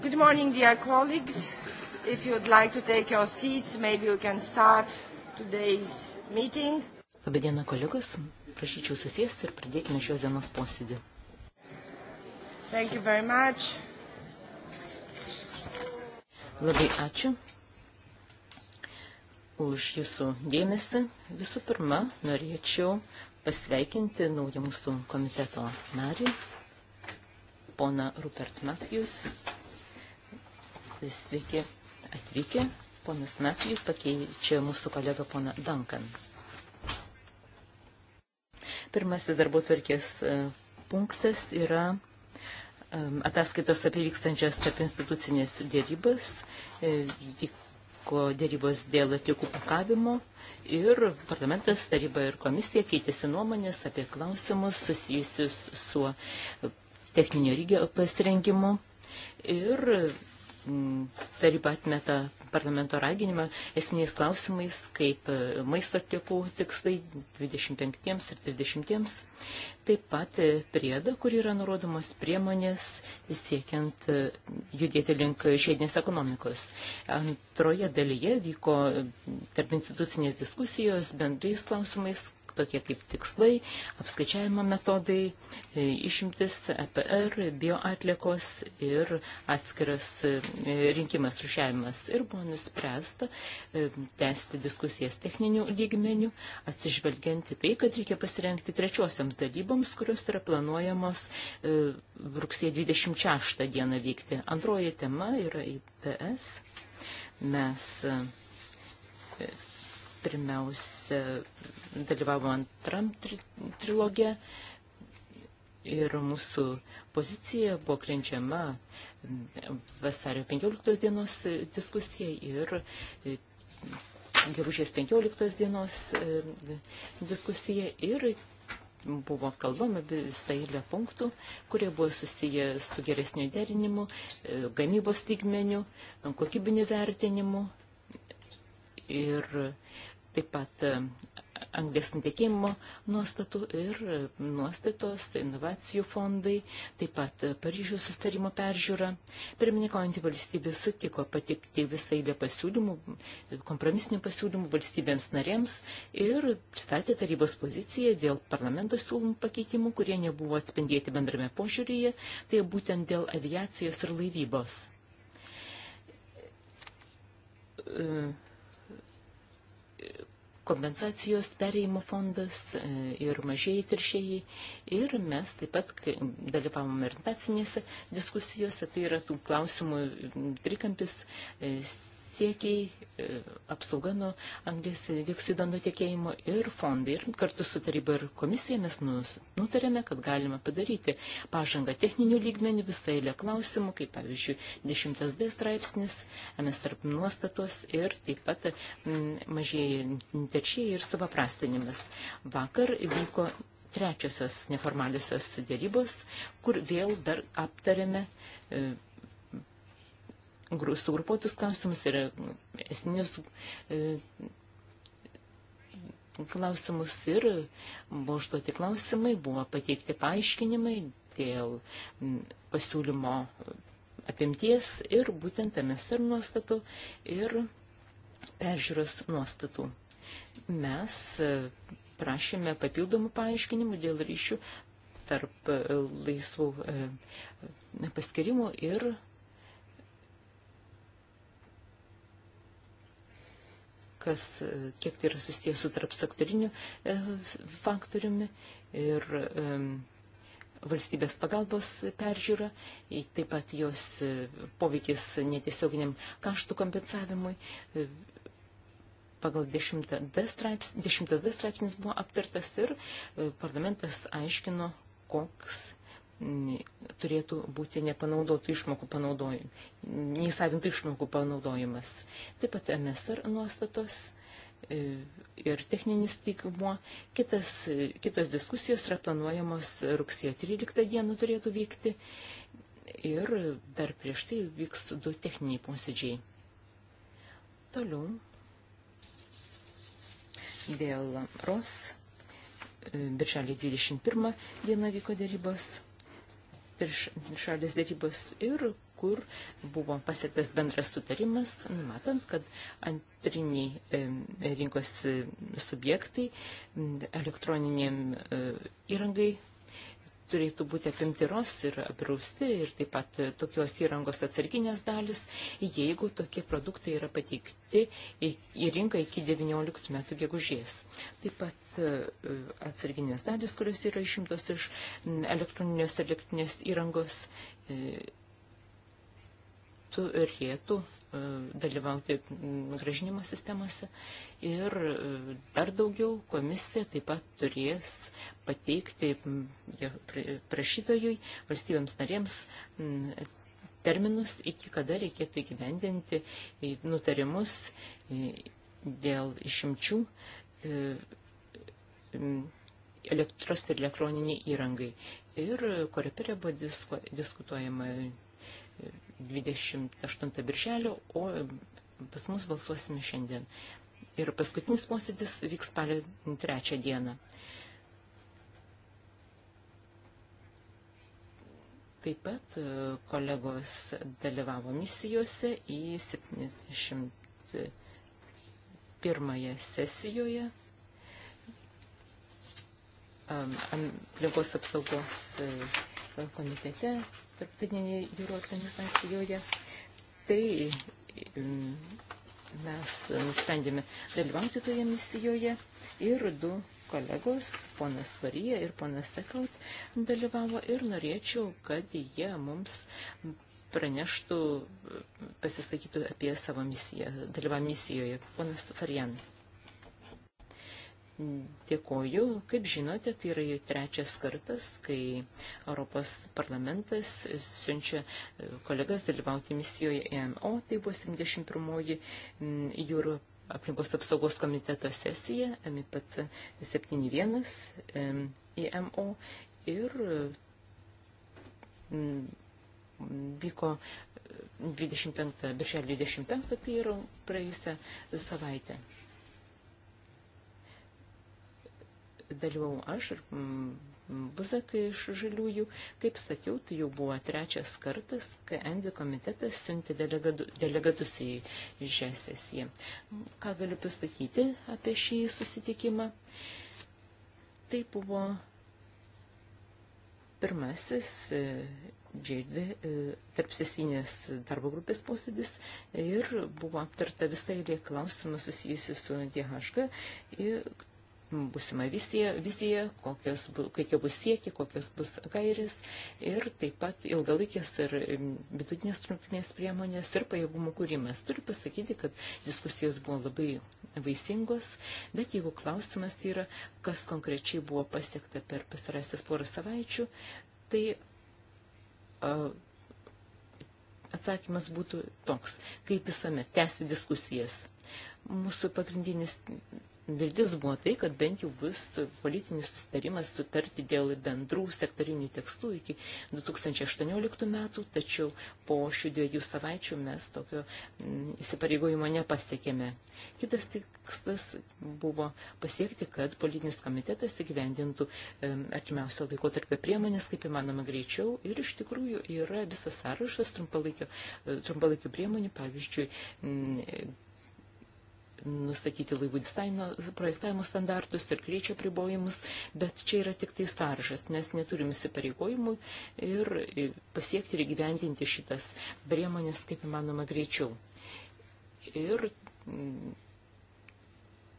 Good morning, dear colleagues. If you would like to take your seats, maybe we can start today's meeting. Labadiena, kolegos. Prašyčiau susėsti ir pradėkime šios dienos posėdį. Thank you very much. Labai ačiū už jūsų dėmesį. Visų pirma, norėčiau pasveikinti naują mūsų komiteto narį, pona Rupert Matthews. Sveiki atvykę. Ponas Matthews pakeičia mūsų kolegą poną Duncan. Pirmasis darbo tvarkės e, punktas yra e, ataskaitos apie vykstančias tarp institucinės dėrybas. E, vyko dėrybos dėl atliekų pakavimo ir parlamentas, taryba ir komisija keitėsi nuomonės apie klausimus susijusius su techninio lygio pasirengimu. Ir taryba atmeta parlamento raginimą esiniais klausimais, kaip e, maisto tiekų tikslai 25 ir 30. Taip pat e, prieda, kur yra nurodomos priemonės siekiant e, judėti link žiedinės ekonomikos. Antroje dalyje vyko tarp institucinės diskusijos bendrais klausimais, tokie kaip tikslai, apskaičiavimo metodai, e, išimtis, EPR, bioatlikos ir atskiras e, rinkimas, rušiavimas. Ir buvo nuspręsta e, tęsti diskusijas techninių lygmenių, atsižvelgianti tai, kad reikia pasirengti trečiosiams dalyboms, kurios yra planuojamos rugsėjo 26 dieną vykti. Antroji tema yra ITS. Mes Pirmiausia, dalyvavo antram tri trilogė ir mūsų pozicija buvo krenčiama vasario 15 dienos diskusija ir e, gegužės 15 dienos e, diskusija ir buvo kalbama visą eilę punktų, kurie buvo susiję su geresniu derinimu, e, gamybos lygmeniu, kokybiniu vertinimu ir taip pat e, anglės nutekėjimo nuostatų ir e, nuostatos, tai inovacijų fondai, taip pat e, Paryžių sustarimo peržiūra. Pirmininkaujantį valstybė sutiko patikti visą eilę pasiūlymų, kompromisinių pasiūlymų valstybėms narėms ir pristatė tarybos poziciją dėl parlamento siūlymų pakeitimų, kurie nebuvo atspindėti bendrame požiūryje, tai būtent dėl aviacijos ir laivybos kompensacijos perėjimo fondas e, ir mažieji teršėjai. Ir mes taip pat dalyvavome orientacinėse diskusijose, tai yra tų klausimų trikampis e, siekiai, e, apsauga nuo anglės dioksido nutiekėjimo ir fondai. Ir kartu su taryba ir komisija mes nutarėme, kad galima padaryti pažangą techninių lygmenių visą eilę klausimų, kaip pavyzdžiui 10D straipsnis, MSRP nuostatos ir taip pat mažieji teršėjai ir supaprastinimas. Vakar vyko trečiosios neformaliosios dėrybos, kur vėl dar aptarėme e, sugrupuotus klausimus ir mm, esminius e, klausimus ir buvo užduoti klausimai, buvo pateikti paaiškinimai dėl mm, pasiūlymo apimties ir būtent MSR nuostatų ir peržiūros nuostatų. Mes e, prašėme papildomų paaiškinimų dėl ryšių tarp e, laisvų paskirimų ir kas, e, kiek tai yra susijęs su tarpsektoriniu e, faktoriumi ir valstybės pagalbos peržiūra, taip pat jos e, poveikis netiesioginiam kaštų kompensavimui. Pagal 10D straipsnis, 10D straipsnis buvo aptartas ir parlamentas aiškino, koks turėtų būti nepanaudotų išmokų panaudojimas, neįsavintų išmokų panaudojimas. Taip pat MSR nuostatos e, ir techninis teikimo. Kitas, e, kitas diskusijos yra planuojamos rugsėjo 13 dieną turėtų vykti ir dar prieš tai vyks du techniniai posėdžiai. Toliau dėl ROS. E, Birželį 21 dieną vyko dėrybos prieš šalės dėrybos ir kur buvo pasiektas bendras sutarimas, numatant, kad antriniai rinkos subjektai elektroniniam e, įrangai turėtų būti apimti ROS ir apdrausti ir taip pat e, tokios įrangos atsarginės dalis, jeigu tokie produktai yra pateikti į rinką iki 19 metų gegužės. Taip pat e, e, atsarginės dalis, kurios yra išimtos iš elektroninės elektrinės įrangos, turėtų E, dalyvauti gražinimo sistemose ir e, dar daugiau komisija taip pat turės pateikti prašytojui valstybėms narėms terminus, iki kada reikėtų įgyvendinti nutarimus dėl išimčių e, elektros ir elektroniniai įrangai. Ir korepirė buvo disku, diskutuojama 28 birželio, o pas mus balsuosime šiandien. Ir paskutinis posėdis vyks spalio 3 dieną. Taip pat e, kolegos dalyvavo misijose į 71 sesijoje aplinkos apsaugos e, komitete, tarptautinėje jūrų organizacijoje. Tai mes nusprendėme dalyvauti toje misijoje ir du kolegos, ponas Varija ir ponas Sekaut, dalyvavo ir norėčiau, kad jie mums praneštų, pasisakytų apie savo misiją, dalyvą misijoje. Ponas Farijan. Dėkoju. Kaip žinote, tai yra jau trečias kartas, kai Europos parlamentas siunčia e, kolegas dalyvauti misijoje ENO. Tai buvo 71-oji mm, jūrų aplinkos apsaugos komiteto sesija, MIPC 71 IMO. Ir mm, vyko 25, e, birželio 25, tai yra praėjusią savaitę. dalyvau aš ir mm, Buzakai iš Žaliųjų. Kaip sakiau, tai jau buvo trečias kartas, kai Endi komitetas siuntė delegatus į šią sesiją. Ką galiu pasakyti apie šį susitikimą? Tai buvo pirmasis e, džėdė e, tarpsesinės darbo grupės posėdis ir buvo aptarta visai rie klausimų susijusių su DHG, busimą viziją, viziją kokios, kokie bus siekiai, kokios bus gairis ir taip pat ilgalaikės ir vidutinės trumpinės priemonės ir pajėgumų kūrimas. Turiu pasakyti, kad diskusijos buvo labai vaisingos, bet jeigu klausimas yra, kas konkrečiai buvo pasiekta per pastarąsias porą savaičių, tai a, atsakymas būtų toks, kaip visuomet, tęsti diskusijas. Mūsų pagrindinis viltis buvo tai, kad bent jau bus politinis sustarimas sutarti dėl bendrų sektorinių tekstų iki 2018 metų, tačiau po šių dviejų savaičių mes tokio mm, įsipareigojimo nepasiekėme. Kitas tikslas buvo pasiekti, kad politinis komitetas įgyvendintų artimiausio laiko tarp priemonės kaip įmanoma greičiau ir iš tikrųjų yra visas sąrašas trumpalaikio, e, trumpalaikio priemonių, pavyzdžiui, mm, nustatyti laivų dizaino projektavimo standartus ir greičio pribojimus, bet čia yra tik tai sąrašas, mes neturim įsipareigojimų ir pasiekti ir gyvendinti šitas priemonės kaip įmanoma greičiau. Ir mm,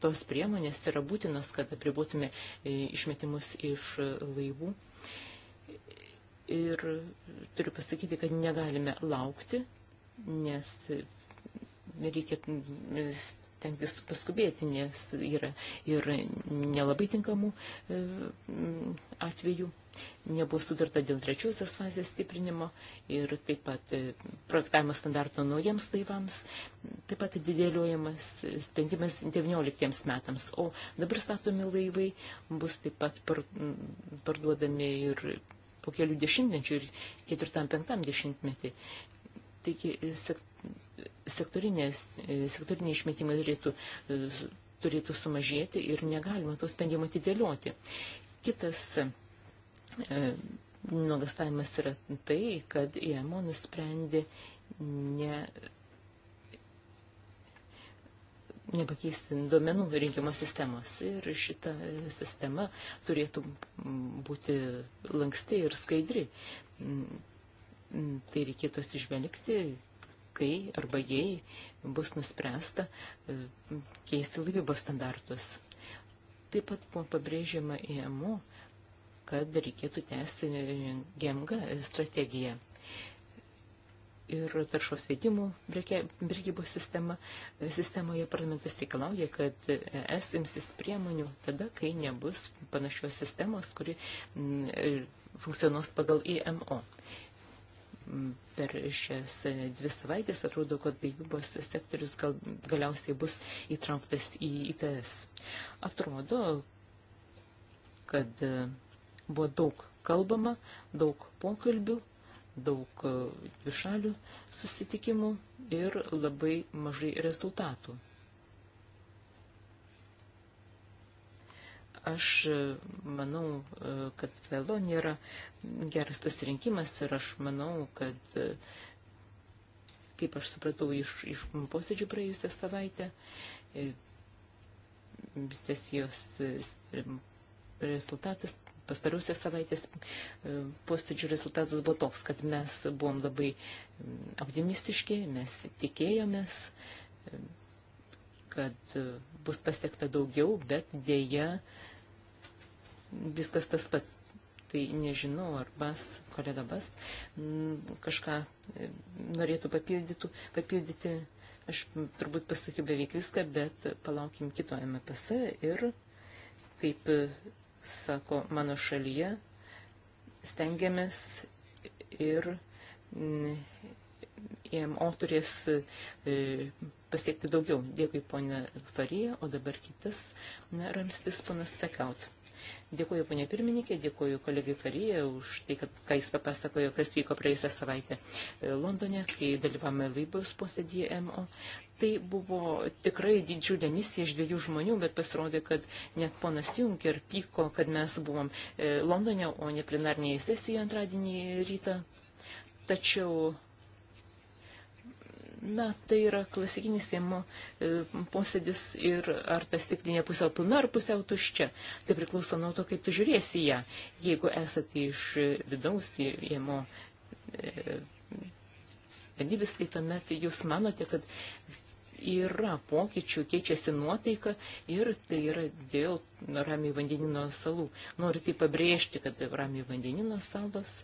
tos priemonės yra būtinos, kad apribotume išmetimus iš laivų. Ir turiu pasakyti, kad negalime laukti, nes reikia stengtis paskubėti, nes yra ir nelabai tinkamų e, mm, atvejų. Nebuvo sutarta dėl trečiosios fazės stiprinimo ir taip pat e, projektavimo standarto naujiems laivams, taip pat didėliojamas sprendimas 19 metams, o dabar statomi laivai bus taip pat mm, parduodami ir po kelių dešimtmečių ir ketvirtam, penktam dešimtmetį. Taigi e, e, sektoriniai išmetimai turėtų, e, turėtų sumažėti ir negalima to sprendimo atidėlioti. Kitas nuogastavimas yra tai, kad IMO nusprendė ne, nepakeisti duomenų rinkimo sistemos. Ir šita sistema turėtų būti lanksti ir skaidri tai reikėtų atsižvelgti, kai arba jei bus nuspręsta e, keisti laivybos standartus. Taip pat buvo pabrėžiama įMU, kad reikėtų tęsti GMG strategiją. Ir taršos leidimų prekybos sistema, sistemoje parlamentas reikalauja, kad es imsis priemonių tada, kai nebus panašios sistemos, kuri mm, e, funkcionuos pagal IMO per šias e, dvi savaitės atrodo, kad bejybos sektorius gal, galiausiai bus įtrauktas į ITS. Atrodo, kad e, buvo daug kalbama, daug pokalbių, daug e, dvišalių susitikimų ir labai mažai rezultatų. Aš e, manau, e, kad Velonija yra geras pasirinkimas ir aš manau, kad, e, kaip aš supratau iš, iš posėdžių praėjusią savaitę, sesijos rezultatas, pastariusios savaitės posėdžių rezultatas buvo toks, kad mes buvom labai mm, optimistiški, mes tikėjomės kad bus pasiekta daugiau, bet dėja viskas tas pats. Tai nežinau, ar bas, kolega bas, mm, kažką e, norėtų papildytų, papildyti. Aš turbūt pasakiau beveik viską, bet palaukim kito MPS ir, kaip sako mano šalyje, stengiamės ir IMO mm, e turės e, pasiekti daugiau. Dėkui, ponė Farija, o dabar kitas ramstis, ponas Fekaut. Dėkuoju, ponė pirmininkė, dėkuoju kolegai Faryje už tai, kad, ką jis papasakojo, kas vyko praėjusią savaitę e, Londone, kai dalyvavome laivos posėdėje MO. Tai buvo tikrai didžiulė misija iš dviejų žmonių, bet pasirodė, kad net ponas Junker pyko, kad mes buvom e, Londone, o ne plenarnėje sesijoje antradienį rytą. Tačiau Na, tai yra klasikinis Seimo e, posėdis ir ar ta stiklinė pusiau pilna ar pusiau tuščia. Tai priklauso nuo to, kaip tu žiūrėsi ją. Jeigu esate iš e, vidaus Seimo e, vienybės, tai tuomet jūs manote, kad yra pokyčių, keičiasi nuotaika ir tai yra dėl ramiai vandenino salų. Noriu tai pabrėžti, kad ramiai vandenino salos,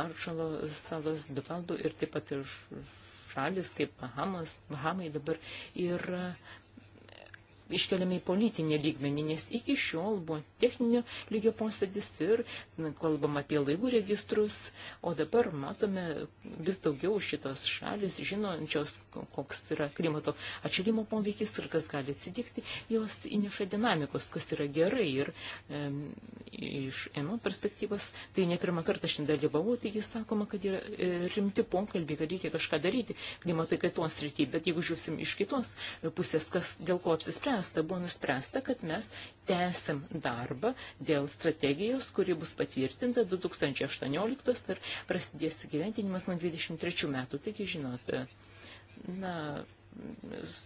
maršalo salos, duvaldų ir taip pat iš šalis kaip Bahamos, Bahamai dabar yra iškeliami į politinį lygmenį, nes iki šiol buvo techninio lygio posėdis ir kalbam apie laivų registrus, o dabar matome vis daugiau šitos šalis, žinančios, koks yra klimato atšilimo poveikis ir kas gali atsitikti, jos įneša dinamikos, kas yra gerai ir e, iš ENO perspektyvos, tai ne pirmą kartą šiandien dalyvavau, taigi sakoma, kad yra e, rimti pokalbiai, kad reikia kažką daryti klimato kaitos srityje, bet jeigu žiūrėsim iš kitos pusės, kas dėl ko apsispręsta, buvo nuspręsta, kad mes tęsim dar darbą dėl strategijos, kuri bus patvirtinta 2018 ir prasidės gyventinimas nuo 23 metų. Taigi, žinote, na,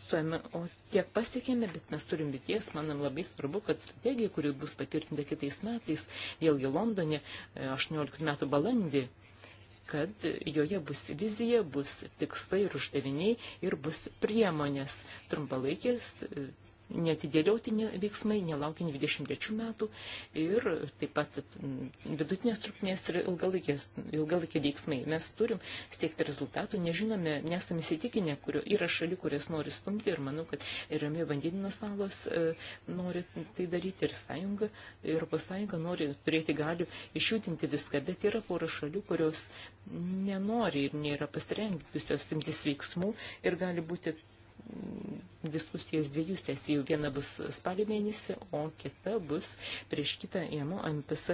suėmė, o tiek pasiekėme, bet mes turim bities, manam labai svarbu, kad strategija, kuri bus patvirtinta kitais metais, vėlgi Londone, 18 e, metų balandį, kad joje bus vizija, bus tikslai ir uždaviniai ir bus priemonės trumpalaikės e, netidėliotini veiksmai, nelaukiant 23 metų ir taip pat vidutinės trukmės ir ilgalaikiai veiksmai. Mes turim siekti rezultatų, nežinome, nesame įsitikinę, kurio yra šali, kurias nori stumti ir manau, kad Ramio vandenino salos e, nori tai daryti ir sąjunga, Europos sąjunga nori turėti galių išjudinti viską, bet yra pora šalių, kurios nenori ir nėra pasirengusios imtis veiksmų ir gali būti diskusijos dviejų sesijų. Viena bus spalio mėnesį, o kita bus prieš kitą EMO MPS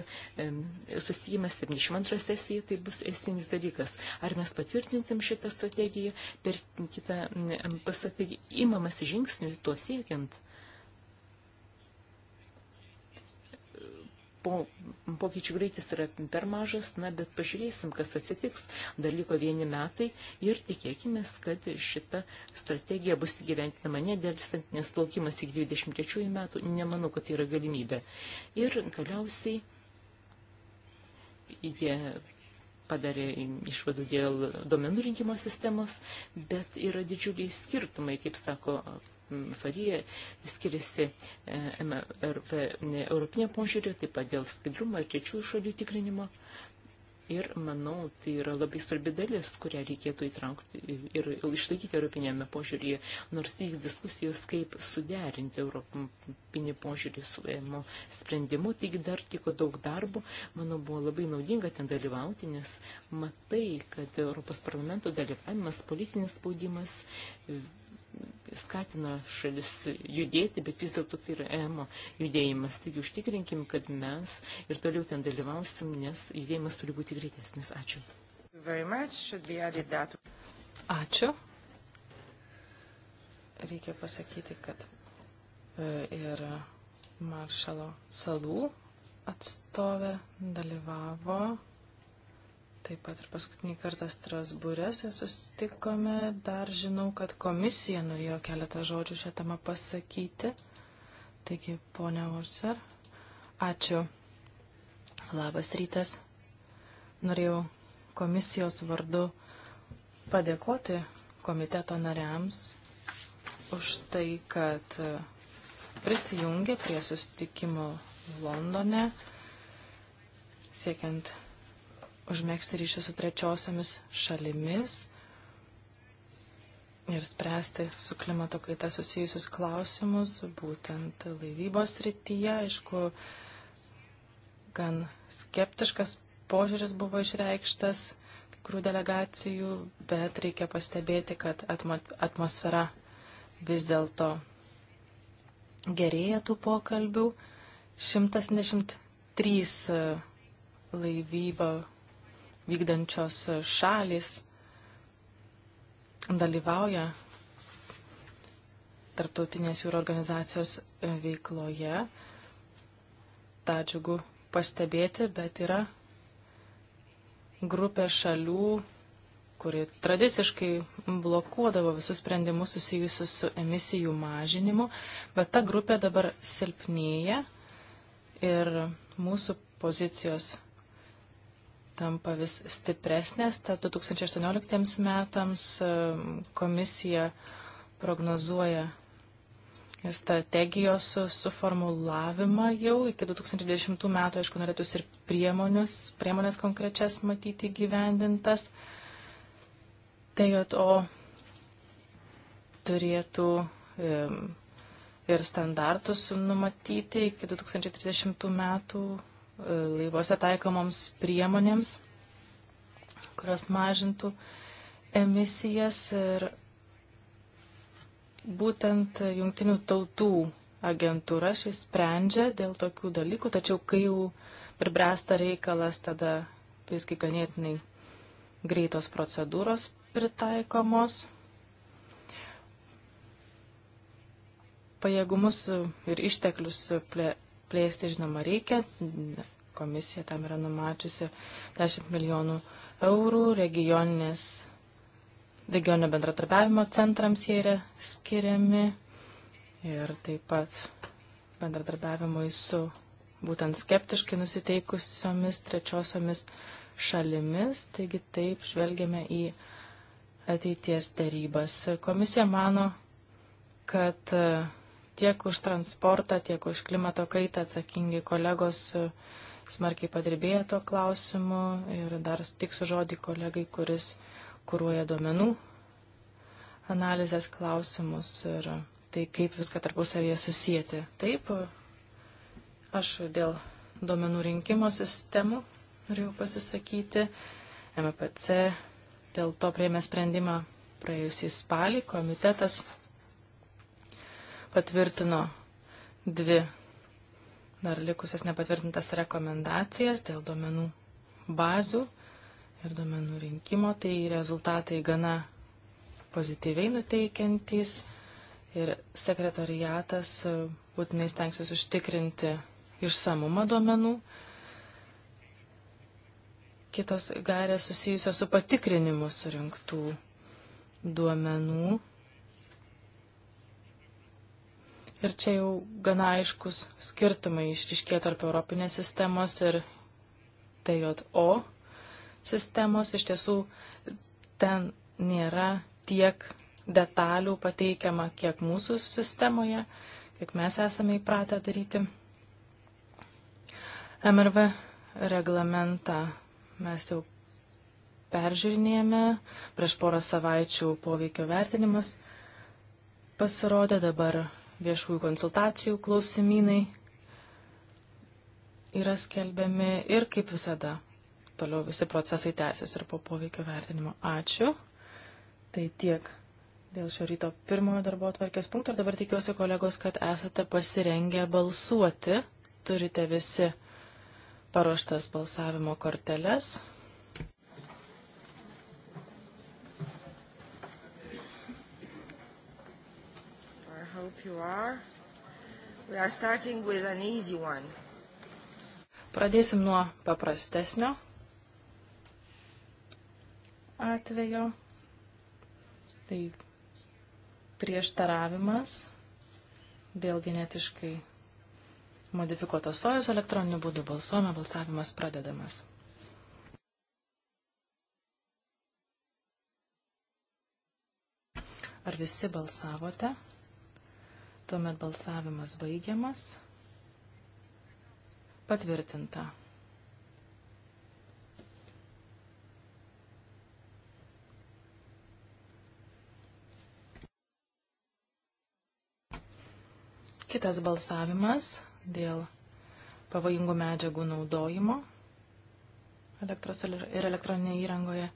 susijimas 72 sesija, tai bus esminis dalykas. Ar mes patvirtinsim šitą strategiją per kitą MPS, taigi imamas žingsnių tuo siekiant. po, pokyčių greitis yra per mažas, na, bet pažiūrėsim, kas atsitiks. Dar liko vieni metai ir tikėkime, kad šita strategija bus įgyventinama nedėlstant, nes laukimas iki 23 metų, nemanau, kad tai yra galimybė. Ir galiausiai jie padarė išvadų dėl domenų rinkimo sistemos, bet yra didžiuliai skirtumai, kaip sako Farija skiriasi e, MRV er, europinė požiūrė, taip pat dėl skaidrumo ir trečiųjų šalių tikrinimo. Ir manau, tai yra labai svarbi dalis, kurią reikėtų įtraukti ir išlaikyti europinėme požiūrėje, nors vyks diskusijos, kaip suderinti europinį požiūrį su EMO sprendimu, taigi dar tiko daug darbo, manau, buvo labai naudinga ten dalyvauti, nes matai, kad Europos parlamento dalyvavimas, politinis spaudimas skatina šalis judėti, bet vis dėlto tai yra EMO judėjimas. Taigi užtikrinkim, kad mes ir toliau ten dalyvausim, nes judėjimas turi būti greitesnis. Ačiū. Ačiū. Reikia pasakyti, kad e, ir maršalo salų atstovė dalyvavo Taip pat ir paskutinį kartą Strasbūrė susitikome. Dar žinau, kad komisija norėjo keletą žodžių šią temą pasakyti. Taigi, ponia Urser, ačiū. Labas rytas. Norėjau komisijos vardu padėkoti komiteto nariams už tai, kad e, prisijungė prie susitikimo Londone, siekiant užmėgsti ryšius su trečiosiomis šalimis ir spręsti su klimato kaita susijusius klausimus, būtent laivybos rytyje. Aišku, gan skeptiškas požiūris buvo išreikštas kai kurių delegacijų, bet reikia pastebėti, kad atmosfera vis dėlto gerėja tų pokalbių. 123 laivybą vykdančios šalis dalyvauja tarptautinės jūro organizacijos veikloje. Ta džiugu pastebėti, bet yra grupė šalių, kuri tradiciškai blokuodavo visus sprendimus susijusius su emisijų mažinimu, bet ta grupė dabar silpnėja ir mūsų pozicijos tampa vis stipresnės. Tad 2018 metams e, komisija prognozuoja strategijos suformulavimą jau iki 2020 metų, aišku, norėtųsi ir priemonės, priemonės konkrečias matyti gyvendintas. TJO turėtų e, ir standartus numatyti iki 2030 metų E, laivuose taikomoms priemonėms, kurios mažintų emisijas ir būtent jungtinių tautų agentūra šis sprendžia dėl tokių dalykų, tačiau kai jau pribręsta reikalas, tada visgi ganėtinai greitos procedūros pritaikomos. Pajėgumus ir išteklius plė, plėsti, žinoma, reikia. Komisija tam yra numačiusi 10 milijonų eurų regioninės, regioninio bendratarpiavimo centrams jie yra skiriami ir taip pat bendradarbiavimui su būtent skeptiškai nusiteikusiomis trečiosiomis šalimis. Taigi taip žvelgiame į ateities darybas. Komisija mano, kad uh, Tiek už transportą, tiek už klimato kaitą atsakingi kolegos e, smarkiai padirbėjo tuo klausimu ir dar tiksiu žodį kolegai, kuris kūruoja duomenų analizės klausimus ir tai kaip viską tarpusavėje susijęti. Taip, aš dėl duomenų rinkimo sistemų norėjau pasisakyti. MPC dėl to prieėmė sprendimą praėjusį spalį, komitetas patvirtino dvi dar likusias nepatvirtintas rekomendacijas dėl duomenų bazių ir duomenų rinkimo, tai rezultatai gana pozityviai nuteikiantys ir sekretariatas e, būtinai stengsis užtikrinti išsamumą duomenų. Kitos gairės susijusios su patikrinimu surinktų duomenų Ir čia jau gana aiškus skirtumai išriškė tarp Europinės sistemos ir TJO sistemos. Iš tiesų, ten nėra tiek detalių pateikiama, kiek mūsų sistemoje, kiek mes esame įpratę daryti. MRV reglamentą mes jau peržiūrinėjame. Prieš porą savaičių poveikio vertinimas pasirodė, dabar viešųjų konsultacijų klausimynai yra skelbiami ir kaip visada. Toliau visi procesai tęsis ir po poveikio vertinimo. Ačiū. Tai tiek dėl šio ryto pirmojo darbo atvarkės punkto. Ir dabar tikiuosi, kolegos, kad esate pasirengę balsuoti. Turite visi paruoštas balsavimo korteles. hope you are. We are starting with an easy one. Pradėsim nuo paprastesnio atvejo. Tai prieštaravimas dėl genetiškai modifikuotos sojos elektroniniu būdu balsuojama, balsavimas pradedamas. Ar visi balsavote? Tuomet balsavimas baigiamas. Patvirtinta. Kitas balsavimas dėl pavojingų medžiagų naudojimo elektros ir elektroninėje įrangoje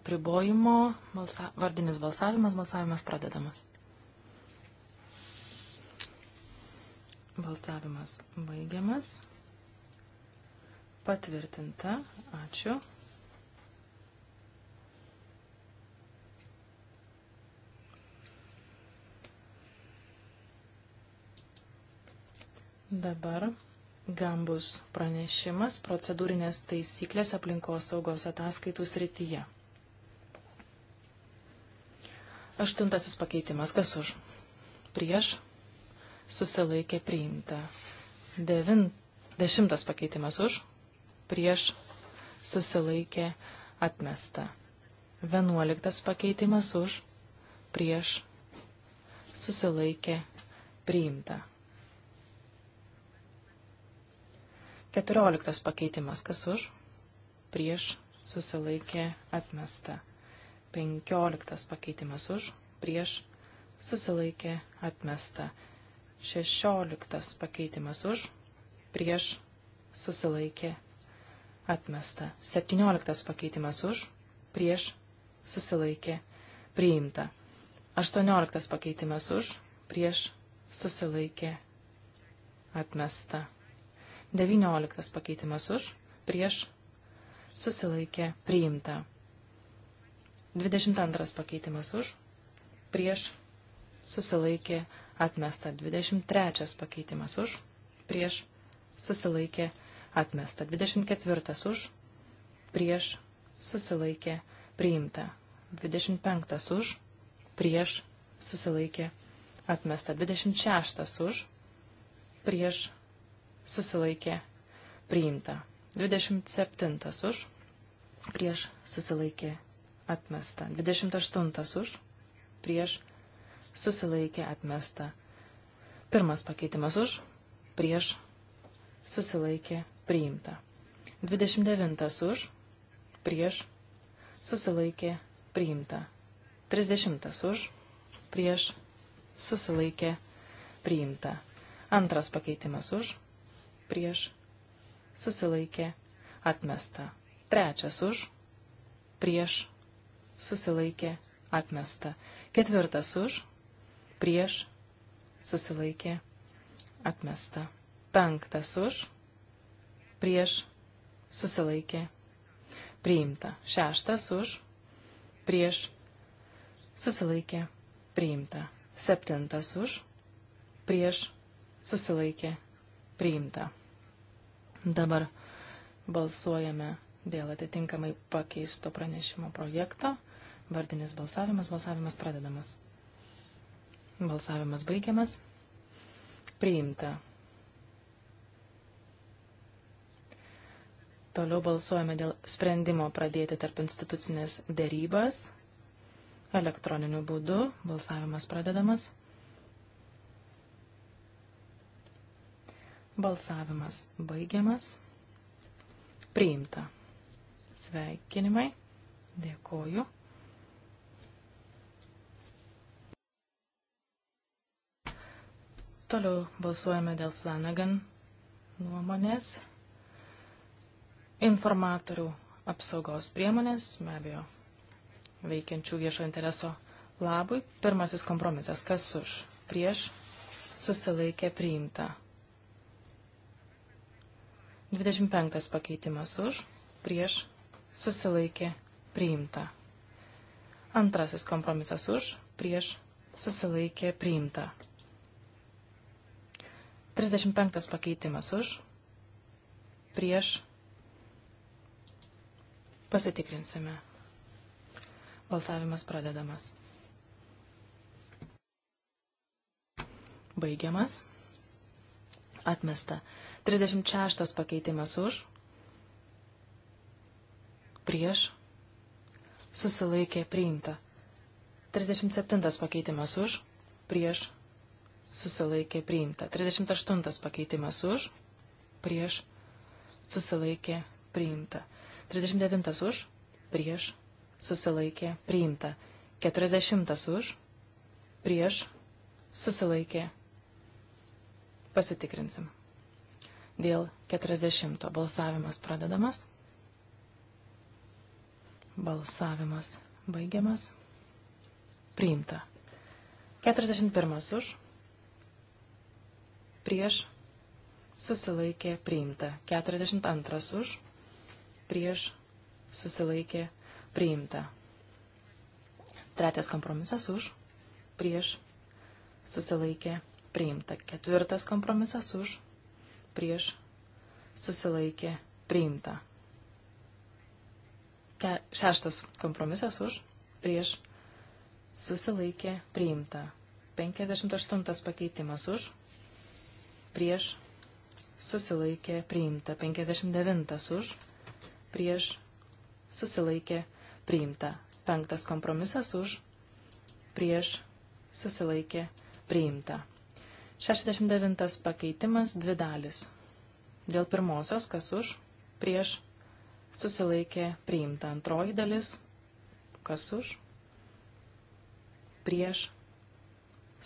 apribojimo, balsa, vardinis balsavimas, balsavimas pradedamas. Balsavimas baigiamas. Patvirtinta. Ačiū. Dabar gambus pranešimas procedūrinės taisyklės aplinkos saugos ataskaitų srityje. Aštuntasis pakeitimas. Kas už? Prieš? susilaikė priimta. Devin, dešimtas pakeitimas už, prieš susilaikė atmesta. Vienuoliktas pakeitimas už, prieš susilaikė priimta. Keturioliktas pakeitimas kas už, prieš susilaikė atmesta. Penkioliktas pakeitimas už, prieš susilaikė atmesta. Šešioliktas pakeitimas už, prieš, susilaikė, atmesta. Septynioliktas pakeitimas už, prieš, susilaikė, priimta. Aštuonioliktas pakeitimas už, prieš, susilaikė, atmesta. Devynioliktas pakeitimas už, prieš, susilaikė, priimta. 22 pakeitimas už, prieš, susilaikė, atmesta. 23 pakeitimas už, prieš, susilaikė, atmesta. 24 už, prieš, susilaikė, priimta. 25 už, prieš, susilaikė, atmesta. 26 už, prieš, susilaikė, priimta. 27 už, prieš, susilaikė, atmesta. 28 už, prieš, susilaikė atmesta. Pirmas pakeitimas už, prieš, susilaikė priimta. 29 už, prieš, susilaikė priimta. 30 už, prieš, susilaikė priimta. Antras pakeitimas už, prieš, susilaikė atmesta. Trečias už, prieš, susilaikė atmesta. Ketvirtas už, prieš, susilaikė, atmesta. Penktas už, prieš, susilaikė, priimta. Šeštas už, prieš, susilaikė, priimta. Septintas už, prieš, susilaikė, priimta. Dabar balsuojame dėl atitinkamai pakeisto pranešimo projekto. Vardinis balsavimas, balsavimas pradedamas. Balsavimas baigiamas. Priimta. Toliau balsuojame dėl sprendimo pradėti tarp institucinės dėrybas. Elektroniniu būdu balsavimas pradedamas. Balsavimas baigiamas. Priimta. Sveikinimai. Dėkoju. Toliau balsuojame dėl Flanagan nuomonės. Informatorių apsaugos priemonės, be abejo, veikiančių viešo intereso labui. Pirmasis kompromisas, kas už, prieš, susilaikė priimta. 25 pakeitimas už, prieš, susilaikė priimta. Antrasis kompromisas už, prieš, susilaikė priimta. 35 pakeitimas už, prieš, pasitikrinsime. Balsavimas pradedamas. Baigiamas. Atmesta. 36 pakeitimas už, prieš, susilaikė priimta. 37 pakeitimas už, prieš, susilaikė priimta. 38 pakeitimas už, prieš, susilaikė priimta. 39 už, prieš, susilaikė priimta. 40 už, prieš, susilaikė. Pasitikrinsim. Dėl 40 balsavimas pradedamas. Balsavimas baigiamas. Priimta. 41 už prieš, susilaikė priimta. 42 už, prieš, susilaikė priimta. Trečias kompromisas už, prieš, susilaikė priimta. Ketvirtas kompromisas už, prieš, susilaikė priimta. Ke šeštas kompromisas už, prieš, susilaikė priimta. 58 pakeitimas už, prieš susilaikė priimta. 59 už prieš susilaikė priimta. 5 kompromisas už prieš susilaikė priimta. 69 pakeitimas dvi dalis. Dėl pirmosios, kas už, prieš, susilaikė priimta. Antroji dalis, kas už, prieš,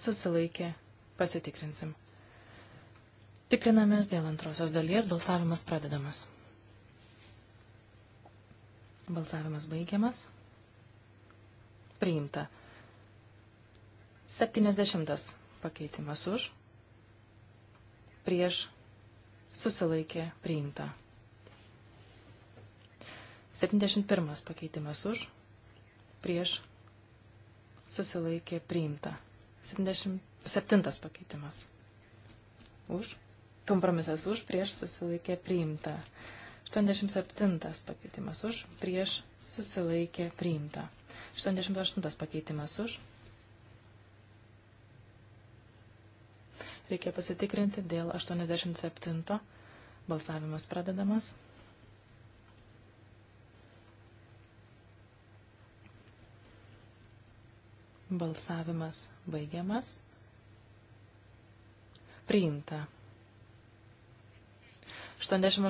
susilaikė, pasitikrinsim. Tikrinamės dėl antrosios dalies, balsavimas pradedamas. Balsavimas baigiamas. Priimta. 70 pakeitimas už. Prieš. Susilaikė. Priimta. 71 pakeitimas už. Prieš. Susilaikė. Priimta. 77 pakeitimas. Už. Kompromisas už, prieš susilaikė priimta. 87 pakeitimas už, prieš susilaikė priimta. 88 pakeitimas už. Reikia pasitikrinti dėl 87. Balsavimas pradedamas. Balsavimas baigiamas. Priimta. 88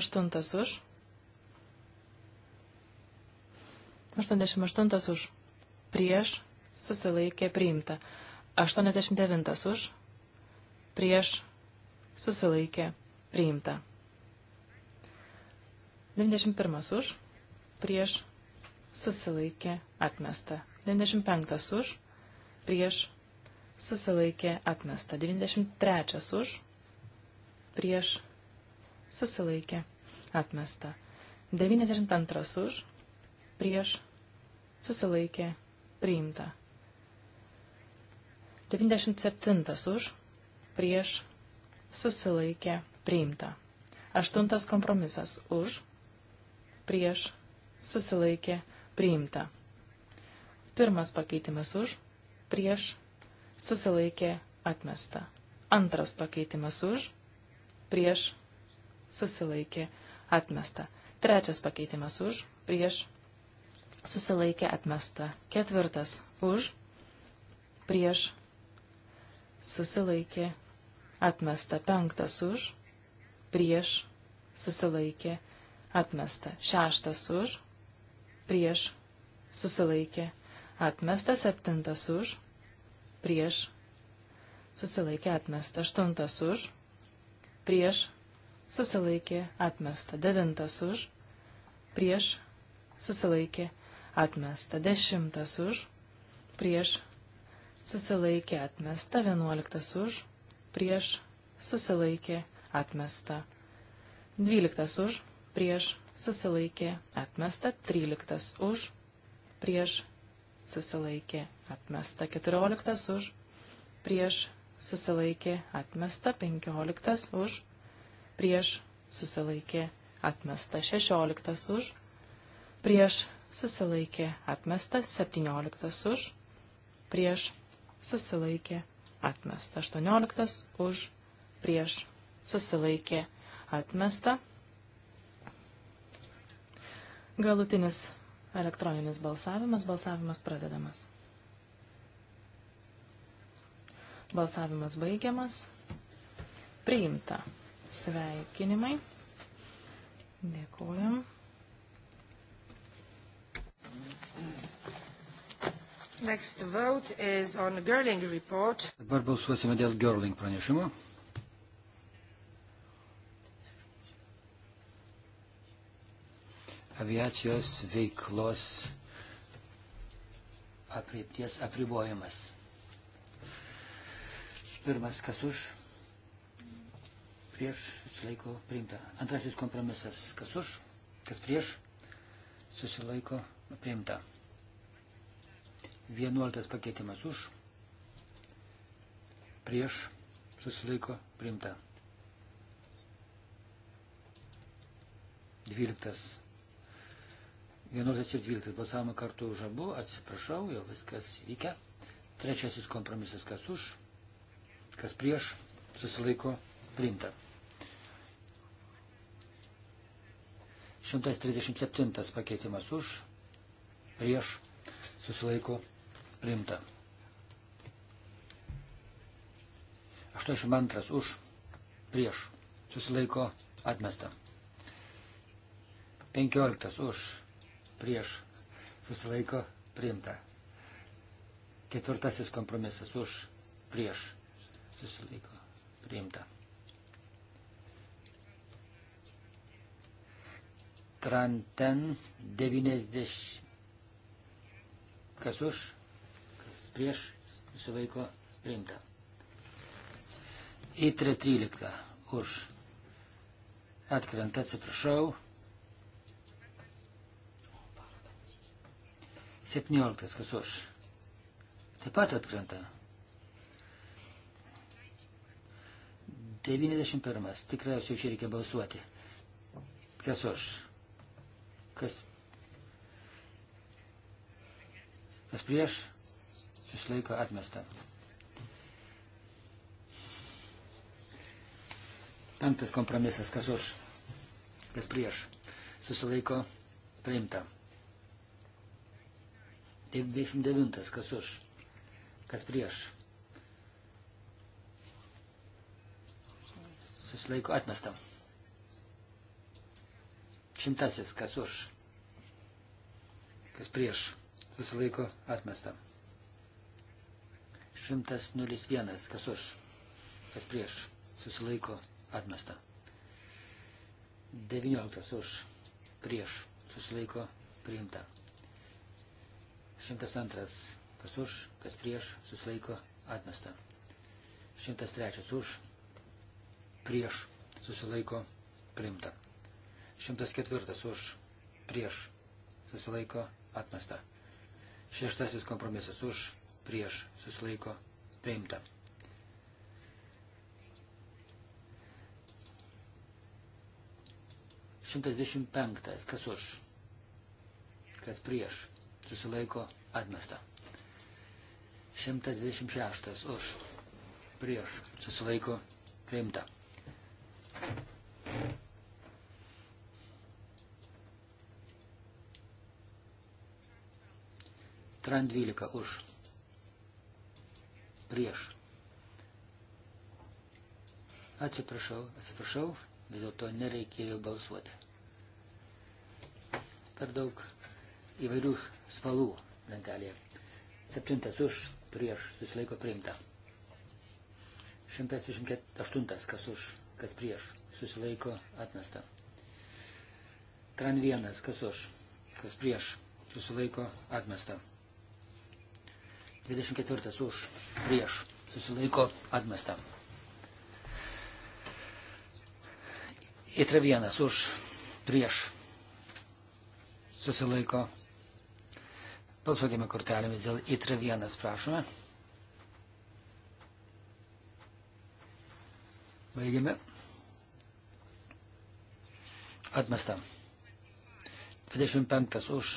už. 88 už. Prieš susilaikė priimta. 89 už. Prieš susilaikė priimta. 91 už. Prieš susilaikė atmesta. 95 už. Prieš susilaikė atmesta. 93 už. Prieš susilaikė, atmesta. 92 už, prieš, susilaikė, priimta. 97 už, prieš, susilaikė, priimta. 8 kompromisas už, prieš, susilaikė, priimta. Pirmas pakeitimas už, prieš, susilaikė, atmesta. Antras pakeitimas už, prieš, susilaikė, atmesta. Trečias pakeitimas už, prieš, susilaikė, atmesta. Ketvirtas už, prieš, susilaikė, atmesta. Penktas už, prieš, susilaikė, atmesta. Šeštas už, prieš, susilaikė, atmesta. Septintas už, prieš, susilaikė, atmesta. Aštuntas už, prieš, susilaikė atmesta. Devintas už, prieš, susilaikė atmesta. Dešimtas už, prieš, susilaikė atmesta. Vienuoliktas už, prieš, susilaikė atmesta. Dvyliktas už, prieš, susilaikė atmesta. Tryliktas už, prieš, susilaikė atmesta. Keturioliktas už, prieš, susilaikė atmesta. Penkioliktas už, prieš prieš susilaikė atmesta 16 už, prieš susilaikė atmesta 17 už, prieš susilaikė atmesta 18 už, prieš susilaikė atmesta. Galutinis elektroninis balsavimas, balsavimas pradedamas. Balsavimas baigiamas. Priimta. Sveikinimai. Dėkojom. Next vote is on Gerling report. Dabar balsuosime dėl Gerling pranešimo. Aviacijos veiklos apriepties apribojimas. Pirmas, kas už? prieš, susilaiko priimta. Antrasis kompromisas, kas už, kas prieš, susilaiko priimta. Vienuoltas pakeitimas už, prieš, susilaiko priimta. Dvyliktas. Vienuoltas ir dvyliktas balsavome kartu už abu, atsiprašau, jau viskas vykia. Trečiasis kompromisas, kas už, kas prieš, susilaiko priimta. 137 pakeitimas už, prieš, susilaiko, priimta. 82 už, prieš, susilaiko, atmesta. 15 už, prieš, susilaiko, priimta. Ketvirtasis kompromisas už, prieš, susilaiko, priimta. Tranten 90. Kas už, kas prieš, susilaiko priimta. Įtre 13. Už. Atkrenta, atsiprašau. 17. Kas už. Taip pat atkrenta. 91. Tikriausiai čia reikia balsuoti. Kas už? kas, kas prieš, susilaiko atmesta. Penktas kompromisas, kas už, kas prieš, susilaiko priimta. 29, kas už, kas prieš, susilaiko atmesta. Šimtasis, kas už, kas prieš, susilaiko atmesta. 101, kas už, kas prieš, susilaiko atmesta. 19 už, prieš, susilaiko priimta. 102, kas už, kas prieš, susilaiko atmesta. 103 už, prieš, susilaiko priimta. 104 už, prieš, susilaiko atmesta. Šeštasis kompromisas už, prieš, susilaiko, priimta. Šimtas dešimt penktas, kas už, kas prieš, susilaiko, atmesta. Šimtas dvidešimt šeštas, už, prieš, susilaiko, priimta. Thank you. Tran 12 už. Prieš. Atsiprašau, atsiprašau, vis dėlto nereikėjo balsuoti. Per daug įvairių spalvų lentelėje. Septintas už, prieš, susilaiko priimta. 168, kas už, kas prieš, susilaiko atmesta. Tran vienas, kas už, kas prieš, susilaiko atmesta. 24 už, prieš, susilaiko atmesta. Itra vienas už, prieš, susilaiko. Balsuokime kortelėmis dėl Itra vienas, prašome. Baigiame. Atmesta. 25 už,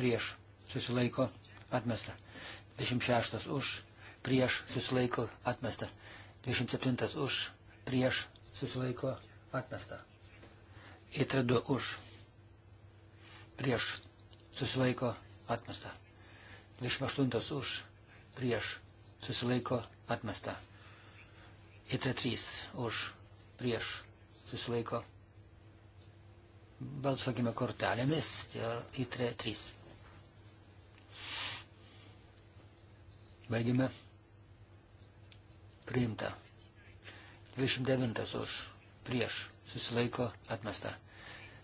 prieš, susilaiko, atmesta. 26 už, prieš susilaiko atmesta. 27 už, prieš susilaiko atmesta. Įtradu už, prieš susilaiko atmesta. 28 už, prieš susilaiko atmesta. Įtradu 3 už, prieš susilaiko. Balsuokime kortelėmis ir įtradu 3. Baigime. Priimta. 29 už prieš susilaiko atmesta.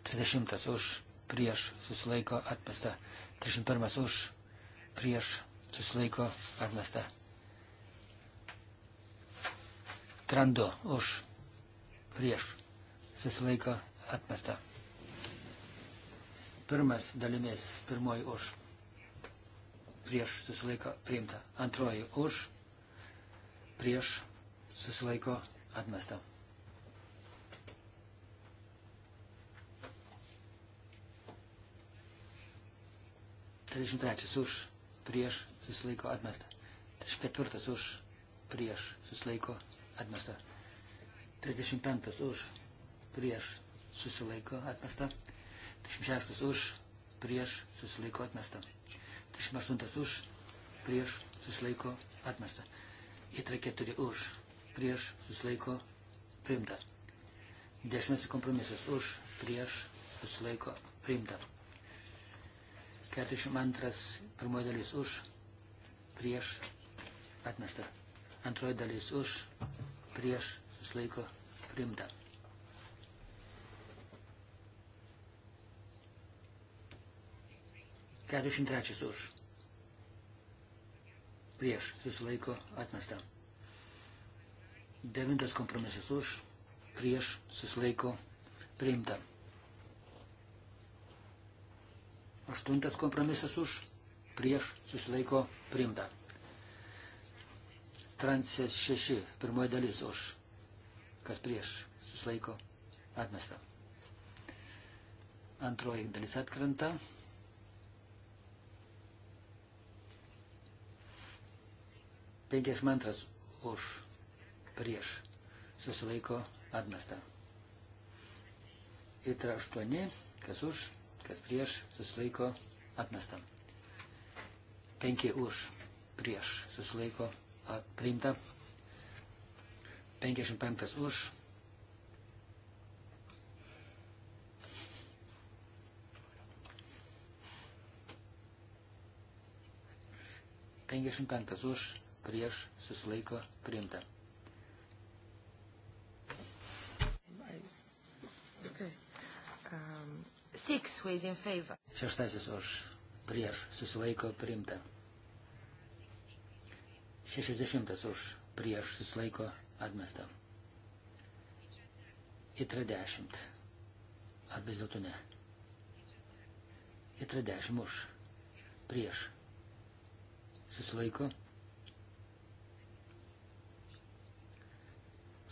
30 už prieš susilaiko atmesta. 31 už prieš susilaiko atmesta. Trando už prieš susilaiko atmesta. Pirmas dalimis, pirmoji už prieš susilaiko priimta. Antroji už, prieš susilaiko atmesta. Trisdešimt trečias už, prieš susilaiko atmesta. Trisdešimt ketvirtas už, prieš susilaiko atmesta. Trisdešimt penktas už, prieš susilaiko atmesta. Trisdešimt šeštas už, prieš susilaiko atmesta. 38 už, prieš susilaiko atmesta. Įtra 4 už, prieš susilaiko priimta. 10 kompromisas už, prieš susilaiko priimta. 42 pirmoji dalis už, prieš atmesta. Antroji dalis už, prieš susilaiko priimta. 43 už. Prieš susilaiko atmesta. 9 kompromisas už. Prieš susilaiko priimta. 8 kompromisas už. Prieš susilaiko priimta. Transės 6. Pirmoji dalis už. Kas prieš susilaiko atmesta. Antroji dalis atkrenta. 52 už prieš susilaiko atmesta. Itra 8, kas už, kas prieš susilaiko atmesta. 5 už prieš susilaiko priimta. 55 už. Penkiasdešimt penktas už prieš susilaiko priimta. Um, Šeštasis už prieš susilaiko priimta. Šešiasdešimtas už prieš susilaiko atmesta. Itra dešimt. Ar vis dėlto ne? Itra dešimt už prieš susilaiko priimta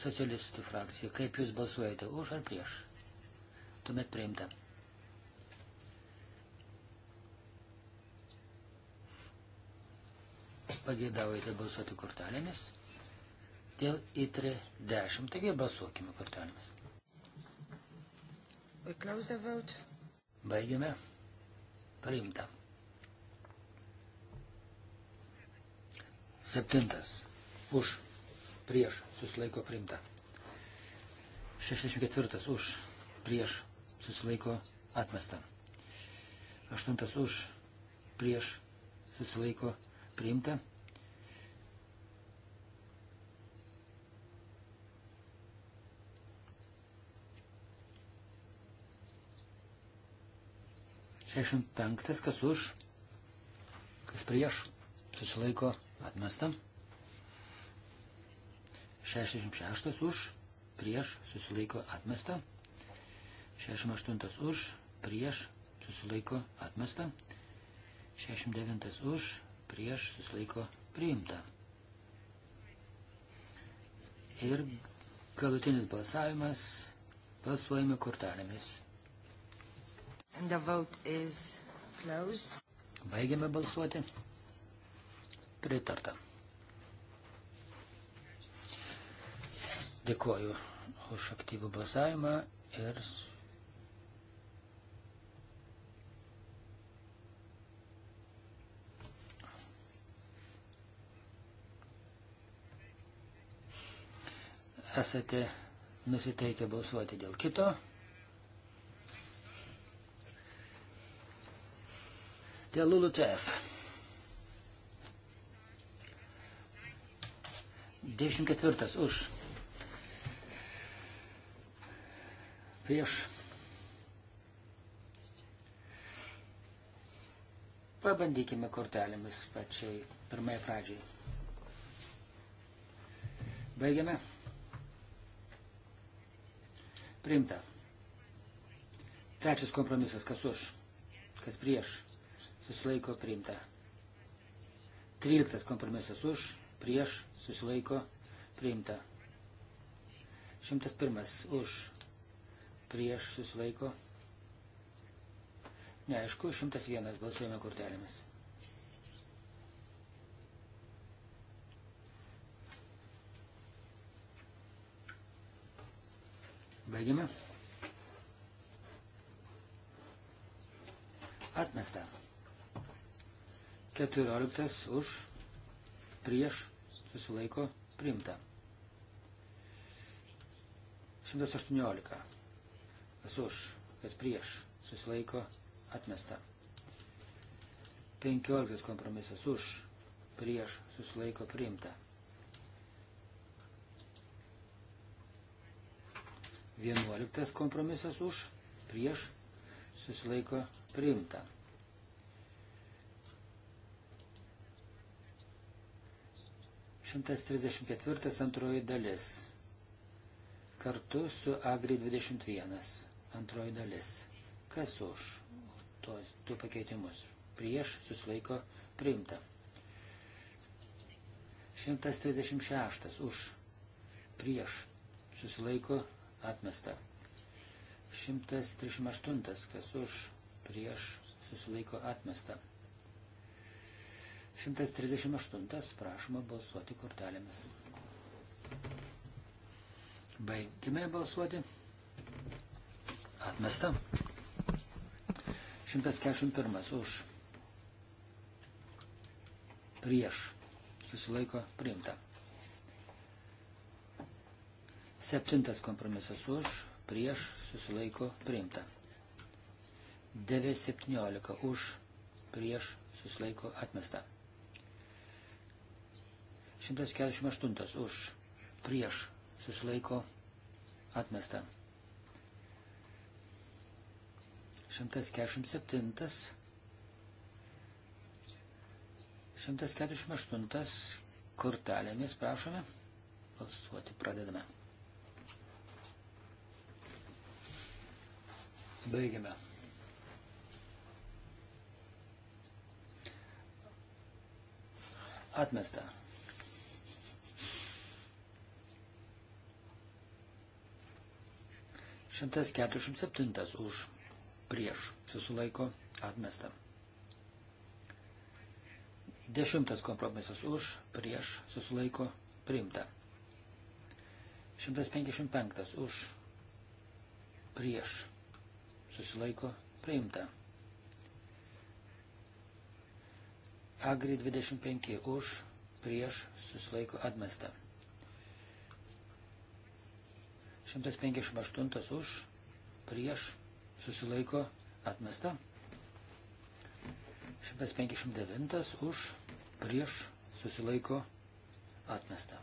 socialistų frakcija. Kaip jūs balsuojate, už ar prieš? Tuomet priimta. Pagėdaujate balsuoti kortelėmis. Dėl įtrė 10, taigi balsuokime kortelėmis. We close the vote. Baigiame. Priimta. Septintas. Už. Prieš susilaiko priimta. 64 už, prieš, susilaiko atmesta. 8 už, prieš, susilaiko priimta. Šešim penktas, kas už, kas prieš, susilaiko atmesta. 66 už, prieš, susilaiko atmesta. 68 už, prieš, susilaiko atmesta. 69 už, prieš, susilaiko priimta. Ir galutinis balsavimas balsuojame kortelėmis. And the vote is closed. Baigiame balsuoti. Pritarta. Dėkuoju už aktyvų balsavimą ir esate nusiteikę balsuoti dėl kito. Dėl LULUTF. 94 už. prieš. Pabandykime kortelėmis pačiai pirmai pradžiai. Baigiame. Primta. Trečias kompromisas, kas už, kas prieš, susilaiko priimta. Tryliktas kompromisas už, prieš, susilaiko priimta. Šimtas pirmas už, prieš susilaiko. Neaišku, 101 balsuojame kortelėmis. Baigime. Atmesta. 14 už prieš susilaiko primta. 118 kas už, kas prieš, susilaiko atmesta. 15 kompromisas už, prieš, susilaiko priimta. 11 kompromisas už, prieš, susilaiko priimta. 134 antroji dalis kartu su Agri 21. Antroji dalis. Kas už tos, tų pakeitimus? Prieš susilaiko priimta. 136 už. Prieš susilaiko atmesta. 138 kas už. Prieš susilaiko atmesta. 138 prašoma balsuoti kortelėmis. Baigime balsuoti. Atmesta. 141 už. Prieš. Susilaiko priimta. Septintas kompromisas už. Prieš. Susilaiko priimta. 917 už. Prieš. Susilaiko atmesta. 148 už. Prieš. Susilaiko atmesta. 147, 148 kortelėmis prašome. Balsuoti pradedame. Baigiame. Atmesta. Šimtas keturiasdešimt septintas už prieš susilaiko atmesta. Dešimtas kompromisas už, prieš susilaiko priimta. 155 už, prieš susilaiko priimta. Agri 25 už, prieš susilaiko atmesta. 158 už, prieš susilaiko atmesta. 159 už prieš susilaiko atmesta.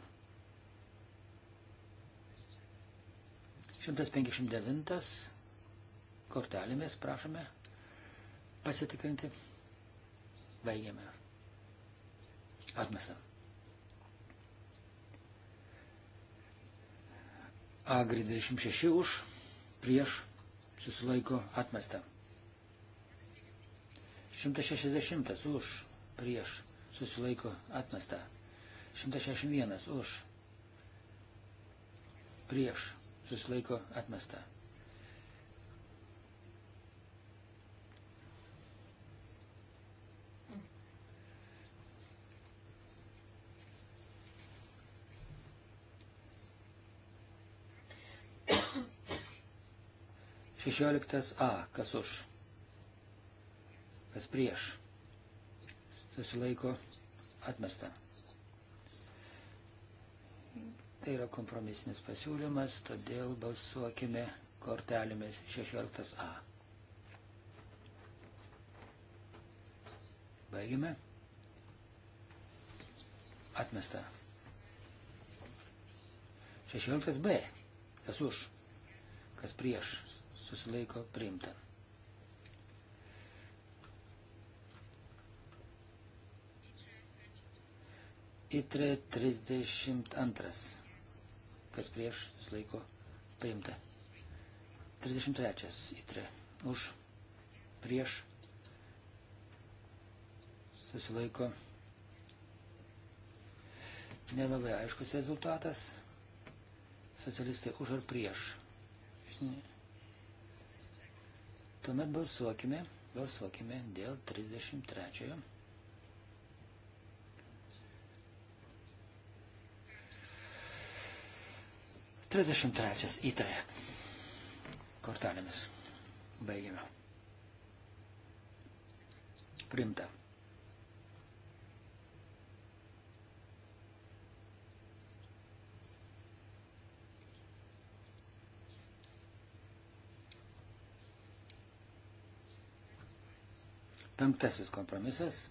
159 kortelėmis prašome pasitikrinti. Baigiame. Atmesta. Agri 26 už prieš susilaiko atmesta. 160 už, prieš, susilaiko atmesta. 161 už, prieš, susilaiko atmesta. 16a, kas už, kas prieš, susilaiko atmesta. Tai yra kompromisinis pasiūlymas, todėl balsuokime kortelėmis 16a. Baigime. Atmesta. 16b. Kas už? Kas prieš? susilaiko priimta. Itre 32. Kas prieš susilaiko priimta. 33. Itre. Už. Prieš. Susilaiko. Nelabai aiškus rezultatas. Socialistai už ar prieš. Žinai. Tuomet balsuokime, balsuokime dėl 33-ojo. Trisdešimt trečias įtarė kortelėmis. Baigime. Primta. Penktasis kompromisas.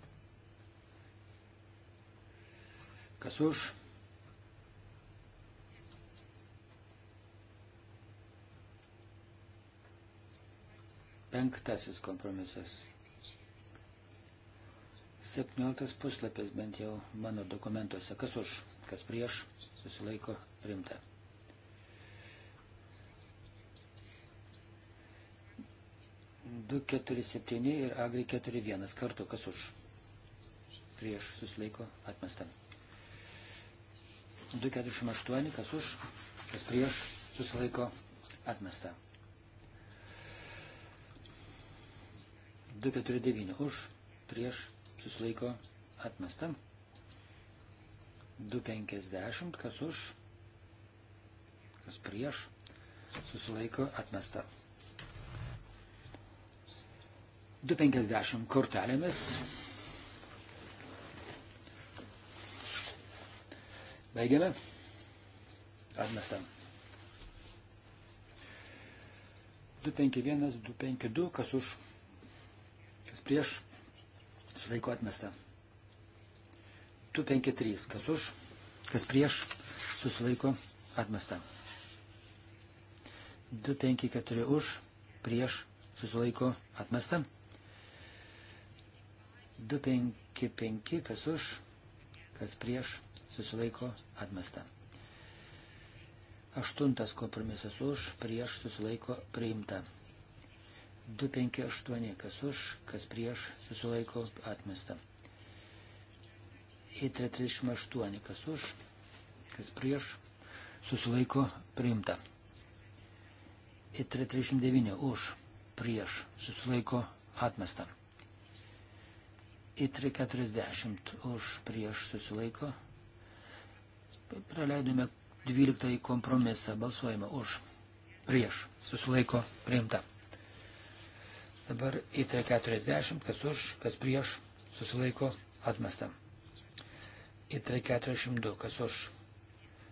Kas už? Penktasis kompromisas. 17 puslapis bent jau mano dokumentuose. Kas už, kas prieš, susilaiko rimta. 247 ir Agri 41 kartu, kas už. Prieš susilaiko atmesta. 248, kas už, kas prieš susilaiko atmesta. 249 už, prieš susilaiko atmesta. 250, kas už, kas prieš susilaiko atmesta. 250 kortelėmis. Baigiame. Atmestam. 251, 252, kas už, kas prieš, sulaiko atmestą. 253, kas už, kas prieš, susilaiko atmestą. 254 už, prieš, susilaiko atmestą. 255, kas už, kas prieš, susilaiko atmesta. Aštuntas kompromisas už, prieš, susilaiko priimta. 258, kas už, kas prieš, susilaiko atmesta. Į 38, kas už, kas prieš, susilaiko priimta. Į 39, už, prieš, susilaiko atmesta. Itri 40 už prieš susilaiko. Praleidome 12 kompromisą. Balsuojame už prieš susilaiko priimta. Dabar Itri 40, kas už, kas prieš susilaiko atmesta. Itri 42, kas už,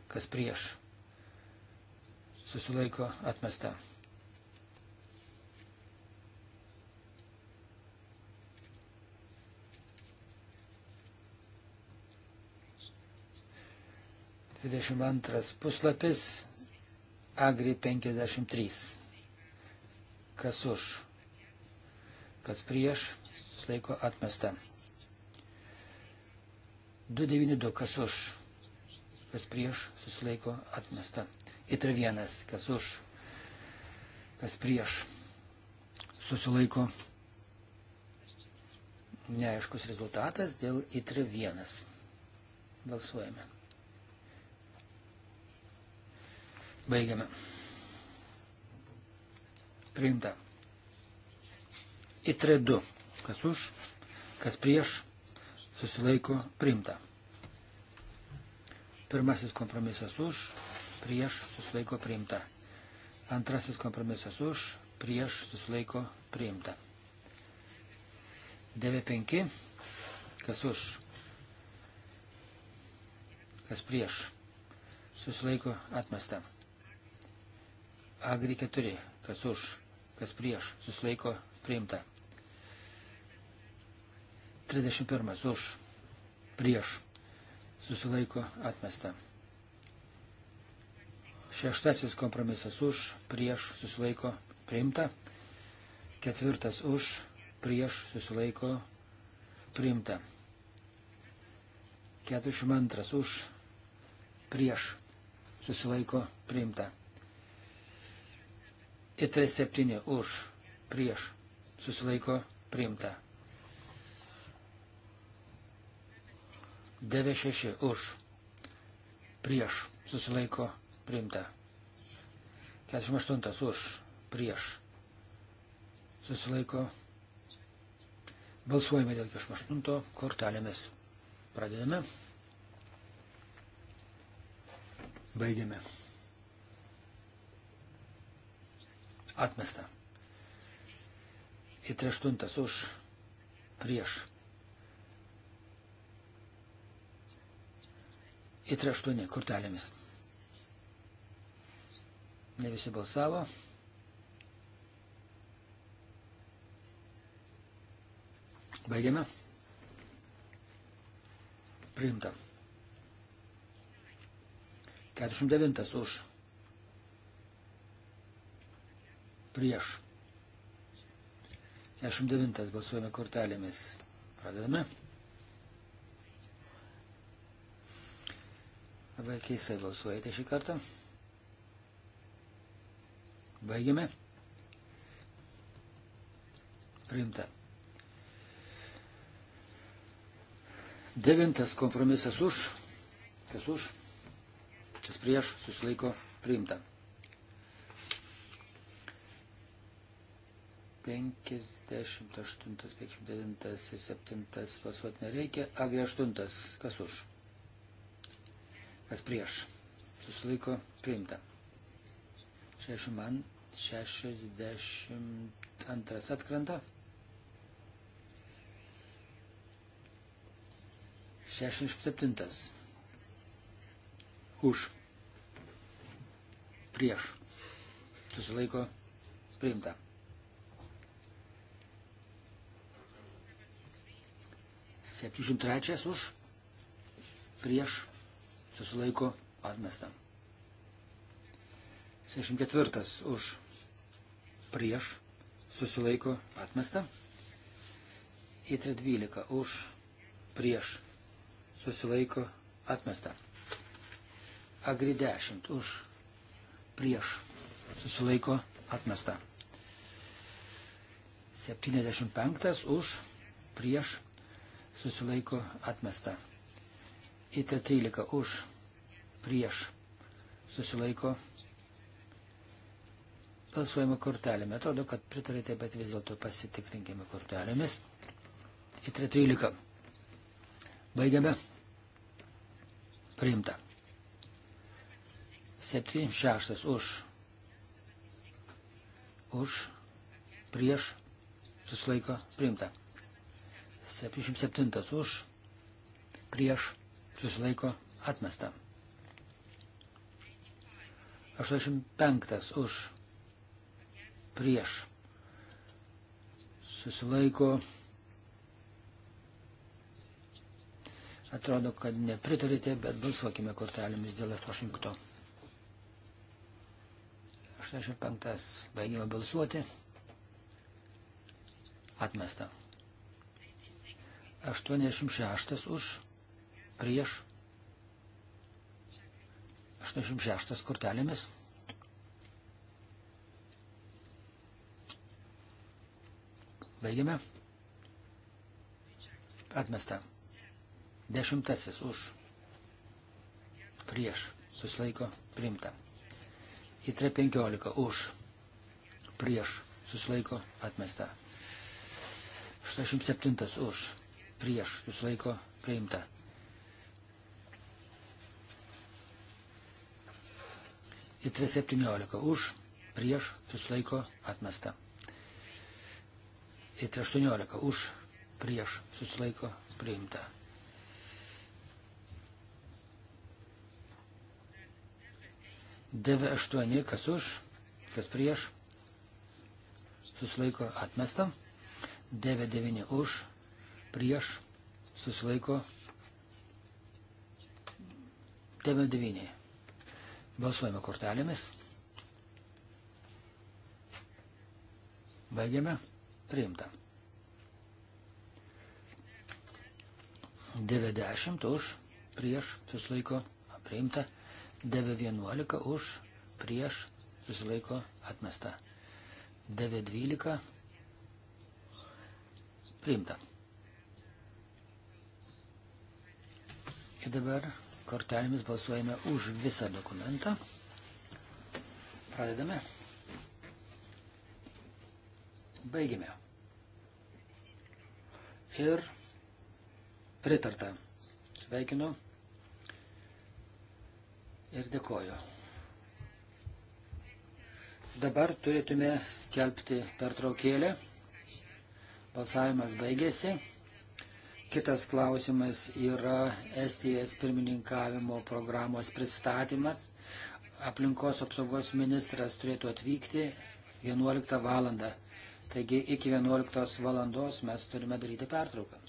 kas prieš susilaiko atmesta. 22 puslapis, Agri 53. Kas už, kas prieš, laiko atmesta. 292, kas už, kas prieš, susilaiko atmesta. Itra vienas, kas už, kas prieš, susilaiko neaiškus rezultatas dėl itra vienas. Balsuojame. Baigiame. Priimta. Įtre 2. Kas už, kas prieš, susilaiko priimta. Pirmasis kompromisas už, prieš, susilaiko priimta. Antrasis kompromisas už, prieš, susilaiko priimta. 9.5. Kas už, kas prieš, susilaiko atmesta. Agri 4, kas už, kas prieš, susilaiko priimta. 31 už, prieš, susilaiko atmesta. Šeštasis kompromisas už, prieš, susilaiko priimta. Ketvirtas už, prieš, susilaiko priimta. 42 už, prieš, susilaiko priimta. I37 už, prieš, susilaiko priimta. 96 už, prieš, susilaiko priimta. 48 už, prieš, susilaiko. Balsuojame dėl 48 kortelėmis. Pradedame. Baigiame. Atmesta. Į 38 už prieš. Į 38 kortelėmis. Ne visi balsavo. Baigiame. Priimta. 49 už prieš. 69 balsuojame kortelėmis. Pradedame. Labai keistai balsuojate šį kartą. Baigiame. Priimta. Devintas kompromisas už. Kas už? Kas prieš? Susilaiko. Priimta. 58, 59 ir 7 balsuoti nereikia. Agri 8, kas už? Kas prieš? Susilaiko priimta. 60, 62 atkrenta. 67. Už. Prieš. Susilaiko priimta. 73 už, prieš, susilaiko, atmesta. 74 už, prieš, susilaiko, atmesta. Į 312 už, prieš, susilaiko, atmesta. Agri 10 už, prieš, susilaiko, atmesta. 75 už, prieš, susilaiko atmesta. Įta 13 už, prieš, susilaiko balsuojama kortelėme. Atrodo, kad pritarėte, bet vis dėlto pasitikrinkime kortelėmis. Įta 13. Baigiame. Priimta. 76 už. Už. Prieš. Susilaiko. Priimta. 77 už, prieš, susilaiko atmesta. 85 už, prieš, susilaiko. Atrodo, kad nepritarite, bet balsuokime kortelėmis dėl 85. 85. Baigime balsuoti. Atmesta. 86 už prieš 86 kortelėmis. Baigiame. Atmesta. Dešimtasis už. Prieš. Susilaiko. Primta. Į 315 už. Prieš. Susilaiko. Atmesta. 87 už prieš susilaiko priimta. Į 317 už prieš susilaiko atmesta. Į 318 už prieš susilaiko priimta. DV8 kas už, kas prieš, susilaiko atmesta. 99 už, prieš susilaiko 99. Balsuojame kortelėmis. Baigiame. Priimta. 90 už, prieš, susilaiko, priimta. 911 už, prieš, susilaiko, atmesta. 912 priimta. Ir dabar kortelėmis balsuojame už visą dokumentą. Pradedame. Baigime. Ir pritarta. Sveikinu ir dėkoju. Dabar turėtume skelbti pertraukėlę. Balsavimas baigėsi. Kitas klausimas yra Estijos pirmininkavimo programos pristatymas. Aplinkos apsaugos ministras turėtų atvykti 11 valandą. Taigi iki 11 valandos mes turime daryti pertrauką.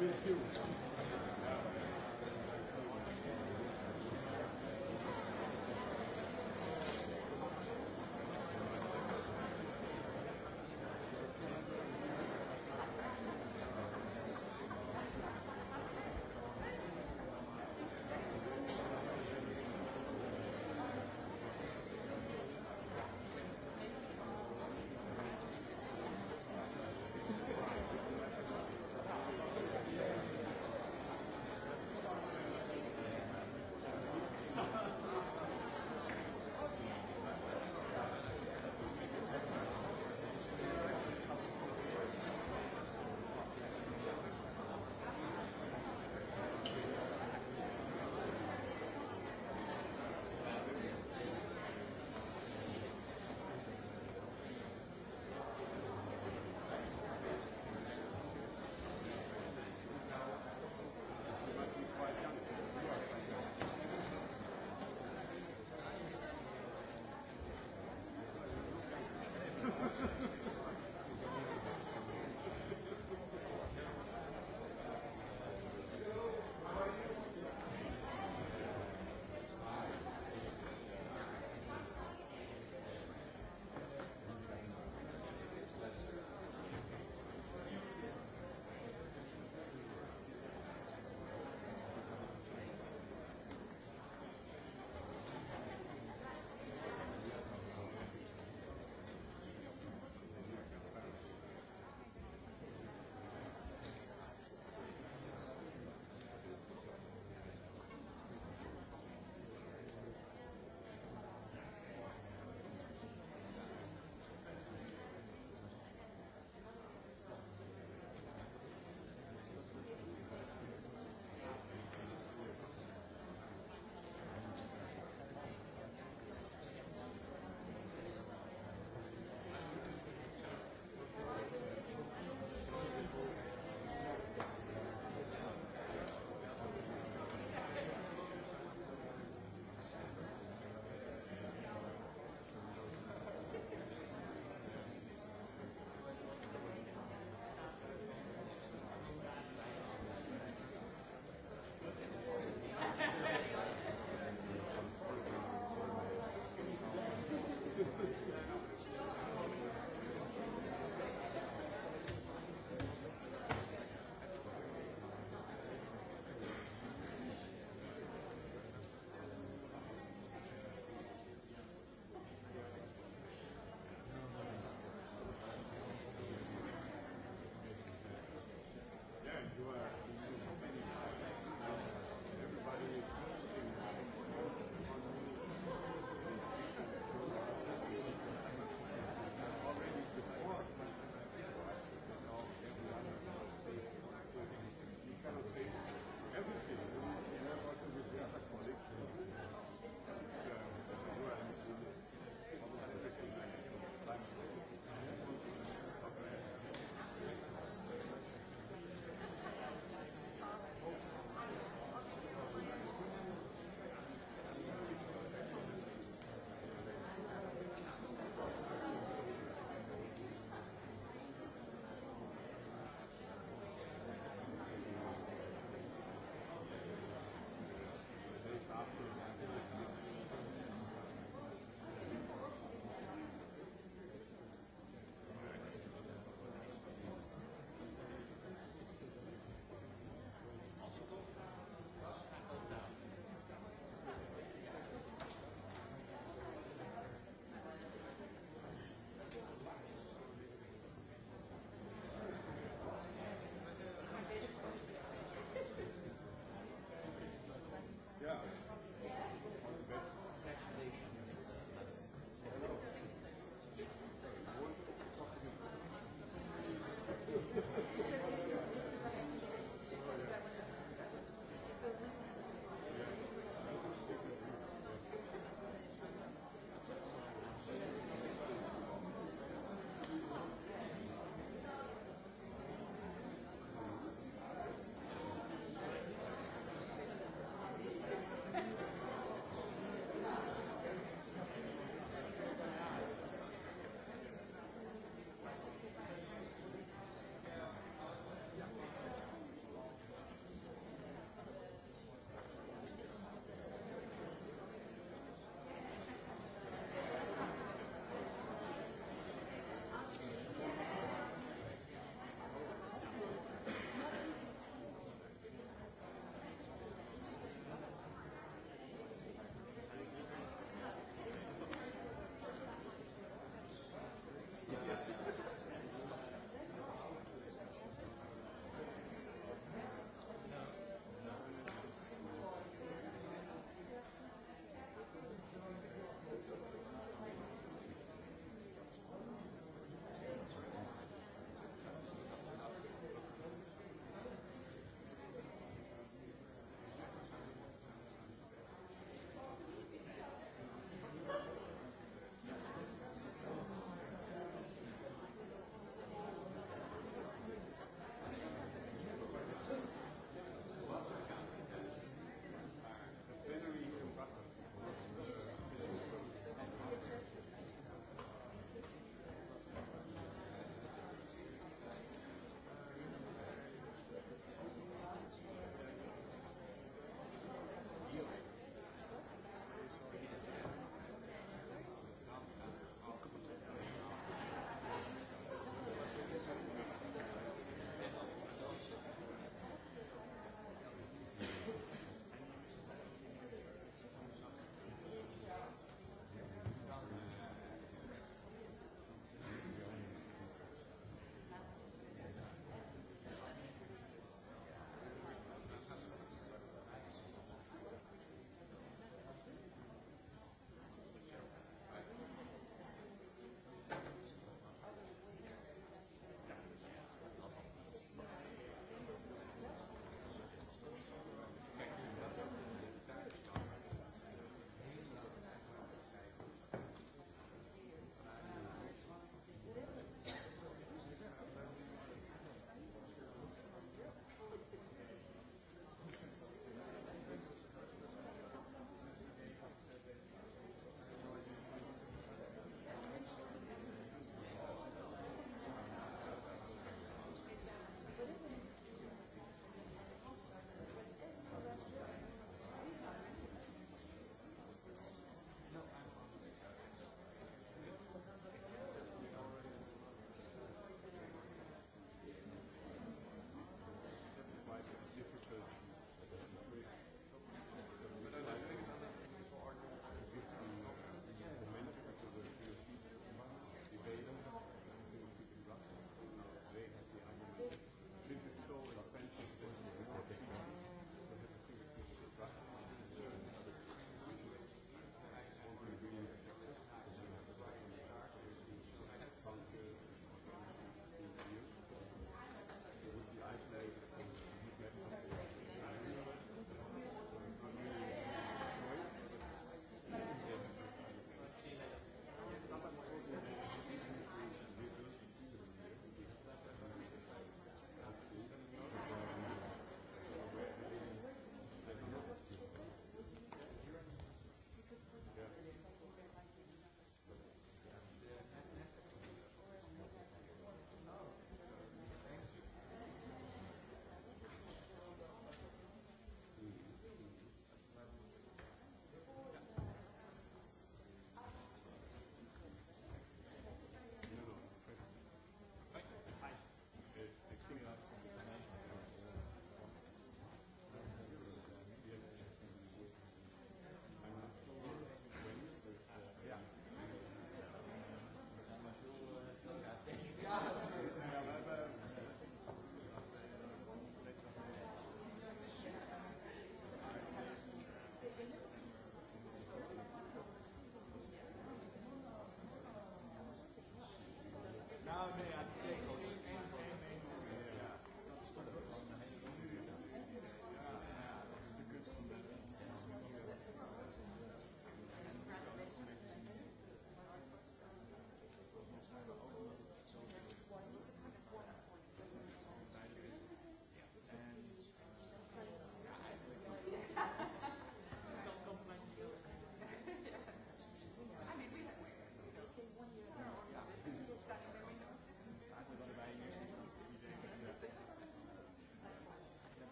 with you.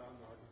Anlagen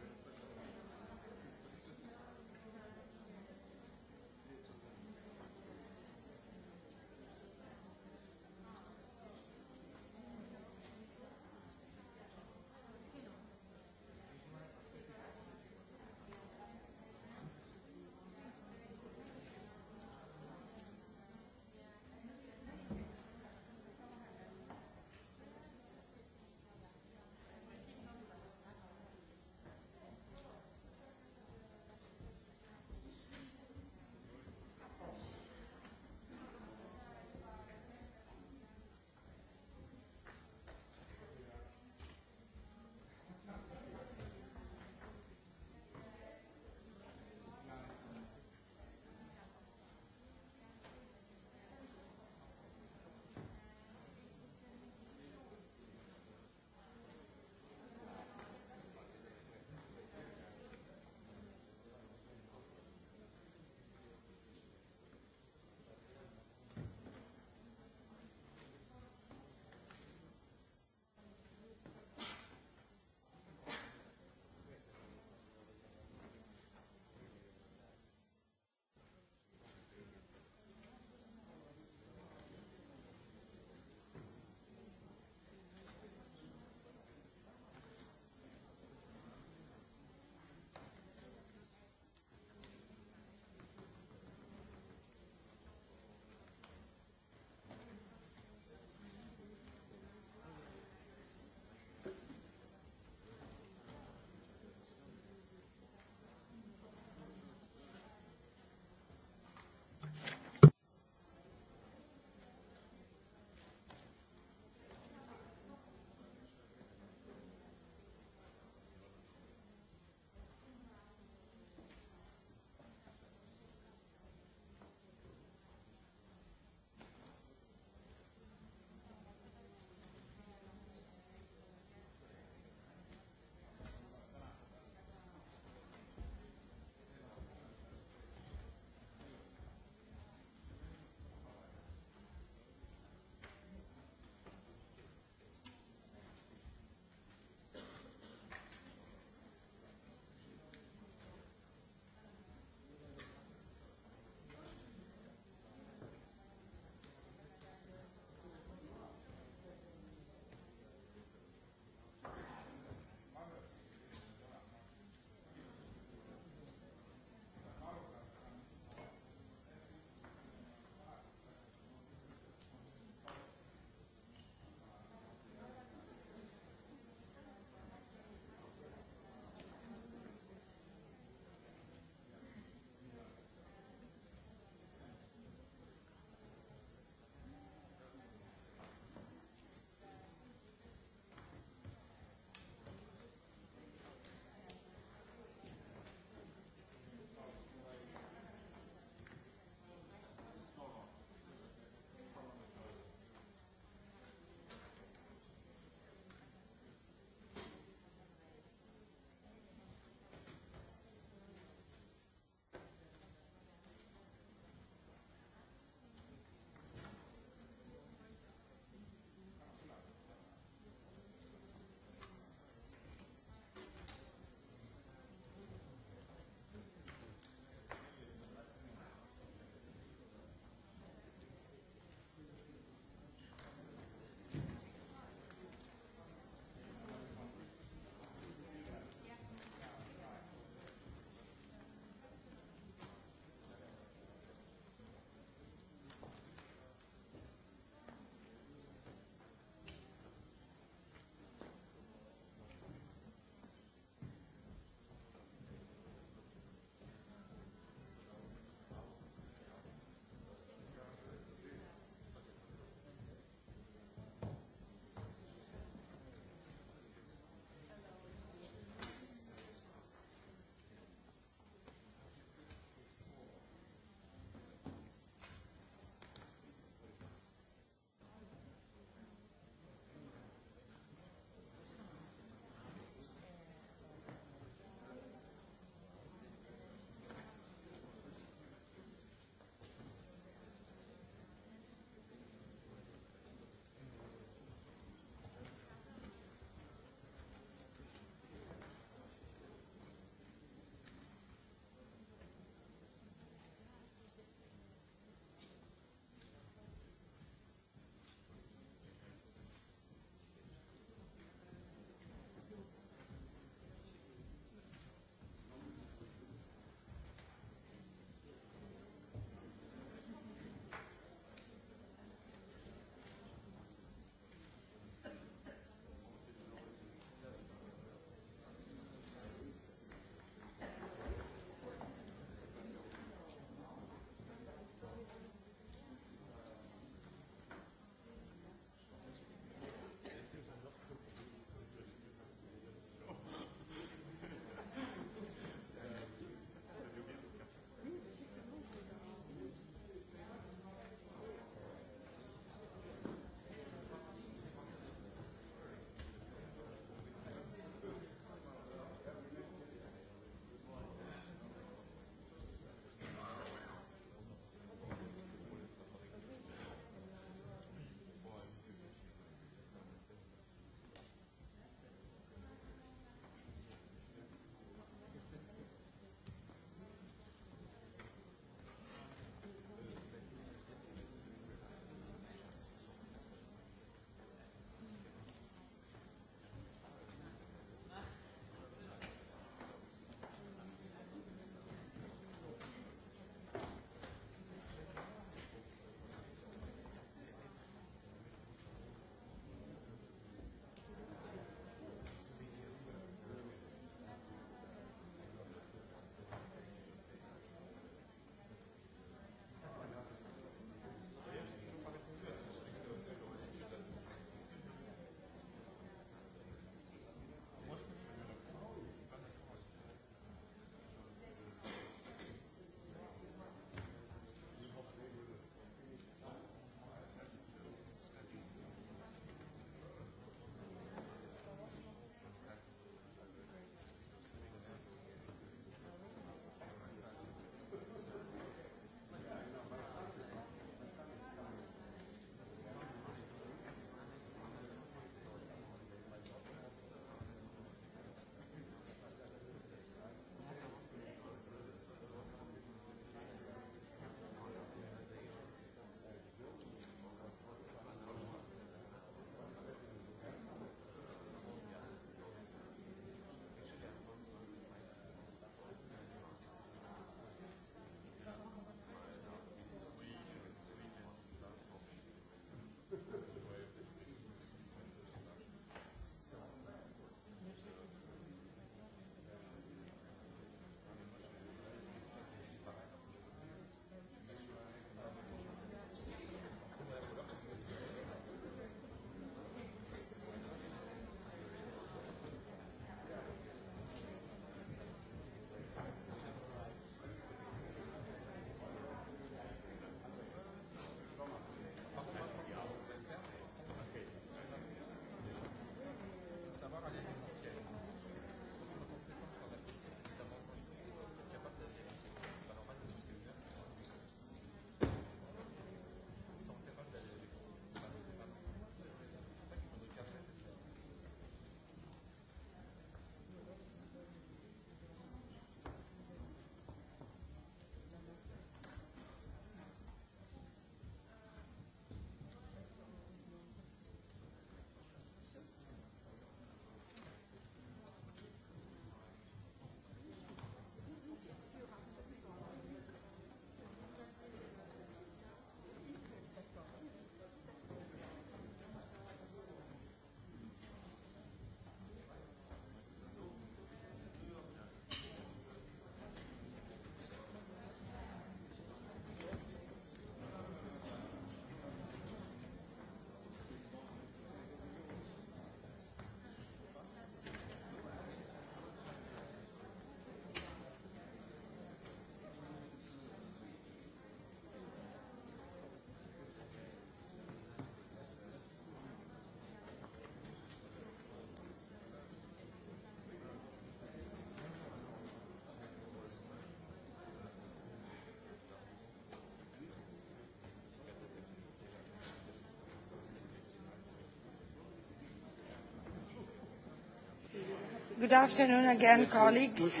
Good afternoon again, colleagues.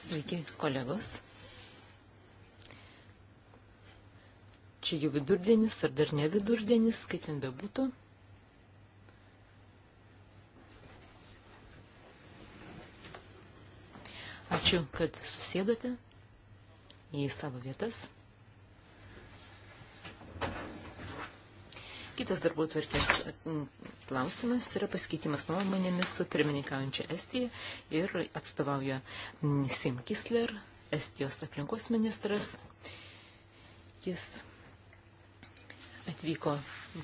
Sveiki, kolegos. Čia jau vidurdienis ar dar ne vidurdienis, kaip ten bebūtų. Ačiū, kad susėdote į savo vietas. Kitas darbo tvarkės klausimas yra pasikeitimas nuomonėmis su pirmininkaujančia Estija ir atstovauja Sim Kisler, Estijos aplinkos ministras. Jis atvyko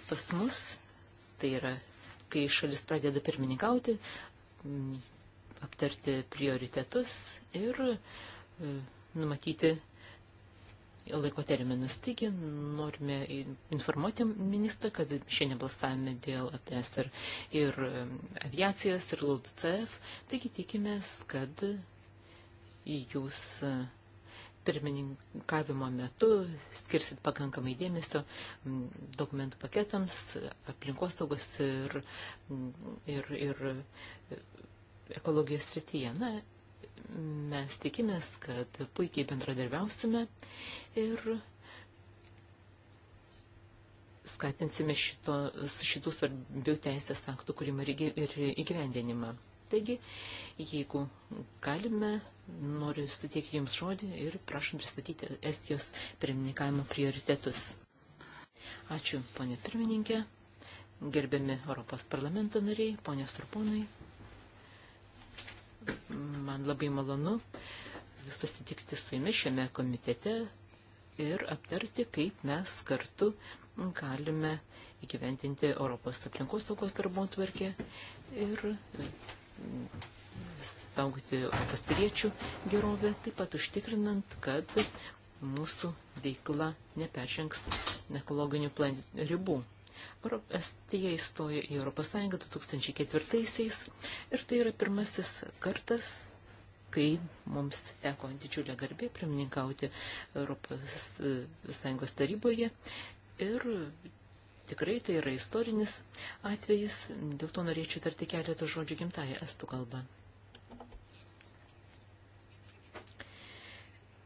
pas mus, tai yra, kai šalis pradeda pirmininkauti, aptarti prioritetus ir e, numatyti laiko terminus. Taigi norime informuoti ministrą, kad šiandien balsavime dėl ATS ir, ir um, aviacijos ir LUDCF. Taigi tikimės, kad jūs uh, pirmininkavimo metu skirsit pakankamai dėmesio um, dokumentų paketams, aplinkostaugos um, ir, ir, ir uh, ekologijos srityje. Na, mes tikimės, kad puikiai bendradarbiausime ir skatinsime šito, šitų svarbių teisės aktų kūrimą ir įgyvendinimą. Taigi, jeigu galime, noriu suteikti Jums žodį ir prašom pristatyti Estijos pirmininkavimo prioritetus. Ačiū, ponė pirmininkė, gerbiami Europos parlamento nariai, ponės turponai. Man labai malonu susitikti su jumis šiame komitete ir aptarti, kaip mes kartu galime įgyventinti Europos aplinkos saugos darbo tvarkę ir mm, saugoti Europos piliečių gerovę, taip pat užtikrinant, kad mūsų veikla neperžengs ekologinių ribų. Estija įstojo į Europos Sąjungą 2004-aisiais ir tai yra pirmasis kartas, kai mums teko didžiulė garbė pirmininkauti Europos e, Sąjungos taryboje ir tikrai tai yra istorinis atvejis, dėl to norėčiau tarti keletą žodžių gimtąją estų kalbą.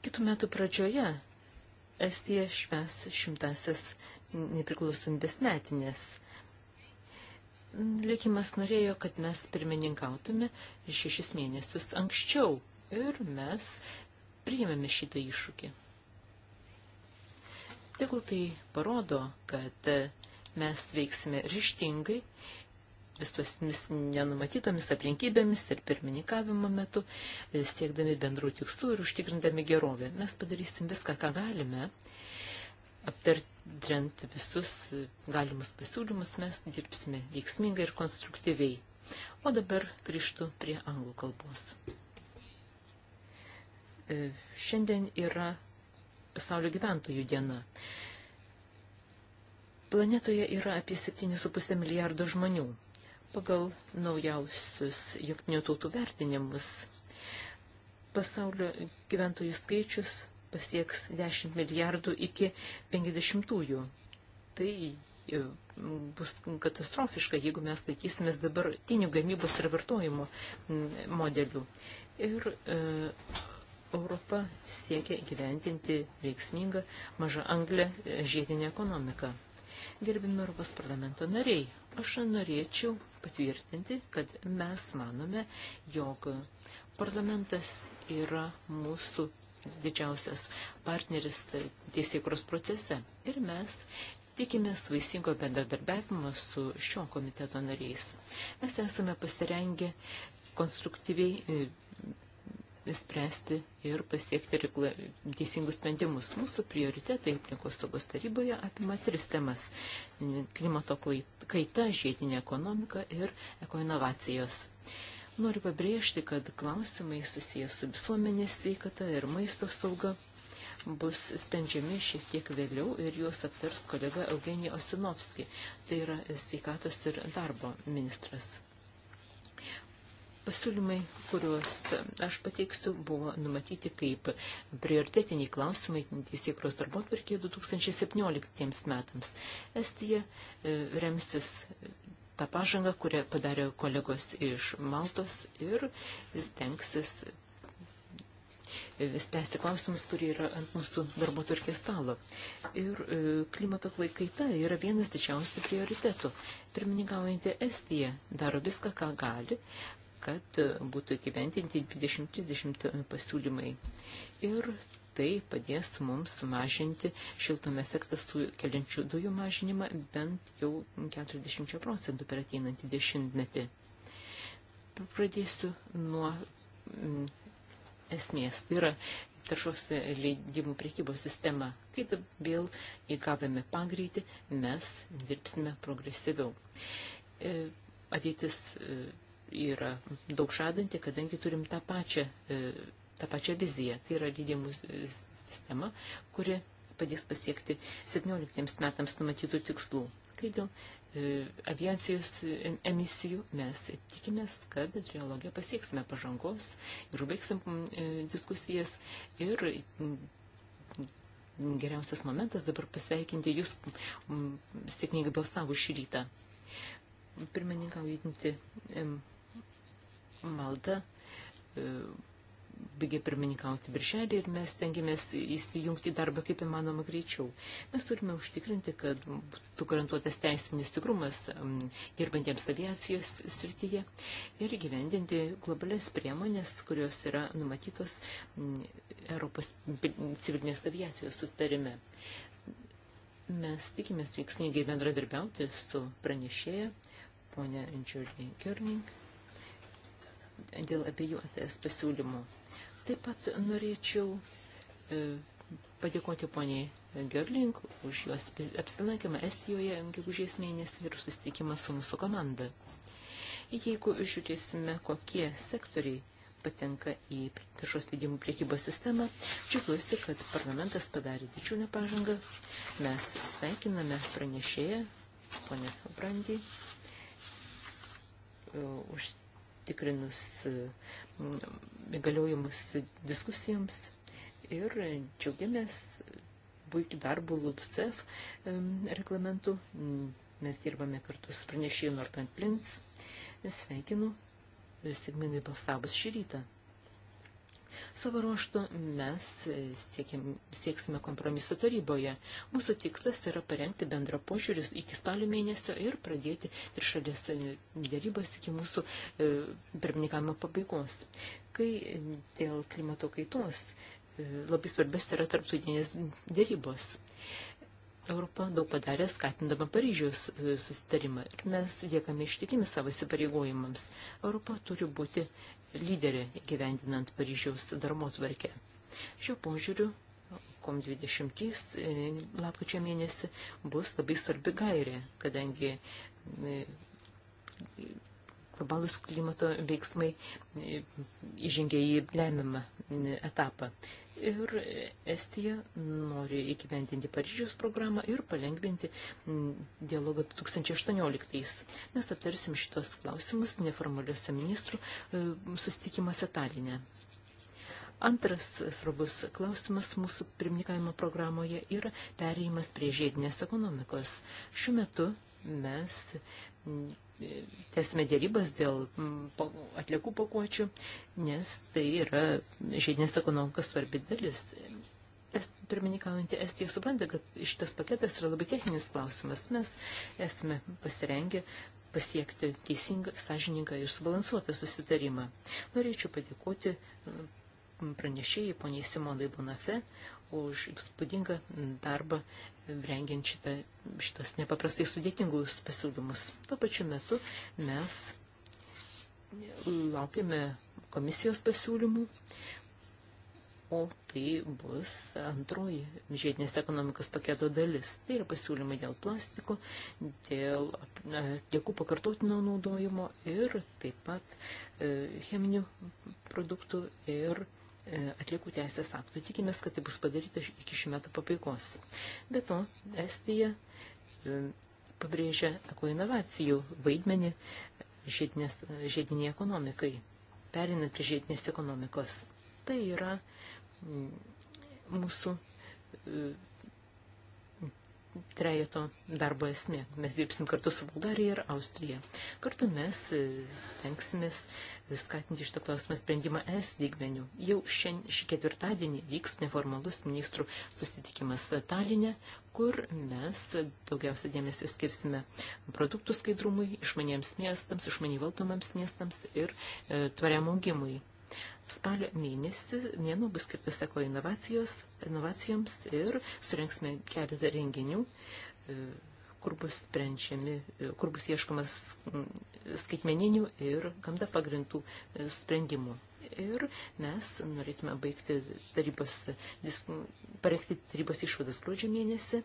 Kitų metų pradžioje Estija šves šimtasis metų nepriklausomybės metinės. Likimas norėjo, kad mes pirmininkautume šešis mėnesius anksčiau ir mes priėmėme šitą iššūkį. Tegul tai parodo, kad mes veiksime ryštingai visomis nenumatytomis aplinkybėmis ir pirmininkavimo metu, siekdami bendrų tikslų ir užtikrindami gerovę. Mes padarysim viską, ką galime, aptartrent visus galimus pasiūlymus, mes dirbsime veiksmingai ir konstruktyviai. O dabar grįžtu prie anglų kalbos. E, šiandien yra pasaulio gyventojų diena. Planetoje yra apie 7,5 milijardo žmonių. Pagal naujausius jungtinių tautų vertinimus pasaulio gyventojų skaičius pasieks 10 milijardų iki 50-ųjų. Tai e, bus katastrofiška, jeigu mes laikysimės dabartinių gamybos ir vartojimo modelių. Ir e, Europa siekia gyventinti veiksmingą mažą anglę e, žiedinę ekonomiką. Gerbimi Europos parlamento nariai, aš norėčiau patvirtinti, kad mes manome, jog parlamentas yra mūsų didžiausias partneris teisėkros procese. Ir mes tikimės vaisingo bendradarbiavimo su šio komiteto nariais. Mes esame pasirengę konstruktyviai e, spręsti ir pasiekti teisingus sprendimus. Mūsų prioritetai aplinkos saugos taryboje apima tris temas - klimato kaita, žiedinė ekonomika ir ekoinovacijos. inovacijos Noriu pabrėžti, kad klausimai susijęs su visuomenės sveikata ir maisto sauga bus sprendžiami šiek tiek vėliau ir juos aptars kolega Eugenija Osinovski, tai yra sveikatos ir darbo ministras. Pasiūlymai, kuriuos aš pateiksiu, buvo numatyti kaip prioritetiniai klausimai teisėkros darbo atvarkėje 2017 metams. Estija e, remsis tą pažangą, kurią padarė kolegos iš Maltos ir stengsis spręsti klausimus, kurie yra ant mūsų darbo turkės stalo. Ir e, klimato kaita yra vienas didžiausių prioritetų. Pirmininkaujantį Estiją daro viską, ką gali, kad būtų įgyventinti 2030 pasiūlymai. Ir tai padės mums sumažinti šiltumo efektą sukeliančių dujų mažinimą bent jau 40 procentų per ateinantį dešimtmetį. Pradėsiu nuo mm, esmės. Tai yra taršos leidimų priekybos sistema. Kai vėl įgavome pagreitį, mes dirbsime progresyviau. E, ateitis e, yra daug žadanti, kadangi turim tą pačią e, tą pačią viziją. Tai yra lydimų sistema, kuri padės pasiekti 17 metams numatytų tikslų. Kai dėl e, aviacijos emisijų mes tikimės, kad triologė pasieksime pažangos ir užbaigsim e, diskusijas ir geriausias momentas dabar pasveikinti jūs sėkmingai balsavų šį rytą. Pirmininkaujantį maldą e, baigė pirmininkauti birželį ir mes stengiamės įsijungti į darbą kaip įmanoma greičiau. Mes turime užtikrinti, kad būtų garantuotas teisinis tikrumas dirbantiems aviacijos srityje ir gyvendinti globalias priemonės, kurios yra numatytos Europos civilinės aviacijos sutarime. Mes tikimės veiksmingai bendradarbiauti su pranešėja, ponė Džiulė Kirning dėl abiejų ATS pasiūlymų. Taip pat norėčiau e, padėkoti poniai Gerling už jos apsilankymą Estijoje gegužės mėnesį ir susitikimą su mūsų komanda. Jeigu žiūrėsime, kokie sektoriai patenka į taršos leidimų priekybos sistemą, džiaugiuosi, kad parlamentas padarė didžiulę pažangą. Mes sveikiname pranešėją, ponę Brandį, e, užtikrinus įgaliojimus diskusijoms ir džiaugiamės puikiu darbu LULUCEF reglamentu. Mes dirbame kartu su pranešėju Norton Plins. Sveikinu Sigminai balsavus šį rytą. Savo ruoštų mes e, siekiam, sieksime kompromiso taryboje. Mūsų tikslas yra parengti bendrą požiūrį iki spalio mėnesio ir pradėti ir šalies e, dėrybas iki mūsų e, pirmininkavimo pabaigos. Kai e, dėl klimato kaitos e, labai svarbės yra tarptautinės dėrybos. Europa daug padarė skatindama Paryžiaus susitarimą ir mes liekame ištikimi savo įsipareigojimams. Europa turi būti lyderė gyvendinant Paryžiaus darbo tvarkę. Šiuo požiūriu COM23 e, lapkričio mėnesį bus labai svarbi gairė, kadangi e, globalus klimato veiksmai įžengė į lemiamą etapą. Ir Estija nori įgyvendinti Paryžiaus programą ir palengvinti dialogą 2018. Mes aptarsim šitos klausimus neformaliuose ministrų e, susitikimuose Talinė. Antras svarbus klausimas mūsų pirmininkavimo programoje yra perėjimas prie žiedinės ekonomikos. Šiuo metu mes tęsime dėrybas dėl atliekų pakuočių, nes tai yra žiedinės ekonomikos svarbi dalis. Est, pirmininkaujantį Estiją supranta, kad šitas paketas yra labai techninis klausimas. Mes esame pasirengę pasiekti teisingą, sąžiningą ir subalansuotą susitarimą. Norėčiau padėkoti pranešėjai poniai Simonai Bonafe už įspūdingą darbą rengiant šitą, šitos nepaprastai sudėtingus pasiūlymus. Tuo pačiu metu mes laukiame komisijos pasiūlymų, o tai bus antroji žiedinės ekonomikos paketo dalis. Tai yra pasiūlymai dėl plastikų, dėl atliekų pakartotinio naudojimo ir taip pat e, cheminių produktų ir E, atliekų teisės aktų. Tikimės, kad tai bus padaryta iki šių metų pabaigos. Be to, Estija e, pabrėžia ekoinovacijų vaidmenį žiedinės, žiediniai ekonomikai, perinant prie žiedinės ekonomikos. Tai yra mūsų e, trejato darbo esmė. Mes dirbsim kartu su Bulgarija ir Austrija. Kartu mes e, stengsimės skatinti šitą klausimą sprendimą es lygmenių. Jau šien, šį ketvirtadienį vyks neformalus ministrų susitikimas Talinė, kur mes daugiausia dėmesio skirsime produktų skaidrumui, išmaniems miestams, išmaniai valdomams miestams ir e, tvariam augimui. Spalio mėnesį mėnų bus skirtas eko inovacijoms ir surinksime keletą renginių, e, kur bus sprendžiami, e, kur bus ieškamas skaitmeninių ir gamta pagrindų e, sprendimų. Ir mes norėtume baigti tarybos, parengti tarybos išvadas gruodžio mėnesį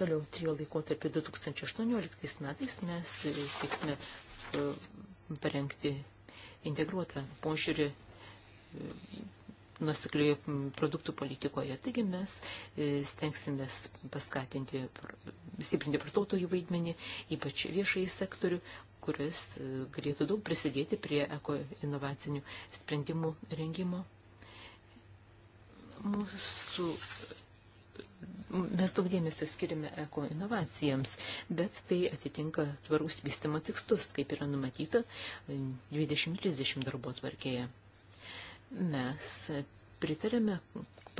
toliau trijo laikotarpį 2018 metais mes teiksime parengti integruotą požiūrį nuoseklioje produktų politikoje. Taigi mes e, stengsimės paskatinti, stiprinti vartotojų vaidmenį, ypač viešai sektorių, kuris e, galėtų daug prisidėti prie inovacijų sprendimų rengimo. Mūsų mes daug dėmesio skiriame eko inovacijams, bet tai atitinka tvarus vystimo tikslus, kaip yra numatyta 2030 e, darbo tvarkėje. Mes pritarėme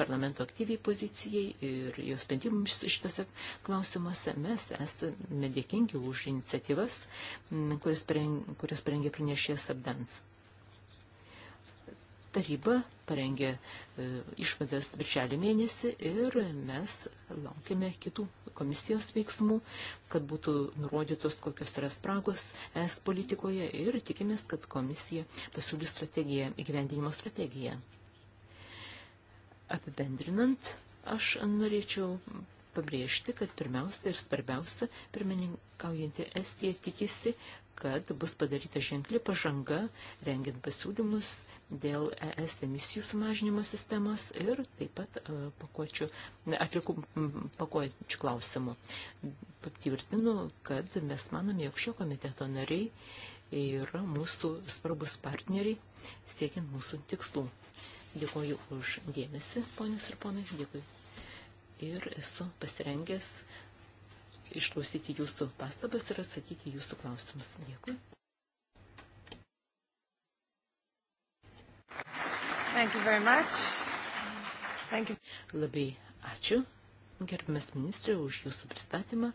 parlamento aktyviai pozicijai ir jos sprendimams šitose klausimuose. Mes esame dėkingi už iniciatyvas, kurias prengė pranešėjas Abdans. Taryba parengė e, išvadas viršelį mėnesį ir mes laukiame kitų komisijos veiksmų, kad būtų nurodytos kokios yra spragos es politikoje ir tikimės, kad komisija pasiūlys strategiją, įgyvendinimo strategiją. Apibendrinant, aš norėčiau pabrėžti, kad pirmiausia ir svarbiausia, pirmininkaujanti Estija tikisi, kad bus padaryta ženkli pažanga, rengiant pasiūlymus dėl ES emisijų sumažinimo sistemos ir taip pat e, pakuočių, atlikų pakuočių klausimų. Patvirtinu, kad mes manome, jog šio komiteto nariai yra mūsų svarbus partneriai siekiant mūsų tikslų. Dėkuoju už dėmesį, ponius ir ponai, dėkui. Ir esu pasirengęs išklausyti jūsų pastabas ir atsakyti jūsų klausimus. Dėkui. Labai ačiū, gerbimas ministrė, už jūsų pristatymą.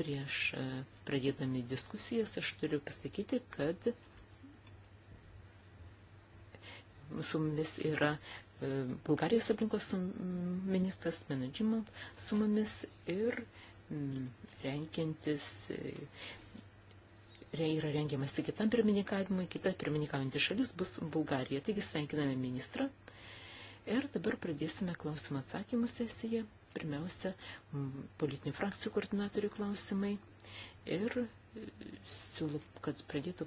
Prieš e, pradėdami diskusijas aš turiu pasakyti, kad su mumis yra e, Bulgarijos aplinkos ministras Menadžimov su mumis ir renkintis e, yra rengiamas į kitam pirmininkavimui, kita pirmininkaujantį šalis bus Bulgarija. Taigi sveikiname ministrą. Ir dabar pradėsime klausimą atsakymų sesiją. Pirmiausia, politinių frakcijų koordinatorių klausimai. Ir e, siūlau, kad pradėtų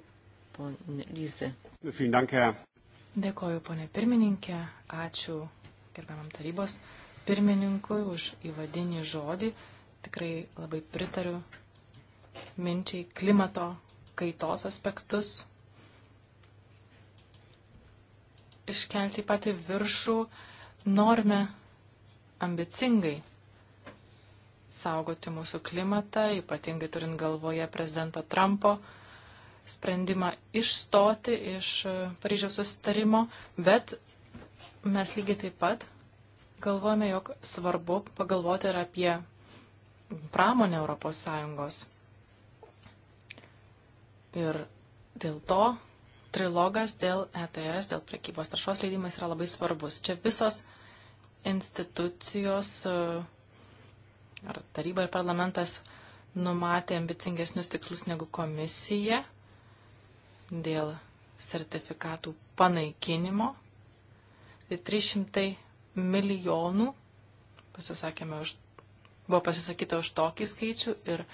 ponė Lyze. Dėkoju, ponė pirmininkė. Ačiū gerbiamam tarybos pirmininkui už įvadinį žodį. Tikrai labai pritariu minčiai klimato kaitos aspektus iškelti į patį viršų, norime ambicingai saugoti mūsų klimatą, ypatingai turint galvoje prezidento Trumpo sprendimą išstoti iš e, Paryžiaus susitarimo, bet mes lygiai taip pat galvojame, jog svarbu pagalvoti ir apie pramonę Europos Sąjungos Ir dėl to trilogas dėl ETS, dėl prekybos taršos leidimas yra labai svarbus. Čia visos institucijos e, ar taryba ir parlamentas numatė ambicingesnius tikslus negu komisija dėl sertifikatų panaikinimo. Tai 300 milijonų pasisakėme už, buvo pasisakyta už tokį skaičių ir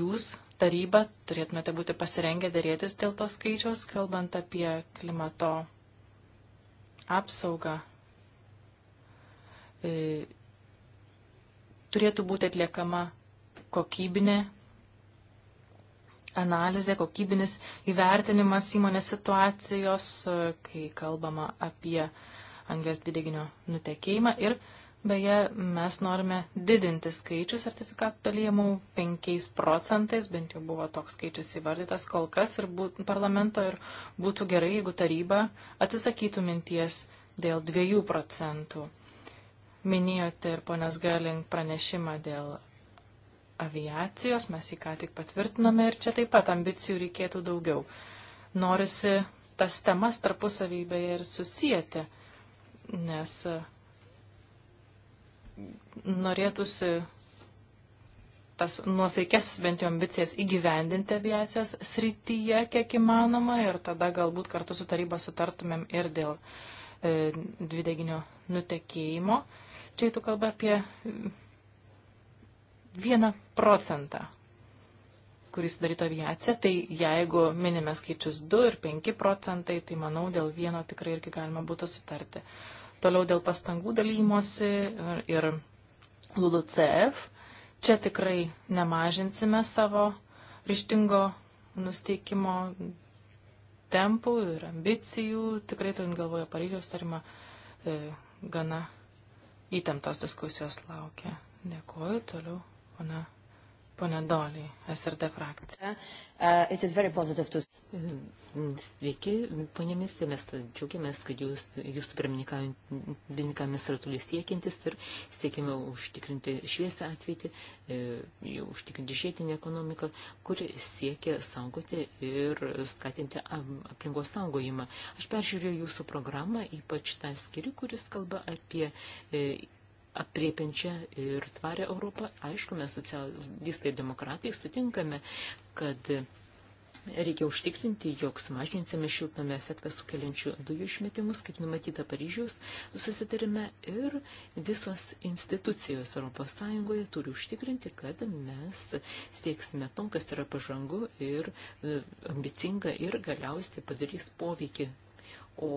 jūs taryba turėtumėte būti pasirengę dėrėtis dėl to skaičiaus, kalbant apie klimato apsaugą. E, turėtų būti atliekama kokybinė analizė, kokybinis įvertinimas įmonės situacijos, e, kai kalbama apie anglės dvideginio nutekėjimą ir e, Beje, mes norime didinti skaičių sertifikatų dalyjimų 5 procentais, bent jau buvo toks skaičius įvardytas kol kas ir būt, parlamento ir būtų gerai, jeigu taryba atsisakytų minties dėl 2 procentų. Minėjote ir ponios Galing pranešimą dėl aviacijos, mes jį ką tik patvirtinome ir čia taip pat ambicijų reikėtų daugiau. Norisi tas temas tarpusavybėje ir susijęti, nes norėtųsi tas nuosaikės bent jau ambicijas įgyvendinti aviacijos srityje, kiek įmanoma, ir tada galbūt kartu su taryba sutartumėm ir dėl e, dvideginio nutekėjimo. Čia tu kalba apie vieną procentą, kuris sudarytų aviacija, tai jeigu minime skaičius 2 ir 5 procentai, tai manau dėl vieno tikrai irgi galima būtų sutarti. E, Toliau dėl pastangų dalymosi ir, ir LULUCF. Čia tikrai nemažinsime savo ryštingo nusteikimo tempų ir ambicijų. Tikrai turint galvoje Paryžiaus tarimą, e, gana įtemptos diskusijos laukia. Dėkuoju, toliau, pana Pone Dolį, SRD frakcija. Uh, to... Mm, sveiki, ponė misija, mes džiaugiamės, kad jūs, jūsų pirmininkavimis ratulis siekiantis ir siekime užtikrinti šviesę atveitį, e, užtikrinti žiedinį ekonomiką, kuri siekia saugoti ir skatinti aplinkos saugojimą. Aš peržiūrėjau jūsų programą, ypač tą skiri, kuris kalba apie e, apriepiančią ir tvarę Europą. Aišku, mes socialistai demokratai sutinkame, kad reikia užtikrinti, jog sumažinsime šiltnamio efektą sukeliančių dujų išmetimus, kaip numatyta Paryžiaus susitarime, ir visos institucijos ES turi užtikrinti, kad mes sieksime to, kas yra pažangu ir e, ambicinga ir galiausiai padarys poveikį o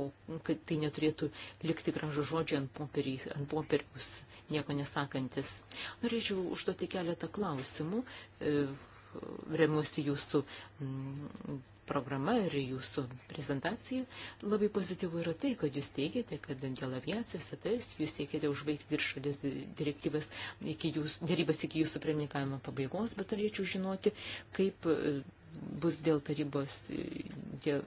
kad tai neturėtų likti gražų žodžią ant, popierį, ant popieriaus nieko nesakantis. Norėčiau užduoti keletą klausimų, e, remiuosi jūsų mm, programa ir jūsų prezentacija. Labai pozityvu yra tai, kad jūs teigiate, kad dėl aviacijos atės jūs teikiate užbaigti viršalės direktyvas iki jūsų, dėrybas iki jūsų pirmininkavimo pabaigos, bet norėčiau žinoti, kaip e, bus dėl tarybos, e, dėl,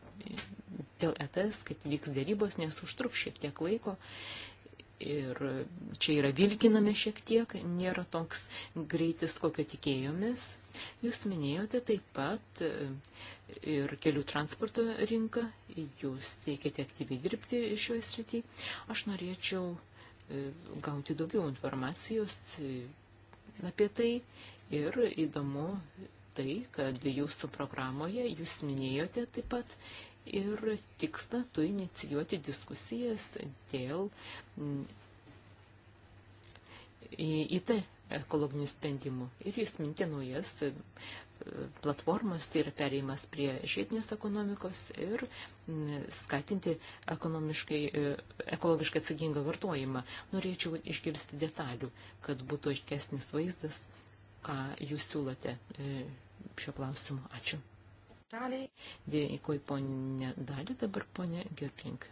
dėl ETS, kaip vyks dėrybos, nes užtruks šiek tiek laiko ir čia yra vilkinami šiek tiek, nėra toks greitis, kokio tikėjomės. Jūs minėjote taip pat e, ir kelių transporto rinką, jūs siekiate aktyviai dirbti šioje srityje. Aš norėčiau e, gauti daugiau informacijos e, apie tai ir įdomu tai, kad jūsų programoje jūs minėjote taip pat ir tikslą tu inicijuoti diskusijas dėl mm, IT tai ekologinių sprendimų ir jūs minti naujas e, platformas, tai yra pereimas prie žiedinės ekonomikos ir mm, skatinti ekonomiškai, e, ekologiškai atsakingą vartojimą. Norėčiau išgirsti detalių, kad būtų aiškesnis vaizdas, ką jūs siūlote e, šio klausimu. Ačiū. Dali. Dėkui, ponė Dali, dabar ponė Girplink.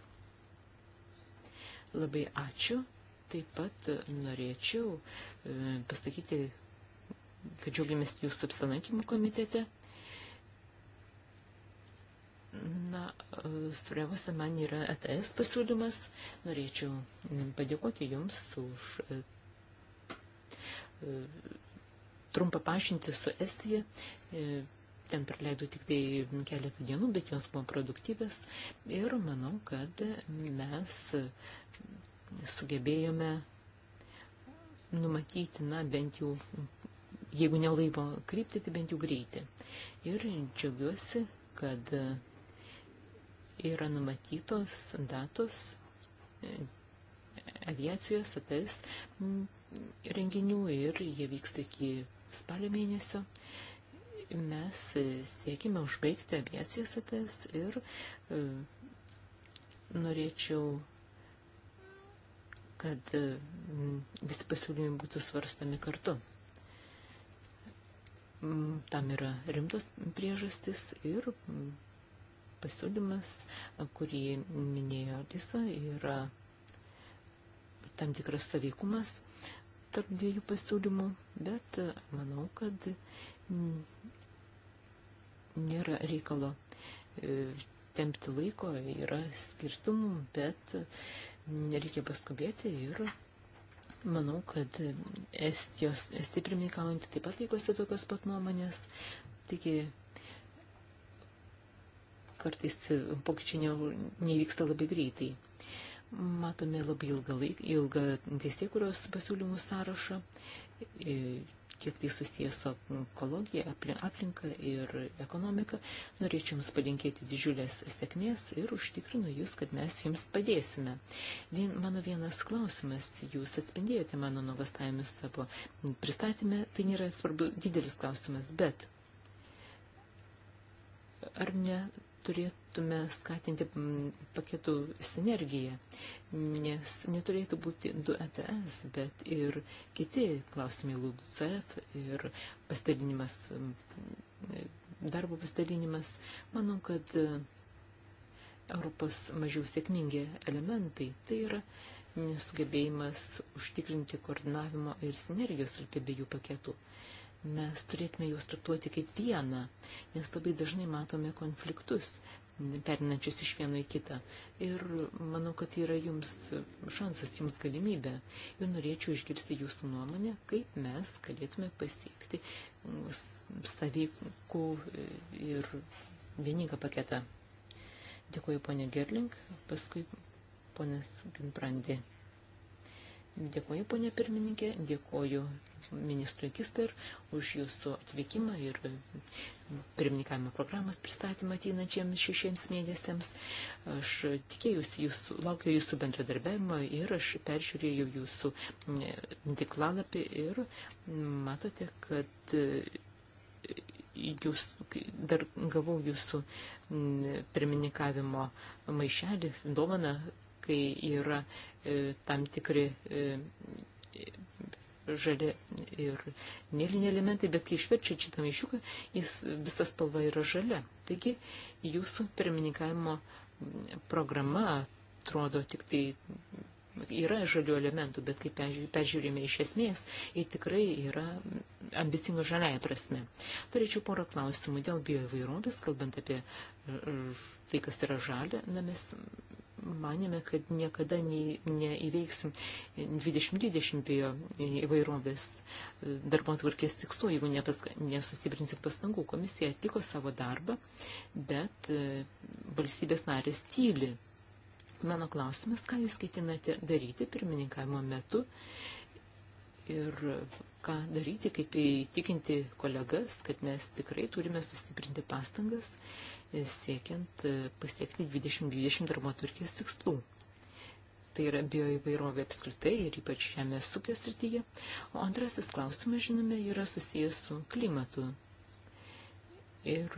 Labai ačiū. Taip pat norėčiau e, pasakyti, kad džiaugiamės jūsų apsilankymų komitete. Na, e, svarbiausia man yra ETS pasiūlymas. Norėčiau padėkoti Jums už e, trumpą pažintį su Estija ten praleidau tik tai keletą dienų, bet jos buvo produktyvės ir manau, kad mes sugebėjome numatyti, na, bent jau, jeigu ne laivo kryptį, tai bent jau greitį. Ir džiaugiuosi, kad yra numatytos datos e, aviacijos ATS renginių ir jie vyksta iki spalio mėnesio mes siekime užbaigti aviacijos atės ir e, norėčiau, kad e, visi pasiūlymai būtų svarstami kartu. Mm, tam yra rimtos priežastis ir mm, pasiūlymas, kurį minėjo Lisa, yra tam tikras saveikumas tarp dviejų pasiūlymų, bet e, manau, kad mm, nėra reikalo e, tempti laiko, yra skirtumų, bet reikia paskubėti ir manau, kad Estijos, Estija pirmininkaujantį taip pat laikosi tokios pat nuomonės. Taigi kartais pokyčiai ne, nevyksta labai greitai. Matome labai ilgą, laik, ilgą teisėkuros pasiūlymų sąrašą e, kiek tai susijęs su ekologija, aplinka ir ekonomika. Norėčiau Jums palinkėti didžiulės sėkmės ir užtikrinu Jūs, kad mes Jums padėsime. Vien, mano vienas klausimas, Jūs atspindėjote mano nuogastavimus savo pristatymę, tai nėra svarbu didelis klausimas, bet ar ne turėtume skatinti mm, paketų sinergiją, nes neturėtų būti du ETS, bet ir kiti klausimai LULUCF ir pasidalinimas, mm, darbo pasidalinimas. Manau, kad e, Europos mažiau sėkmingi elementai tai yra nesugebėjimas užtikrinti koordinavimo ir sinergijos tarp abiejų paketų mes turėtume juos traktuoti kaip vieną, nes labai dažnai matome konfliktus perinančius iš vieno į kitą. Ir manau, kad yra jums šansas, jums galimybė. Ir norėčiau išgirsti jūsų nuomonę, kaip mes galėtume pasiekti mm, savykų ir vieningą paketą. Dėkuoju, ponė Gerling, paskui ponas Ginbrandi. Dėkuoju, ponė pirmininkė, dėkuoju ministrui Kister už jūsų atvykimą ir pirmininkavimo programos pristatymą ateinančiams šešiems mėnesiams. Aš tikėjusi jūsų, laukiu jūsų bendradarbiavimo ir aš peržiūrėjau jūsų mm, tiklalapį ir matote, kad e, jūs, dar gavau jūsų mm, pirmininkavimo maišelį, dovaną kai yra e, tam tikri e, žali ir mėlyni elementai, bet kai išverčiat šitą maišiuką, jis visas spalva yra žalia. Taigi jūsų pirmininkavimo programa atrodo tik tai yra žalių elementų, bet kai peržiūrime iš esmės, jie tikrai yra ambicingo žaliaja prasme. Turėčiau porą klausimų dėl bioįvairovės, kalbant apie e, tai, kas yra žalia, na mes manėme, kad niekada nei, neįveiksim 2020 įvairovės darbo atvarkės tikslų, jeigu nepas, nesusibrinsim pastangų. Komisija atliko savo darbą, bet e, valstybės narės tyli. Mano klausimas, ką jūs ketinate daryti pirmininkavimo metu ir ką daryti, kaip įtikinti kolegas, kad mes tikrai turime sustiprinti pastangas siekiant e, pasiekti 2020 darbotvarkės tikslų. Tai yra bioįvairovė apskritai ir ypač žemės ūkio srityje. O antrasis klausimas, žinome, yra susijęs su klimatu. Ir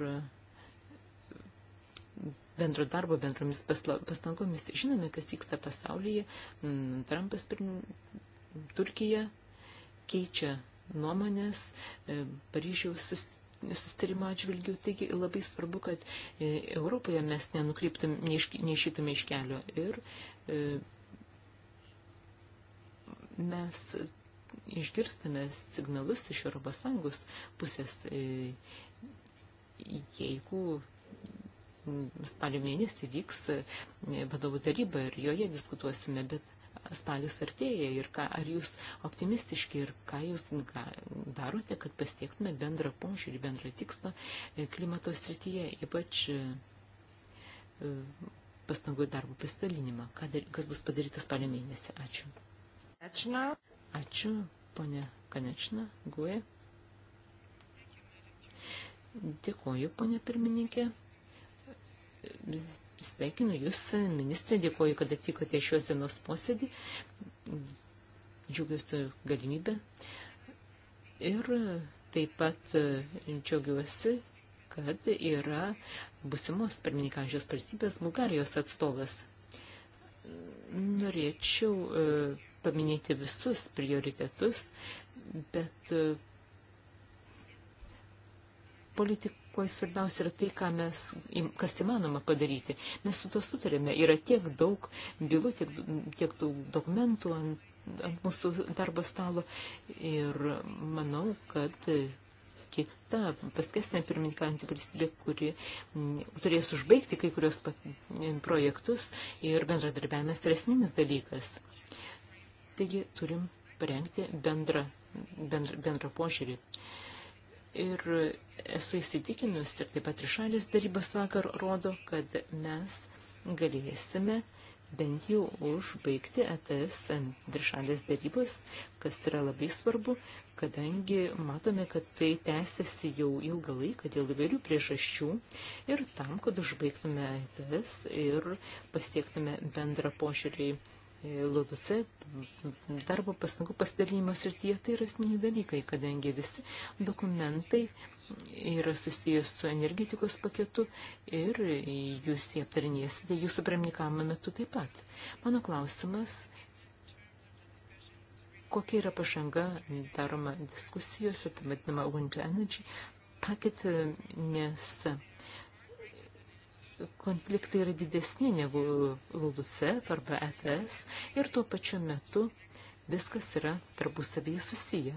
bendro darbo, bendromis pastangomis. Žinome, kas vyksta pasaulyje. Mm, Trumpas pirm... Turkija keičia nuomonės, e, Paryžiaus susitikimas sustarimo atžvilgių. Taigi labai svarbu, kad e, Europoje mes nenukryptum, neišytume iš kelio. Ir e, mes išgirstame signalus iš Europos Sąjungos pusės, e, jeigu spalio mėnesį vyks vadovų taryba ir joje diskutuosime, bet spalis artėja ir ką, ar jūs optimistiški ir ką jūs darote, kad pasiektume bendrą požiūrį, bendrą tikslą e, klimato srityje, ypač e, e, pastangų ir darbo pasidalinimą, kas bus padaryta spalio mėnesį. Ačiū. Ačiū. Ačiū, ponė Kanečina, Guė. Dėkoju, ponė pirmininkė Sveikinu Jūs, ministrė, dėkuoju, kad atvykote šios dienos posėdį. Džiugiuosi galimybę. Ir taip pat e, džiaugiuosi, kad yra busimos pirmininkančios valstybės Bulgarijos atstovas. Norėčiau e, paminėti visus prioritetus, bet e, politikoje svarbiausia yra tai, ką mes, kas įmanoma padaryti. Mes su to sutarėme. Yra tiek daug bylų, tiek, tiek daug dokumentų ant, ant mūsų darbo stalo. Ir manau, kad kita paskesnė pirmininkanti valstybė, kuri turės užbaigti kai kurios projektus ir bendradarbiavimas yra esminis dalykas. Taigi turim parengti bendrą, bendrą, bendrą požiūrį. Uh, Ir esu įsitikinus, ir taip pat ir šalis darybas vakar rodo, kad mes galėsime bent jau užbaigti ETS ant trišalės darybos, kas yra labai svarbu, kadangi matome, kad tai tęsiasi jau ilgą laiką dėl įvairių priežasčių ir tam, kad užbaigtume ETS ir pasiektume bendrą požiūrį į LULUC, darbo pastangų pasidalinimas ir tie tai yra asmeniai dalykai, kadangi visi dokumentai yra susijęs su energetikos paketu ir jūs jį aptarinėsite jūsų premnikavimo metu taip pat. Mano klausimas, kokia yra pažanga daroma diskusijose, tam vadinama Wind Energy Packet, nes konfliktai yra didesni negu LULUCF arba ETS ir tuo pačiu metu viskas yra tarpusavyje susiję.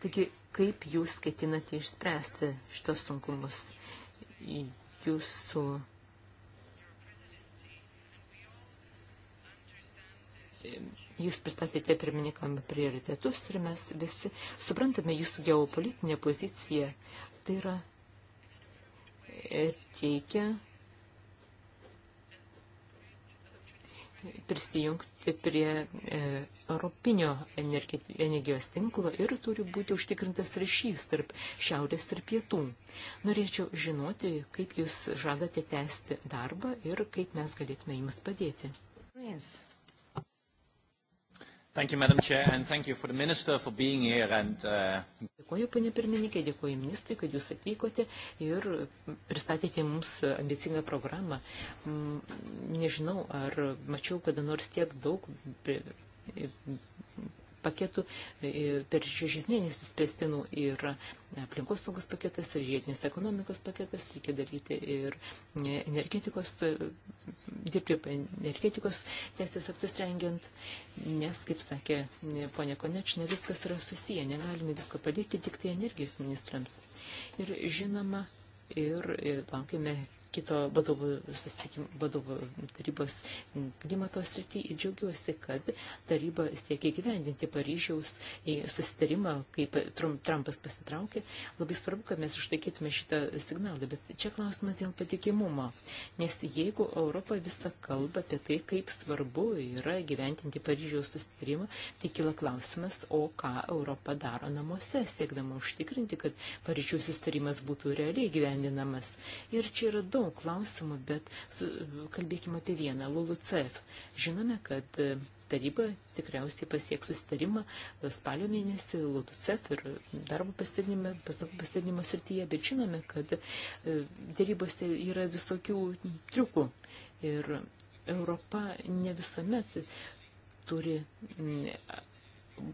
Taigi, kaip jūs ketinate išspręsti šitos sunkumus jūsų Jūs pristatėte pirmininkamą prioritetus ir mes visi suprantame jūsų geopolitinę poziciją. Tai yra reikia prisijungti prie e, europinio energijos tinklo ir turi būti užtikrintas ryšys tarp šiaurės ir pietų. Norėčiau žinoti, kaip jūs žadate tęsti darbą ir kaip mes galėtume jums padėti. Yes. Thank you, Madam Chair, and thank you for the Minister for being here. And, uh... Dėkuoju, panė pirmininkė, dėkuoju ministrui, kad jūs atvykote ir pristatėte mums ambicingą programą. Mm, nežinau, ar mačiau kada nors tiek daug paketų e, per šešis mėnesius spėstinų yra aplinkos saugos paketas ir žiedinės ekonomikos paketas, reikia daryti ir e, energetikos, e, dirbti energetikos teisės aktus rengiant, nes, kaip sakė ponė Konečna, viskas yra susiję, negalime visko padėti tik tai energijos ministrams. Ir žinoma, ir laukime kito vadovų vadovų tarybos klimato srity ir džiaugiuosi, kad taryba siekia įgyvendinti Paryžiaus e, susitarimą, kaip Trumpas pasitraukė. Labai svarbu, kad mes išlaikytume šitą signalą, bet čia klausimas dėl patikimumo, nes jeigu Europa visą kalba apie tai, kaip svarbu yra gyventinti Paryžiaus susitarimą, tai kila klausimas, o ką Europa daro namuose, siekdama užtikrinti, kad Paryžiaus susitarimas būtų realiai gyvendinamas. Ir čia yra daug daug klausimų, bet kalbėkime apie vieną, LULUCF. Žinome, kad e, taryba tikriausiai pasieks susitarimą e, spalio mėnesį LULUCF ir darbo pasitarnimo srityje, bet žinome, kad e, darybose yra visokių triukų ir Europa ne visuomet turi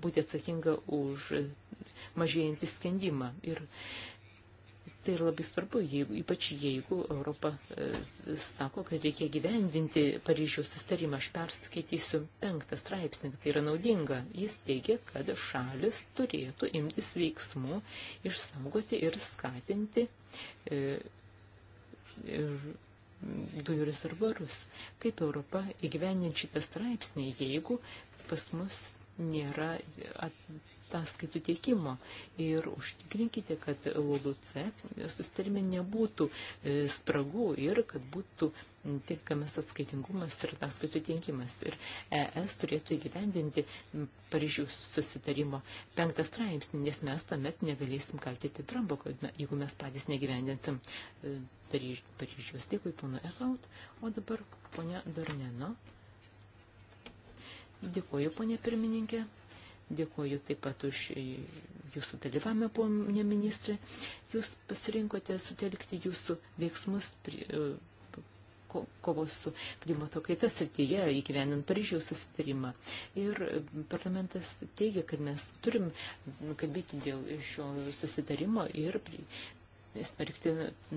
būti atsakinga už mažėjantį skendimą. Ir Tai yra labai svarbu, jeigu, ypač jeigu Europa e, sako, kad reikia gyvendinti Paryžiaus sustarimą. Aš perskaitysiu penktą straipsnį, tai yra naudinga. Jis teigia, kad šalis turėtų imtis veiksmų, išsaugoti ir skatinti e, ir dujų rezervarus. Kaip Europa įgyvendinti šitą straipsnį, jeigu pas mus nėra at, ataskaitų tiekimo ir užtikrinkite, kad LULUC susitarime nebūtų e, spragų ir kad būtų tinkamas atskaitingumas ir ataskaitų tiekimas. Ir ES turėtų įgyvendinti Paryžiaus susitarimo penktą straipsnį, nes mes tuomet negalėsim kaltyti Trumpo, jeigu mes patys negyvendinsim e, Paryžiaus. Dėkui, pono Ekaut. O dabar ponia Dorneno. Dėkuoju, ponė pirmininkė. Dėkuoju taip pat už jūsų dalyvavimą, ponė ministrė. Jūs pasirinkote sutelkti jūsų veiksmus prie, kovos su klimato kaita srityje įgyvenant Paryžiaus susitarimą. Ir parlamentas teigia, kad mes turim kalbėti dėl šio susitarimo ir smerkti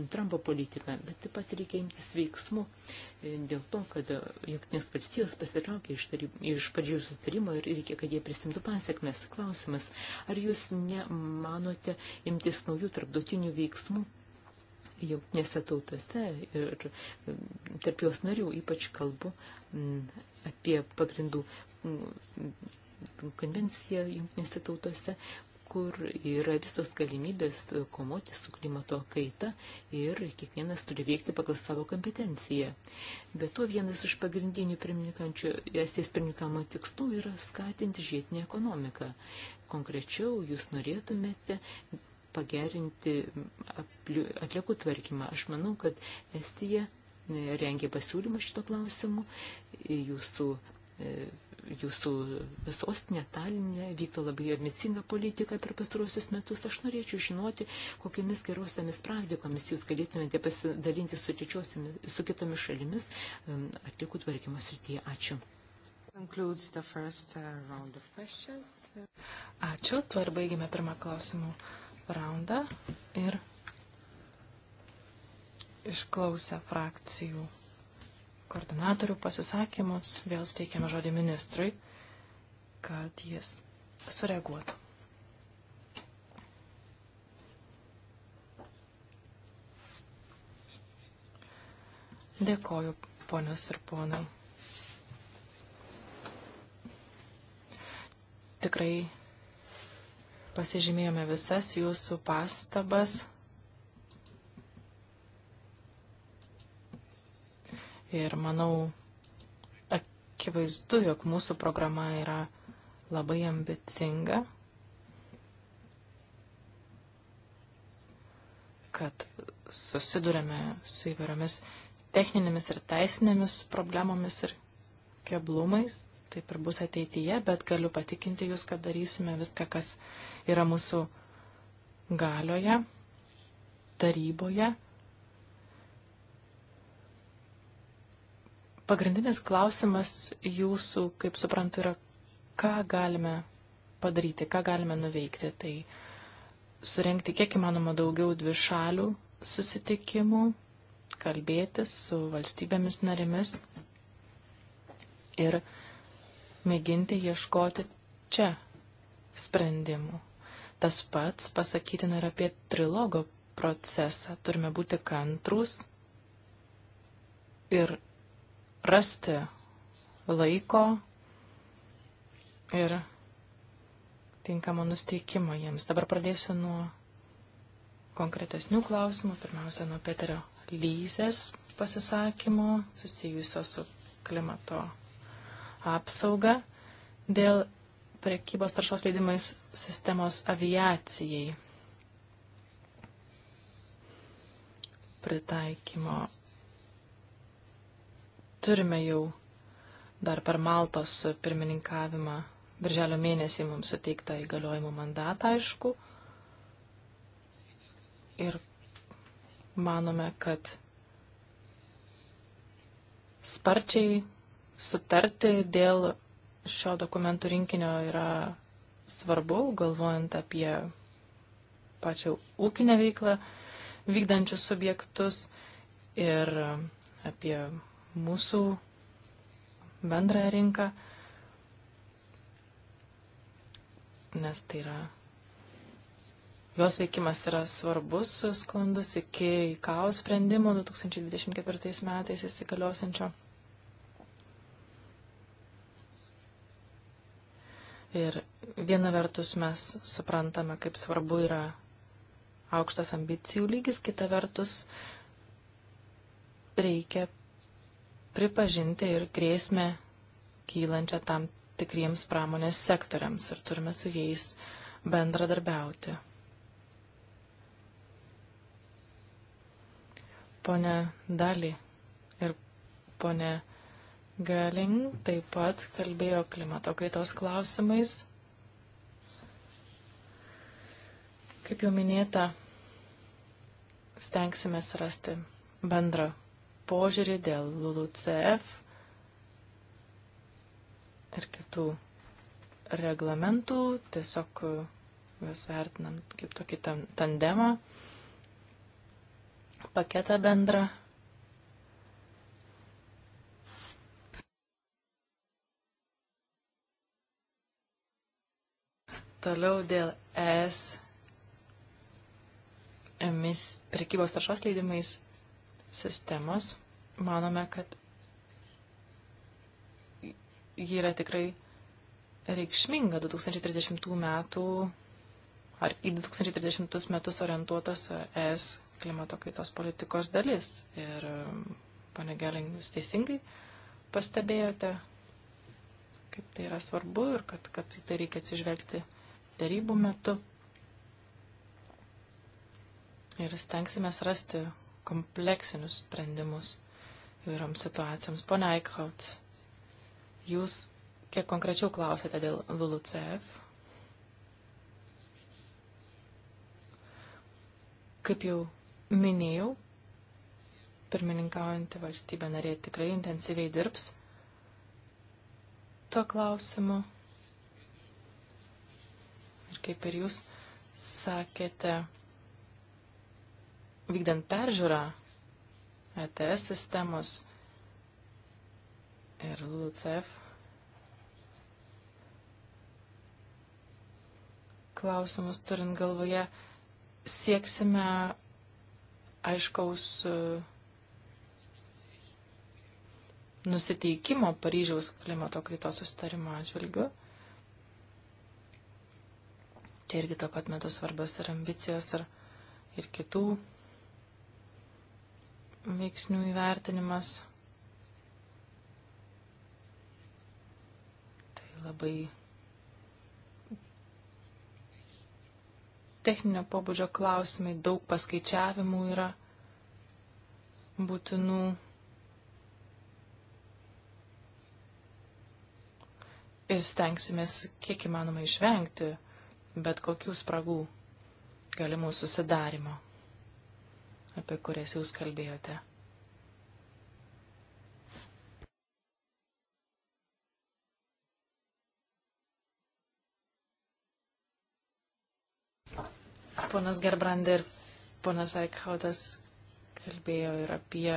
Trumpo politiką, bet taip pat reikia imtis veiksmų e, dėl to, kad e, jungtinės valstijos pasitraukė iš, tarib, iš Paryžiaus sutarimo ir reikia, kad jie prisimtų pasiekmes. Klausimas, ar jūs nemanote imtis naujų tarptautinių veiksmų jungtinėse tautose ir e, tarp jos narių, ypač kalbu apie pagrindų konvenciją jungtinėse tautose, kur yra visos galimybės komoti su klimato kaita ir kiekvienas turi veikti pagal savo kompetenciją. Be to, vienas iš pagrindinių pirmininkančių Estijos pirmininkamo tikslų yra skatinti žiedinę ekonomiką. Konkrečiau, jūs norėtumėte pagerinti atliekų tvarkymą. Aš manau, kad Estija e, rengia pasiūlymą šito klausimu. Jūsų e, jūsų sostinė Talinė vykdo labai ambicingą politiką per pastaruosius metus. Aš norėčiau žinoti, kokiamis geriausiamis praktikomis jūs galėtumėte pasidalinti su, su kitomis šalimis um, atlikų tvarkymo srityje. Ačiū. Uh, Ačiū, tuo ir baigėme pirmą klausimų raundą ir išklausę frakcijų koordinatorių pasisakymus, vėl steikiame žodį ministrui, kad jis sureaguotų. Dėkoju, ponios ir ponai. Tikrai pasižymėjome visas jūsų pastabas Ir manau, akivaizdu, jog mūsų programa yra labai ambicinga, kad susidurėme su įvairiomis techninėmis ir teisinėmis problemomis ir keblumais, taip ir bus ateityje, bet galiu patikinti Jūs, kad darysime viską, kas yra mūsų galioje, taryboje Pagrindinis klausimas jūsų, kaip suprantu, yra, ką galime padaryti, ką galime nuveikti. Tai surenkti kiek įmanoma daugiau dvišalių susitikimų, kalbėtis su valstybėmis narėmis ir mėginti ieškoti čia sprendimų. Tas pats pasakytina ir apie trilogo procesą. Turime būti kantrus ir rasti laiko ir tinkamą nusteikimą jiems. Dabar pradėsiu nuo konkretesnių klausimų. Pirmiausia, nuo Peterio Lyzės pasisakymo susijusio su klimato apsauga dėl prekybos taršos leidimais sistemos aviacijai pritaikymo turime jau dar per Maltos pirmininkavimą Birželio mėnesį mums suteiktą įgaliojimų mandatą, aišku. Ir manome, kad sparčiai sutarti dėl šio dokumentų rinkinio yra svarbu, galvojant apie pačią ūkinę veiklą vykdančius subjektus ir apie mūsų bendrąją rinką, nes tai yra. Jos veikimas yra svarbus, sklandus iki IKAO sprendimo 2024 metais įsigaliosiančio. Ir viena vertus mes suprantame, kaip svarbu yra aukštas ambicijų lygis, kita vertus reikia pripažinti ir grėsmę kylančią tam tikriems pramonės sektoriams ir turime su jais bendradarbiauti. Pone Dali ir pone Galing taip pat kalbėjo klimato kaitos klausimais. Kaip jau minėta, stengsime rasti bendrą požiūrį dėl LULUCF ir kitų reglamentų, tiesiog juos vertinam kaip tokį tandemą, paketą bendrą. Toliau dėl ES emis prekybos taršos leidimais sistemos, manome, kad ji yra tikrai reikšminga 2030 metų ar į 2030 metus orientuotos ES klimato kaitos politikos dalis. Ir, um, pane Gelin, jūs teisingai pastebėjote, kaip tai yra svarbu ir kad, kad į tai reikia atsižvelgti darybų metu. Ir stengsime rasti kompleksinius sprendimus įvairioms situacijoms. Pone Eichhaut, jūs kiek konkrečiau klausėte dėl VLUCF. Kaip jau minėjau, pirmininkaujantį valstybę narė tikrai intensyviai dirbs tuo klausimu. Ir kaip ir jūs sakėte, vykdant peržiūrą ETS sistemos ir LUCF klausimus turint galvoje, sieksime aiškaus e, nusiteikimo Paryžiaus klimato kaitos sustarimo atžvilgiu. Čia irgi tuo pat metu svarbios ir ambicijos ir, ir kitų veiksnių įvertinimas. Tai labai techninio pobūdžio klausimai, daug paskaičiavimų yra būtinų. Ir stengsimės kiek įmanoma išvengti bet kokių spragų galimų susidarimo apie kurias jūs kalbėjote. Ponas Gerbrander ir ponas Eichhautas kalbėjo ir apie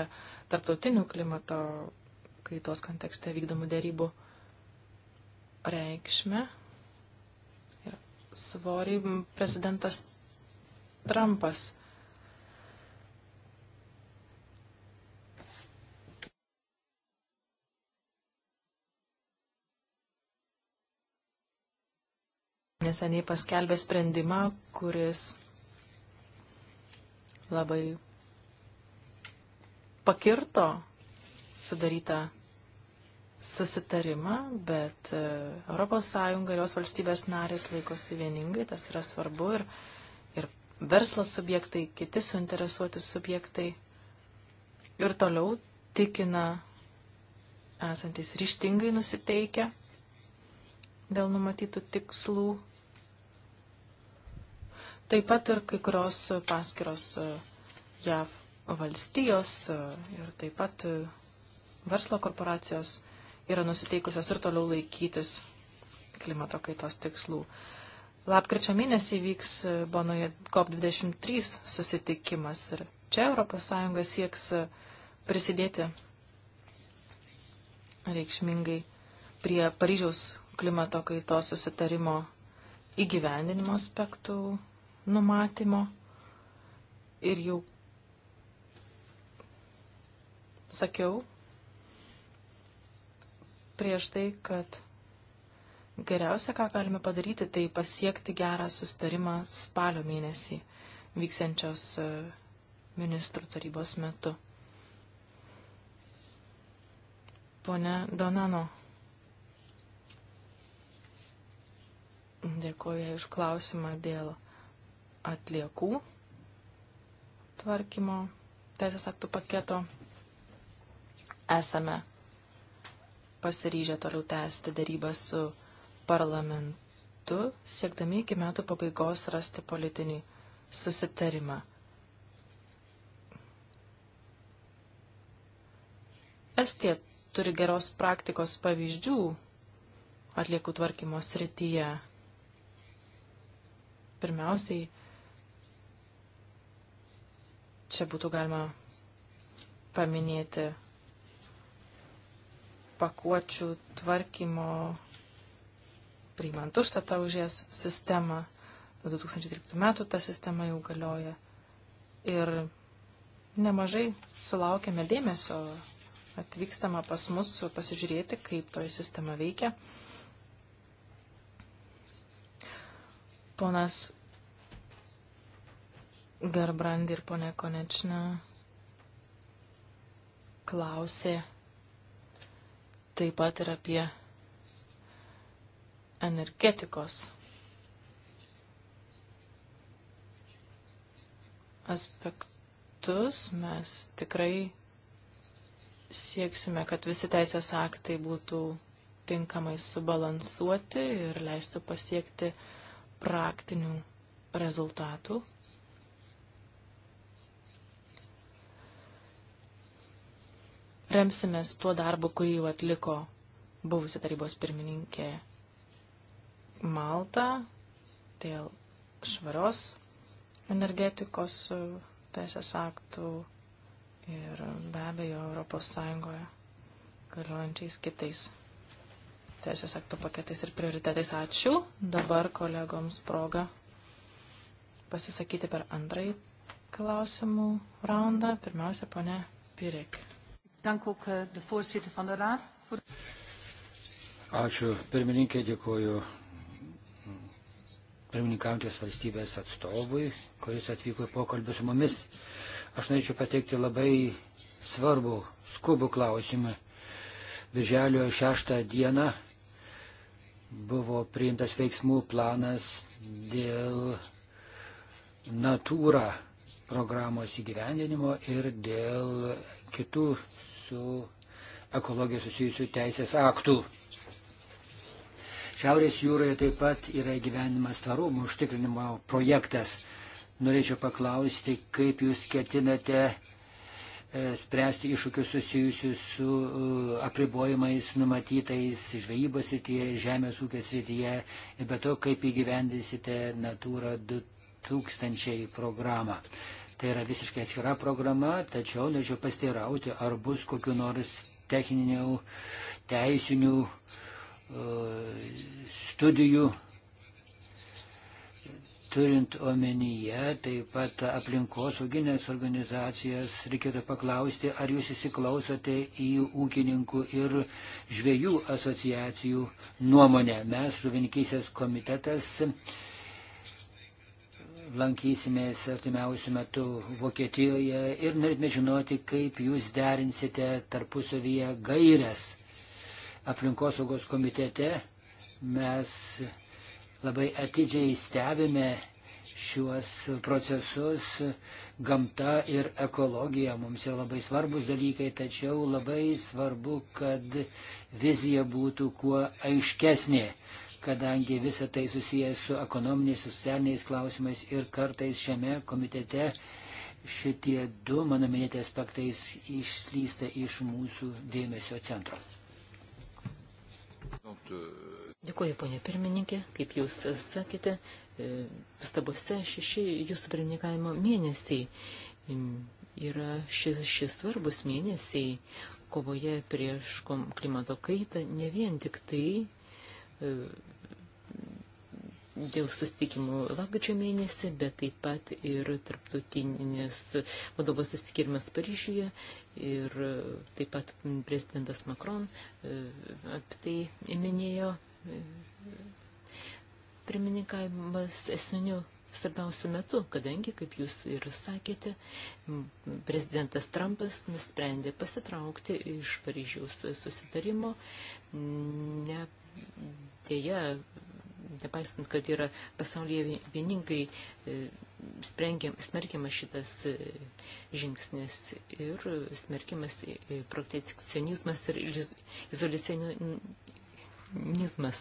tarptautinių klimato kaitos kontekste vykdomų dėrybų reikšmę ir svorį. Prezidentas Trumpas neseniai paskelbė sprendimą, kuris labai pakirto sudarytą susitarimą, bet ES ir jos valstybės narės laikosi vieningai, tas yra svarbu ir, ir verslo subjektai, kiti suinteresuoti subjektai ir toliau tikina esantis ryštingai nusiteikę dėl numatytų tikslų Taip pat ir kai kurios paskiros e, JAV valstijos e, ir taip pat e, verslo korporacijos yra nusiteikusios ir toliau laikytis klimato kaitos tikslų. Lapkričio mėnesį vyks Bonoje COP23 susitikimas ir čia ES sieks prisidėti reikšmingai prie Paryžiaus klimato kaitos susitarimo įgyvendinimo aspektų numatymo ir jau sakiau prieš tai, kad geriausia, ką galime padaryti, tai pasiekti gerą sustarimą spalio mėnesį vyksiančios e, ministrų tarybos metu. Pone Donano, dėkoju už klausimą dėl atliekų tvarkymo teisės aktų paketo esame pasiryžę toliau tęsti darybą su parlamentu, siekdami iki metų pabaigos rasti politinį susitarimą. Estija turi geros praktikos pavyzdžių atliekų tvarkymo srityje. Pirmiausiai Čia būtų galima paminėti pakuočių tvarkymo priimant užstatą už jas sistemą. 2013 metų ta sistema jau galioja. Ir nemažai sulaukėme dėmesio atvykstama pas mus pasižiūrėti, kaip toji sistema veikia. Ponas Gerbrand ir ponė Konečna klausė taip pat ir apie energetikos aspektus. Mes tikrai sieksime, kad visi teisės aktai būtų tinkamai subalansuoti ir leistų pasiekti praktinių rezultatų remsimės tuo darbu, kurį jau atliko buvusi tarybos pirmininkė Malta dėl švarios energetikos e, teisės aktų ir be abejo ES galiojančiais kitais teisės aktų paketais ir prioritetais. Ačiū. Dabar kolegoms proga pasisakyti per antrąjį klausimų raundą. Pirmiausia, ponė Pirek. Dank ook eh, de voorzitter van de raad. Voor... Ačiū pirmininkė, dėkoju pirmininkaujantis valstybės atstovui, kuris atvyko į pokalbį su mumis. Aš norėčiau pateikti labai svarbų, skubų klausimą. Birželio 6 dieną buvo priimtas veiksmų planas dėl natūra programos įgyvendinimo ir dėl kitų su ekologija susijusių teisės aktų. Šiaurės jūroje taip pat yra gyvenimas tvarumo užtikrinimo projektas. Norėčiau paklausti, kaip jūs ketinate e, spręsti iššūkius susijusius su e, apribojimais numatytais žvejybos srityje, žemės ūkio srityje ir be to, kaip įgyvendysite Natūra 2000 programą. Tai yra visiškai atskira programa, tačiau norėčiau pasteirauti, ar bus kokiu nors techninių, teisinių e, studijų, turint omenyje taip pat aplinkosauginės organizacijas, reikėtų paklausti, ar jūs įsiklausote į ūkininkų ir žvėjų asociacijų nuomonę. Mes, žuvininkysės komitetas, lankysimės artimiausių metų Vokietijoje ir norėtume žinoti, kaip jūs derinsite tarpusavyje gairias. Aplinkosaugos komitete mes labai atidžiai stebime šiuos procesus. Gamta ir ekologija mums yra labai svarbus dalykai, tačiau labai svarbu, kad vizija būtų kuo aiškesnė kadangi visa tai susijęs su ekonominiais, socialiniais klausimais ir kartais šiame komitete šitie du mano minėti aspektai išslysta iš mūsų dėmesio centro. Dėkuoju, ponė pirmininkė, kaip jūs sakėte, e, pastabose šeši jūsų pirmininkavimo mėnesiai yra šis, šis svarbus mėnesiai kovoje prieš klimato kaitą, ne vien tik tai e, dėl sustikimų lapkričio mėnesį, bet taip pat ir tarptautinis vadovas sustikimas Paryžiuje ir taip pat prezidentas Macron e, apie tai minėjo e, pirmininkavimas esminiu svarbiausiu metu, kadangi, kaip jūs ir sakėte, prezidentas Trumpas nusprendė pasitraukti iš Paryžiaus susitarimo, ne dėja nepaisant, kad yra pasaulyje vieningai e, smerkiamas šitas e, žingsnis ir smerkiamas e, protekcionizmas ir mechanizmas.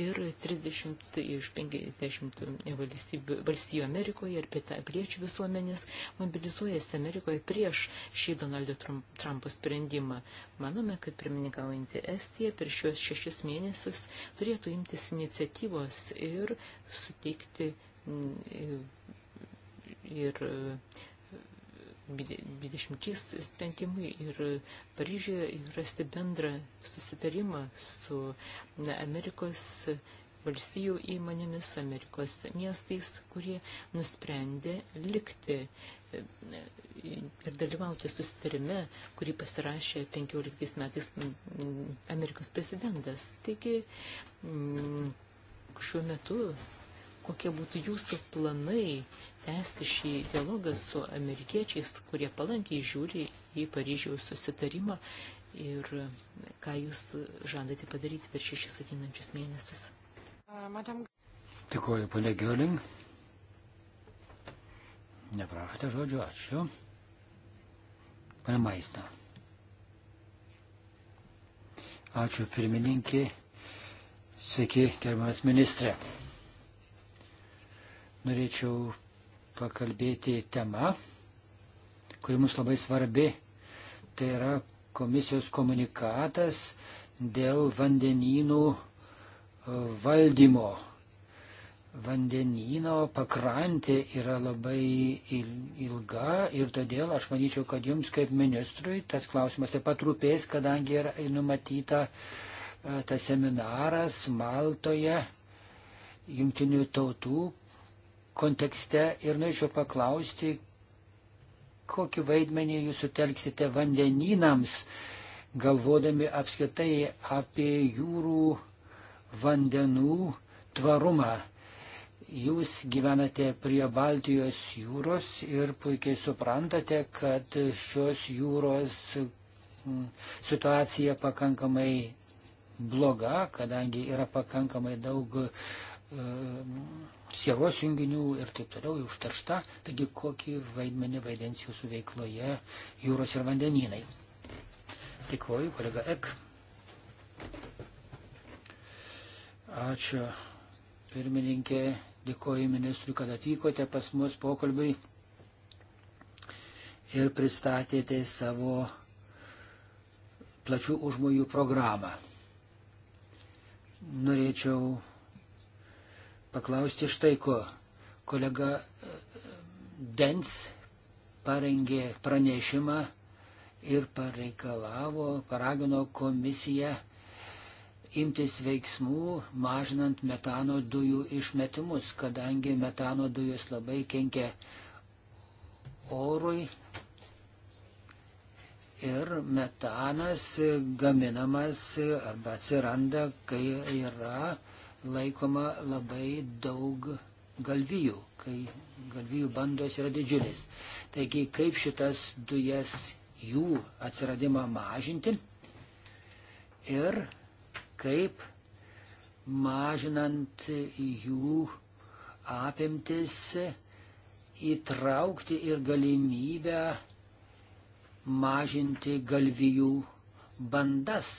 Ir 30 iš 50 valstybių, valstybių Amerikoje ir piliečių visuomenės mobilizuojasi Amerikoje prieš šį Donaldo Trumpo sprendimą. Manome, kad pirmininkaujantį Estiją per šios šešis mėnesius turėtų imtis iniciatyvos ir suteikti mm, ir 20 sprendimai ir Paryžiuje rasti bendrą susitarimą su Amerikos valstijų įmonėmis, su Amerikos miestais, kurie nusprendė likti ir dalyvauti susitarime, kurį pasirašė 15 metais Amerikos prezidentas. Taigi, mm, šiuo metu kokie būtų jūsų planai tęsti šį dialogą su amerikiečiais, kurie palankiai žiūri į Paryžiaus susitarimą ir ką jūs žandate padaryti per šešis ateinančius mėnesius. Matom. Tikuoju, ponė Giolin. Neprašote žodžio, ačiū. Pane Maista. Ačiū pirmininkė. Sveiki, gerbiamas ministrė. Norėčiau pakalbėti tema, kuri mums labai svarbi. Tai yra komisijos komunikatas dėl vandenynų e, valdymo. Vandenyno pakrantė yra labai ilga ir todėl aš manyčiau, kad jums kaip ministrui tas klausimas taip pat rūpės, kadangi yra numatyta e, tas seminaras Maltoje jungtinių tautų kontekste ir norėčiau paklausti, kokį vaidmenį jūs sutelksite vandenynams, galvodami apskritai apie jūrų vandenų tvarumą. Jūs gyvenate prie Baltijos jūros ir puikiai suprantate, kad šios jūros mm, situacija pakankamai bloga, kadangi yra pakankamai daug uh, sieros junginių ir taip toliau užteršta. Taigi kokį vaidmenį vaidins jūsų veikloje jūros ir vandenynai? Dėkuoju, kolega Ek. Ačiū, pirmininkė. Dėkuoju ministrui, kad atvykote pas mus pokalbiui ir pristatėte savo plačių užmojų programą. Norėčiau paklausti štai ko. Kolega e, Dens parengė pranešimą ir pareikalavo, paragino komisiją imtis veiksmų, mažinant metano dujų išmetimus, kadangi metano dujos labai kenkia orui. Ir metanas gaminamas arba atsiranda, kai yra uh, laikoma labai daug galvijų, kai galvijų bandos yra didžiulis. Taigi, kaip šitas dujas jų atsiradimą mažinti ir kaip mažinant jų apimtis įtraukti ir galimybę mažinti galvijų bandas.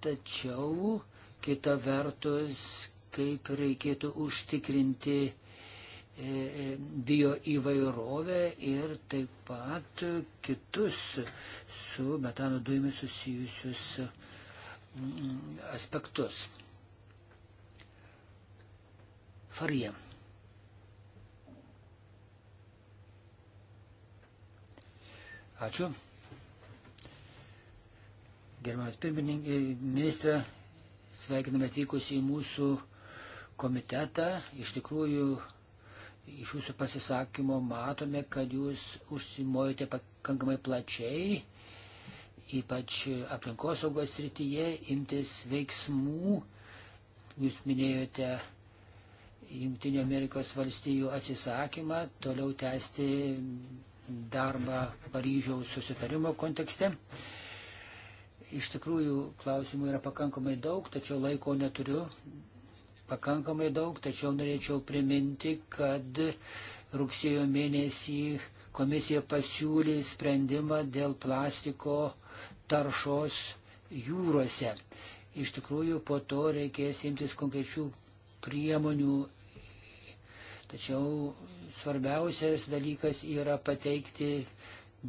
Tačiau kita vertus, kaip reikėtų užtikrinti e, e, bio įvairovę ir taip pat kitus su metano dujomis susijusius mm, aspektus. Farija. Ačiū. Gerbiamas pirmininkė, ministrė, Sveikiname atvykus į mūsų komitetą. Iš tikrųjų, iš jūsų pasisakymo matome, kad jūs užsimojate pakankamai plačiai, ypač aplinkosaugos srityje, imtis veiksmų. Jūs minėjote Junktinio Amerikos valstijų atsisakymą toliau tęsti darbą Paryžiaus susitarimo kontekste. Iš tikrųjų, klausimų yra pakankamai daug, tačiau laiko neturiu pakankamai daug, tačiau norėčiau priminti, kad rugsėjo mėnesį komisija pasiūlė sprendimą dėl plastiko taršos jūrose. Iš tikrųjų, po to reikės imtis konkrečių priemonių. Tačiau svarbiausias dalykas yra pateikti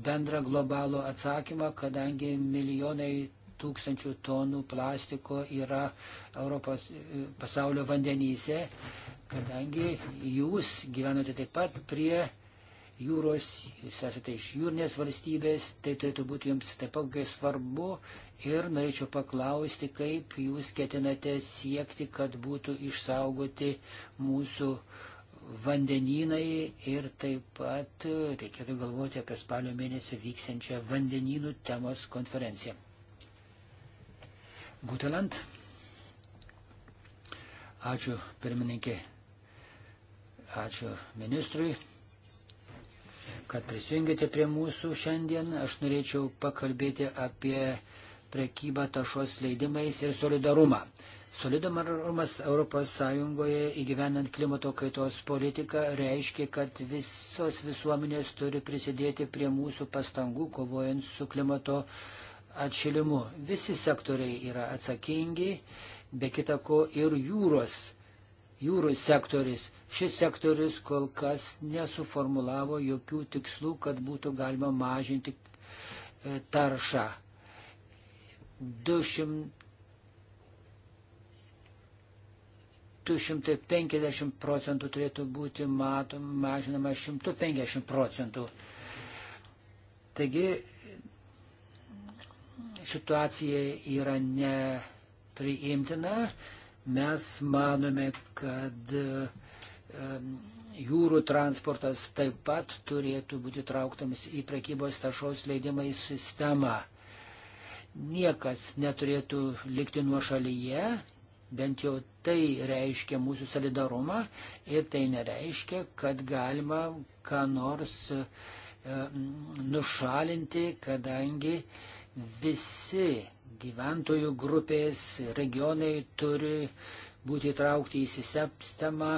bendrą globalų atsakymą, kadangi milijonai tūkstančių tonų plastiko yra Europos e, pasaulio vandenyse, kadangi jūs gyvenate taip pat prie jūros, jūs esate iš jūrinės valstybės, tai turėtų būti jums taip pat svarbu ir norėčiau paklausti, kaip jūs ketinate siekti, kad būtų išsaugoti mūsų uh, vandenynai ir taip pat reikėtų galvoti apie spalio mėnesį vyksiančią vandenynų temos konferenciją. Gutelant. Ačiū pirmininkė. Ačiū ministrui, kad prisijungėte prie mūsų šiandien. Aš norėčiau pakalbėti apie prekybą tašos leidimais ir solidarumą. Solidarumas ES įgyvenant klimato kaitos politiką reiškia, kad visos visuomenės turi prisidėti prie mūsų pastangų kovojant su klimato atšilimu. Visi sektoriai yra atsakingi, be kitako ir jūros, jūrų sektoris. Šis sektoris kol kas nesuformulavo jokių tikslų, kad būtų galima mažinti e, taršą. 200 250 procentų turėtų būti matom, mažinama 150 procentų. Taigi situacija yra nepriimtina. Mes manome, kad jūrų transportas taip pat turėtų būti trauktamas į prekybos taršos leidimai sistemą. Niekas neturėtų likti nuo šalyje, Bent jau tai reiškia mūsų solidarumą ir tai nereiškia, kad galima ką nors e, nušalinti, kadangi visi gyventojų grupės regionai turi būti įtraukti į sistemą,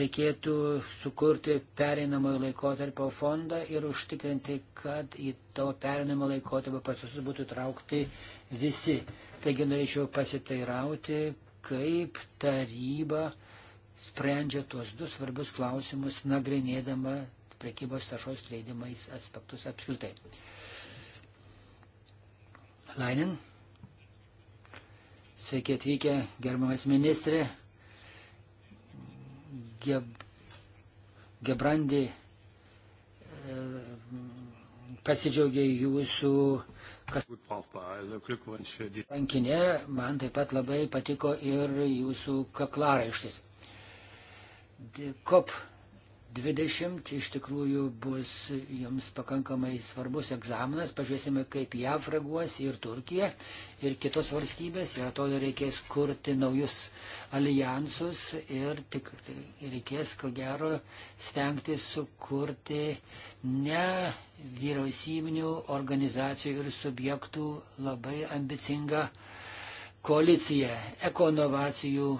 reikėtų sukurti pereinamojo laikotarpio fondą ir užtikrinti, kad į to pereinamo laikotarpio procesus būtų įtraukti visi. Taigi norėčiau pasiteirauti, kaip taryba sprendžia tuos du svarbius klausimus, nagrinėdama prekybos tašos leidimais aspektus apskritai. Lainin, sveiki atvykę, gerbamas ministrė, Ge, Gebrandi e, pasidžiaugė jūsų e, Kas... Rankinė man taip pat labai patiko ir jūsų kaklaraištis. COP 20 iš tikrųjų bus jums pakankamai svarbus egzaminas. Pažiūrėsime, kaip JAV reaguos ir Turkija ir kitos valstybės. Ir atrodo, reikės kurti naujus alijansus ir tik, reikės, ko gero, stengtis sukurti ne vyriausybinių organizacijų ir subjektų labai ambicingą koaliciją ekonovacijų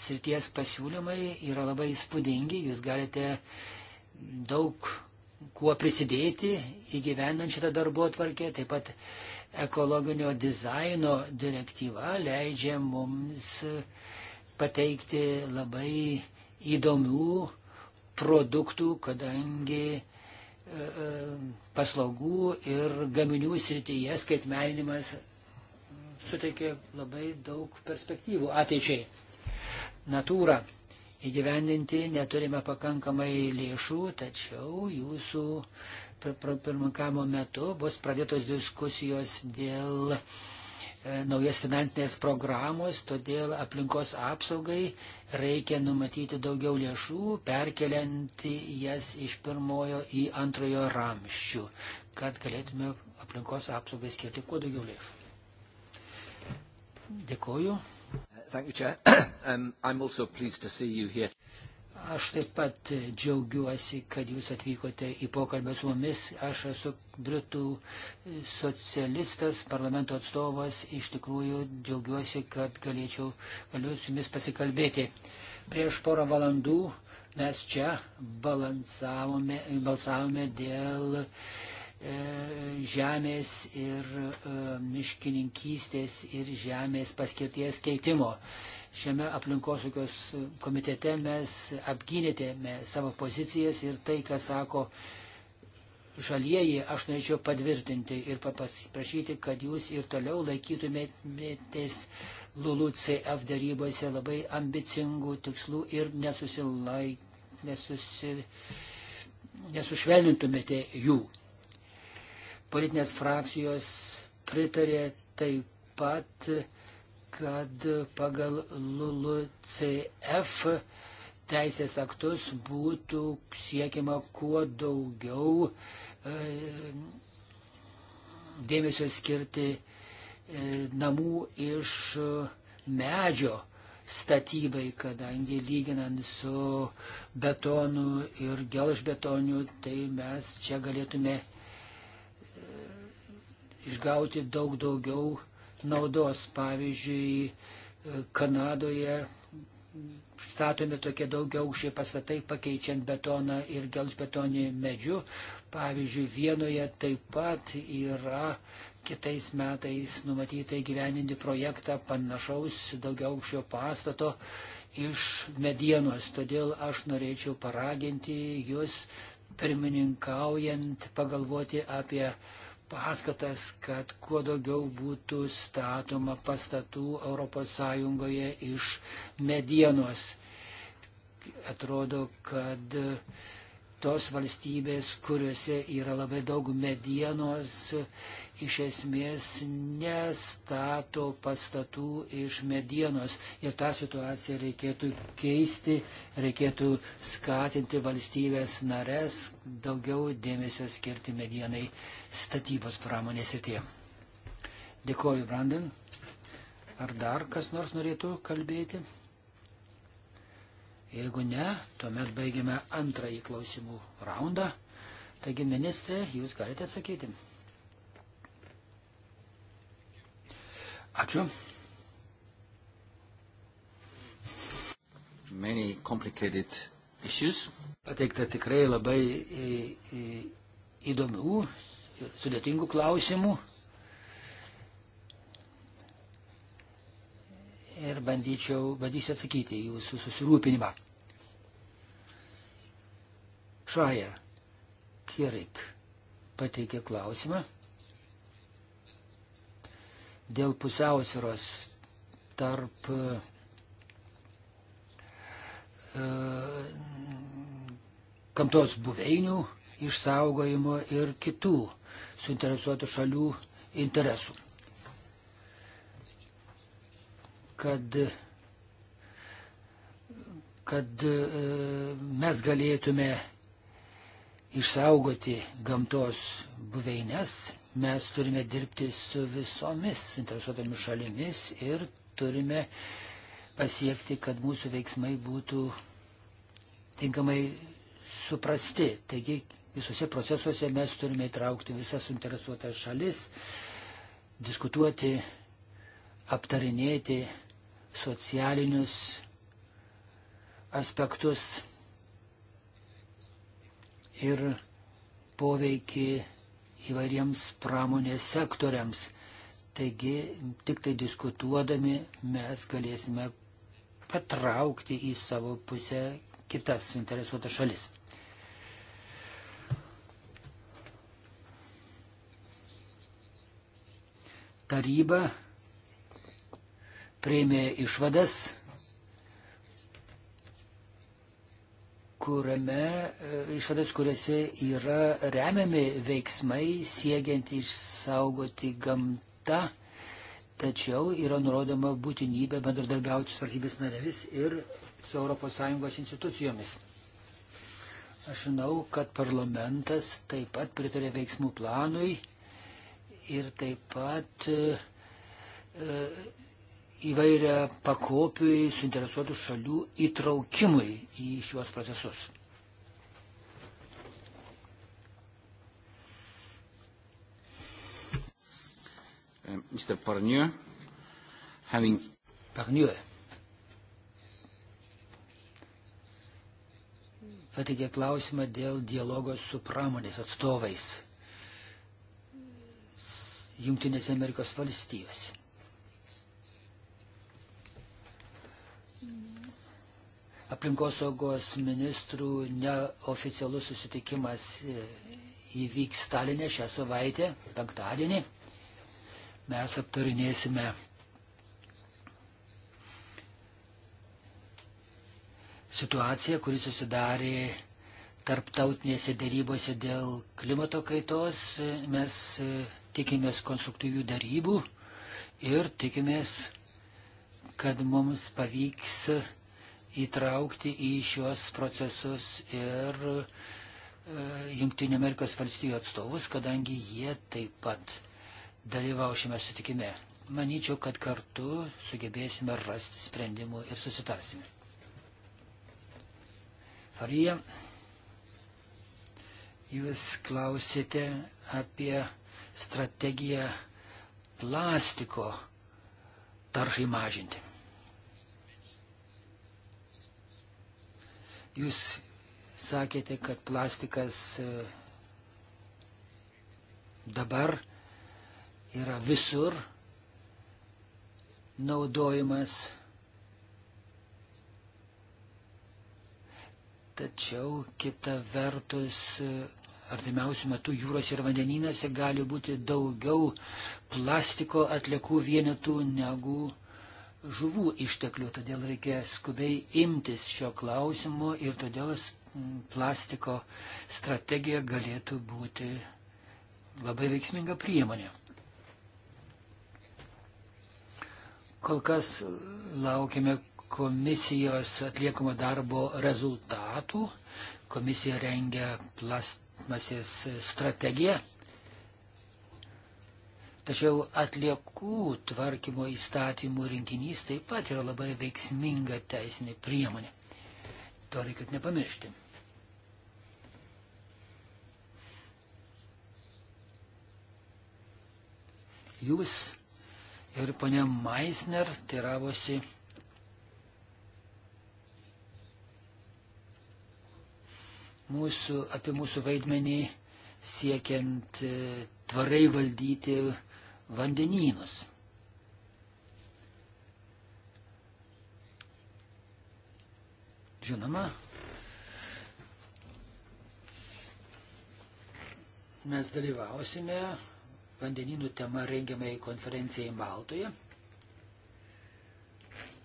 srities pasiūlymai yra labai įspūdingi, jūs galite daug kuo prisidėti įgyvendant šitą darbo atvarkę, taip pat ekologinio dizaino direktyva leidžia mums pateikti labai įdomių produktų, kadangi e, e, paslaugų ir gaminių srityje skaitmeninimas suteikia labai daug perspektyvų ateičiai natūrą įgyvendinti, neturime pakankamai lėšų, tačiau jūsų pirmininkamo metu bus pradėtos diskusijos dėl e, naujas finansinės programos, todėl aplinkos apsaugai reikia numatyti daugiau lėšų, perkeliant jas iš pirmojo į antrojo ramščių, kad galėtume aplinkos apsaugai skirti kuo daugiau lėšų. Dėkoju. Thank you, Chair. um, I'm also pleased to see you here. Aš taip pat džiaugiuosi, kad jūs atvykote į pokalbę su mumis. Aš esu Britų socialistas, parlamento atstovas. Iš tikrųjų džiaugiuosi, kad galėčiau, galiu su jumis pasikalbėti. Prieš porą valandų mes čia balansavome, balsavome dėl uh, E, žemės ir e, miškininkystės ir žemės paskirties keitimo. Šiame aplinkosaugos komitete mes apgynėtėme savo pozicijas ir tai, ką sako žalieji, aš norėčiau patvirtinti ir paprašyti, kad jūs ir toliau laikytumėtės LULUCF darybose labai ambicingų tikslų ir nesusilaik, nesusi, nesušvelnintumėte jų politinės frakcijos pritarė taip pat, kad pagal LULUCF teisės aktus būtų siekiama kuo daugiau e, dėmesio skirti e, namų iš medžio statybai, kadangi lyginant su betonu ir gelžbetoniu, tai mes čia galėtume išgauti daug daugiau naudos. Pavyzdžiui, Kanadoje statomi tokie daugiaaukščiai pastatai, pakeičiant betoną ir gelsbetonį medžių. Pavyzdžiui, Vienoje taip pat yra kitais metais numatyta įgyveninti projektą panašaus daugiaaukščio pastato iš medienos. Todėl aš norėčiau paraginti jūs pirmininkaujant pagalvoti apie uh, paskatas, kad kuo daugiau būtų statoma pastatų ES iš medienos. Atrodo, kad tos valstybės, kuriuose yra labai daug medienos, iš esmės nestato pastatų iš medienos. Ir tą situaciją reikėtų keisti, reikėtų skatinti valstybės nares daugiau dėmesio skirti medienai statybos pramonės srityje. Dėkoju, Brandon. Ar dar kas nors norėtų kalbėti? Jeigu ne, tuomet baigiame antrąjį klausimų raundą. Taigi, ministrė, jūs galite atsakyti. Ačiū. Many complicated issues. Pateikta tikrai labai e, e, įdomių sudėtingų klausimų. Ir bandyčiau, bandysiu atsakyti jūsų susirūpinimą. Šrajer Kirik pateikė klausimą dėl pusiausvėros tarp e, gamtos buveinių išsaugojimo ir kitų suinteresuotų šalių interesų. Kad, kad e, mes galėtume išsaugoti gamtos buveines, mes turime dirbti su visomis interesuotomis šalimis ir turime pasiekti, kad mūsų veiksmai būtų tinkamai suprasti. Taigi Visose procesuose mes turime įtraukti visas suinteresuotas šalis, diskutuoti, aptarinėti socialinius aspektus ir poveikį įvairiems pramonės sektoriams. Taigi tik tai diskutuodami mes galėsime patraukti į savo pusę kitas suinteresuotas šalis. taryba prieimė išvadas, kuriame, e, išvadas, kuriuose yra remiami veiksmai siekiant išsaugoti gamtą, tačiau yra nurodoma būtinybė bendradarbiauti su valstybės narėmis ir su ES institucijomis. Aš žinau, kad parlamentas taip pat pritarė veiksmų planui ir taip pat e, e, įvairia pakopiui suinteresuotų šalių įtraukimui į šiuos procesus. E, Mr. Parnieu, having... Parnieu. Pateikė klausimą dėl dialogo su pramonės atstovais. Junktinėse Amerikos valstijose. Aplinkosaugos ministrų neoficialus susitikimas e, įvyks Stalinė šią savaitę, penktadienį. Mes aptarinėsime situaciją, kuri susidarė tarptautinėse dėrybose dėl klimato kaitos. Mes e, tikimės konstruktyvių darybų ir tikimės, kad mums pavyks įtraukti į šios procesus ir e, Junktinė Amerikos valstijų atstovus, kadangi jie taip pat dalyvau šiame sutikime. Manyčiau, kad kartu sugebėsime rasti sprendimų ir susitarsime. Farija, jūs klausėte apie strategiją plastiko taršai mažinti. Jūs sakėte, kad plastikas e, dabar yra visur naudojimas, tačiau kita vertus e, artimiausių metų jūros ir vandenynose gali būti daugiau plastiko atliekų vienetų negu žuvų išteklių. Todėl reikia skubiai imtis šio klausimo ir todėl plastiko strategija galėtų būti labai veiksminga priemonė. Kol kas laukime komisijos atliekamo darbo rezultatų. Komisija rengia plast, masis strategija. Tačiau atliekų tvarkymo įstatymų rinkinys taip pat yra labai veiksminga teisinė priemonė. To reikėtų nepamiršti. Jūs ir ponia Maisner teravosi mūsų, apie mūsų vaidmenį siekiant e, tvarai valdyti vandenynus. Žinoma, mes dalyvausime vandeninų tema rengiamai konferencijai Maltoje.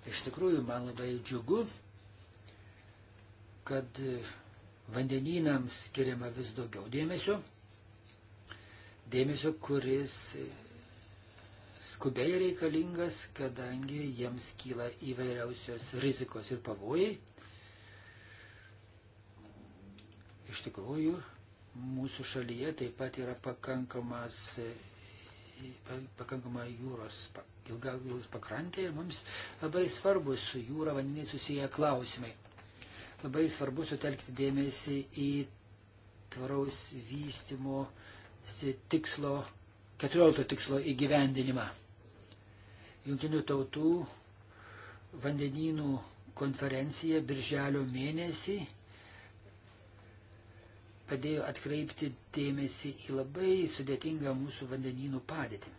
Iš tikrųjų, man labai džiugu, kad vandenynams skiriama vis daugiau dėmesio, dėmesio, kuris skubiai reikalingas, kadangi jiems kyla įvairiausios rizikos ir pavojai. Iš tikrųjų, mūsų šalyje taip pat yra pakankamas, pakankama jūros, ilga jūros pakrantė ir mums labai svarbus su jūra vandeniai susiję klausimai. Labai svarbu sutelkti dėmesį į tvaraus vystimo tikslo, 14 tikslo įgyvendinimą. Junktinių tautų vandenynų konferencija birželio mėnesį padėjo atkreipti dėmesį į labai sudėtingą mūsų vandenynų padėtį.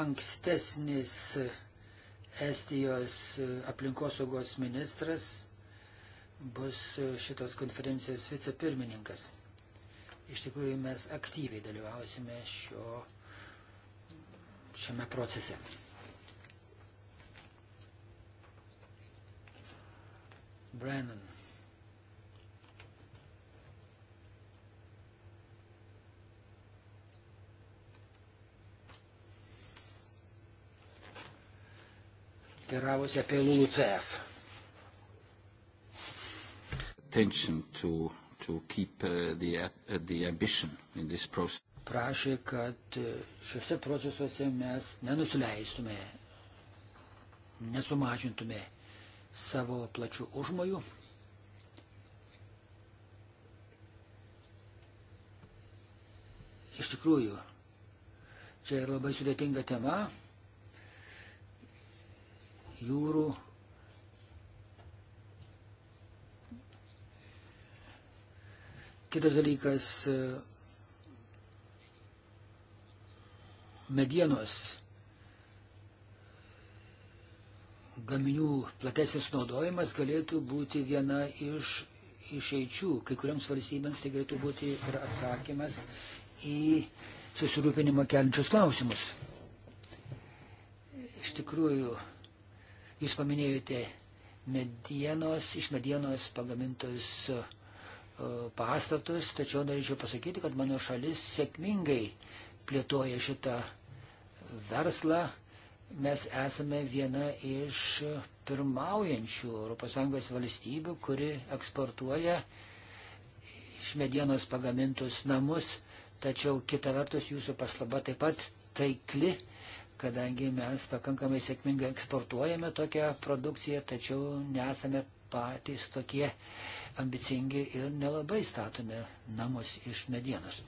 ankstesnis Estijos aplinkosaugos ministras bus šitos konferencijos vicepirmininkas. Iš tikrųjų, mes aktyviai dalyvausime šio, šiame procese. Brennan. teravosi apie LULUCF. To, to keep, uh, the, uh, the ambition in this process prašė, kad uh, šiuose procesuose mes nenusileistume, nesumažintume savo plačių užmojų. Iš tikrųjų, čia yra labai sudėtinga tema jūrų. Kitas dalykas - medienos gaminių platesnis naudojimas galėtų būti viena iš išeičių. Kai kuriams valstybėms tai galėtų būti ir atsakymas į susirūpinimą keliančius klausimus. Iš tikrųjų, Jūs paminėjote medienos, iš medienos pagamintus e, pastatus, tačiau norėčiau pasakyti, kad mano šalis sėkmingai plėtoja šitą verslą. Mes esame viena iš pirmaujančių ES valstybių, kuri eksportuoja iš medienos pagamintus namus, tačiau kita vertus jūsų paslaba taip pat taikli kadangi mes pakankamai sėkmingai eksportuojame tokią produkciją, tačiau nesame patys tokie ambicingi ir nelabai statome namus iš medienos.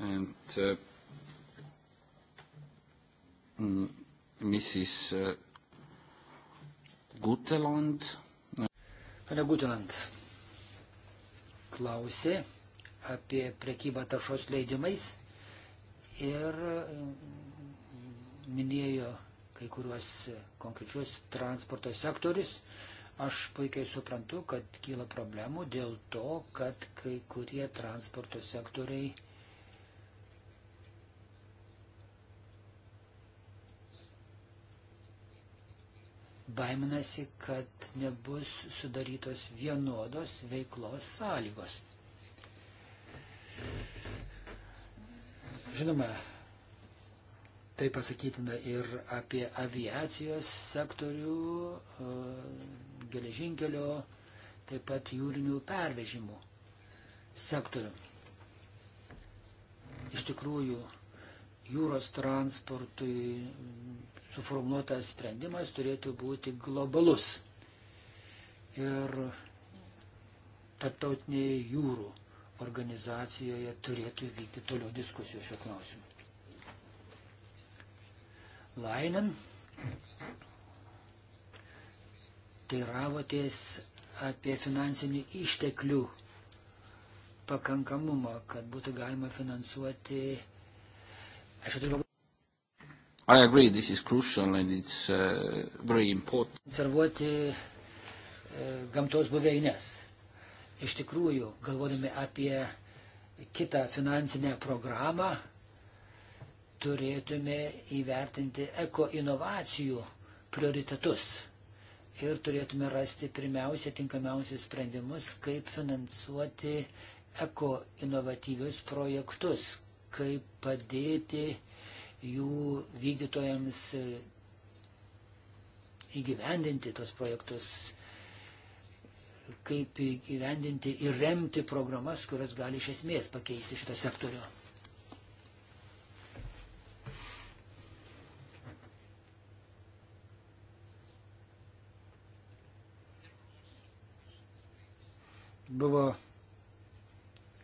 And uh, Mrs. Mm, uh, Guteland Pane Gutiland klausė apie prekybą taršos leidimais ir mm, minėjo kai kuriuos konkrečius transporto sektorius. Aš puikiai suprantu, kad kyla problemų dėl to, kad kai kurie transporto sektoriai baiminasi, kad nebus sudarytos vienodos veiklos sąlygos. Žinoma, tai pasakytina ir apie aviacijos sektorių, e, geležinkelio, taip pat jūrinių pervežimų sektorių. Iš tikrųjų, jūros transportui, suformuotas sprendimas turėtų būti globalus. Ir tarptautinėje jūrų organizacijoje turėtų vykti toliau diskusijos šio klausimu. Lainen teiravotės apie finansinių išteklių pakankamumą, kad būtų galima finansuoti. Aš turiu galvoje. I agree, this is crucial and it's uh, very important. Konservuoti e, gamtos buveinės. Iš tikrųjų, galvodami apie kitą finansinę programą, turėtume įvertinti ekoinovacijų prioritetus ir turėtume rasti pirmiausia tinkamiausius sprendimus, kaip finansuoti ekoinovatyvius projektus, kaip padėti jų vykdytojams e, įgyvendinti tos projektus, kaip įgyvendinti ir remti programas, kurios gali iš esmės pakeisti šitą sektorių. Buvo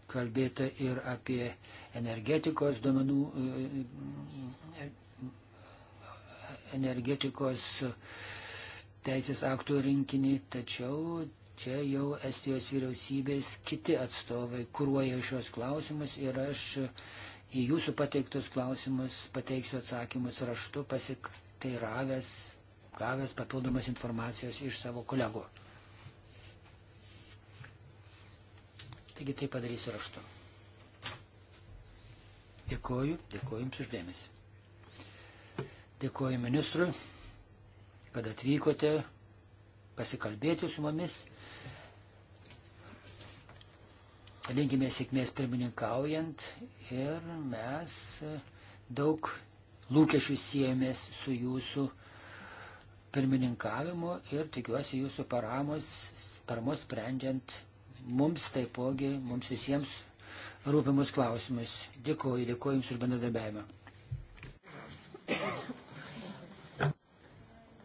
kalbėta ir apie energetikos duomenų, energetikos teisės aktų rinkinį, tačiau čia jau Estijos vyriausybės kiti atstovai kūruoja šios klausimus ir aš į jūsų pateiktus klausimus pateiksiu atsakymus raštu pasikteiravęs, gavęs papildomas informacijos iš savo kolegų. Taigi tai padarysiu raštu. Dėkoju, dėkoju Jums uždėmesi. Dėkoju ministrui, kad atvykote pasikalbėti su mumis. Linkime sėkmės pirmininkaujant ir mes daug lūkesčių siejomės su jūsų pirmininkavimu ir tikiuosi jūsų paramos, paramos sprendžiant mums taipogi, mums visiems rūpimus klausimus. Dėkuoju, dėkuoju Jums už bendradarbiavimą.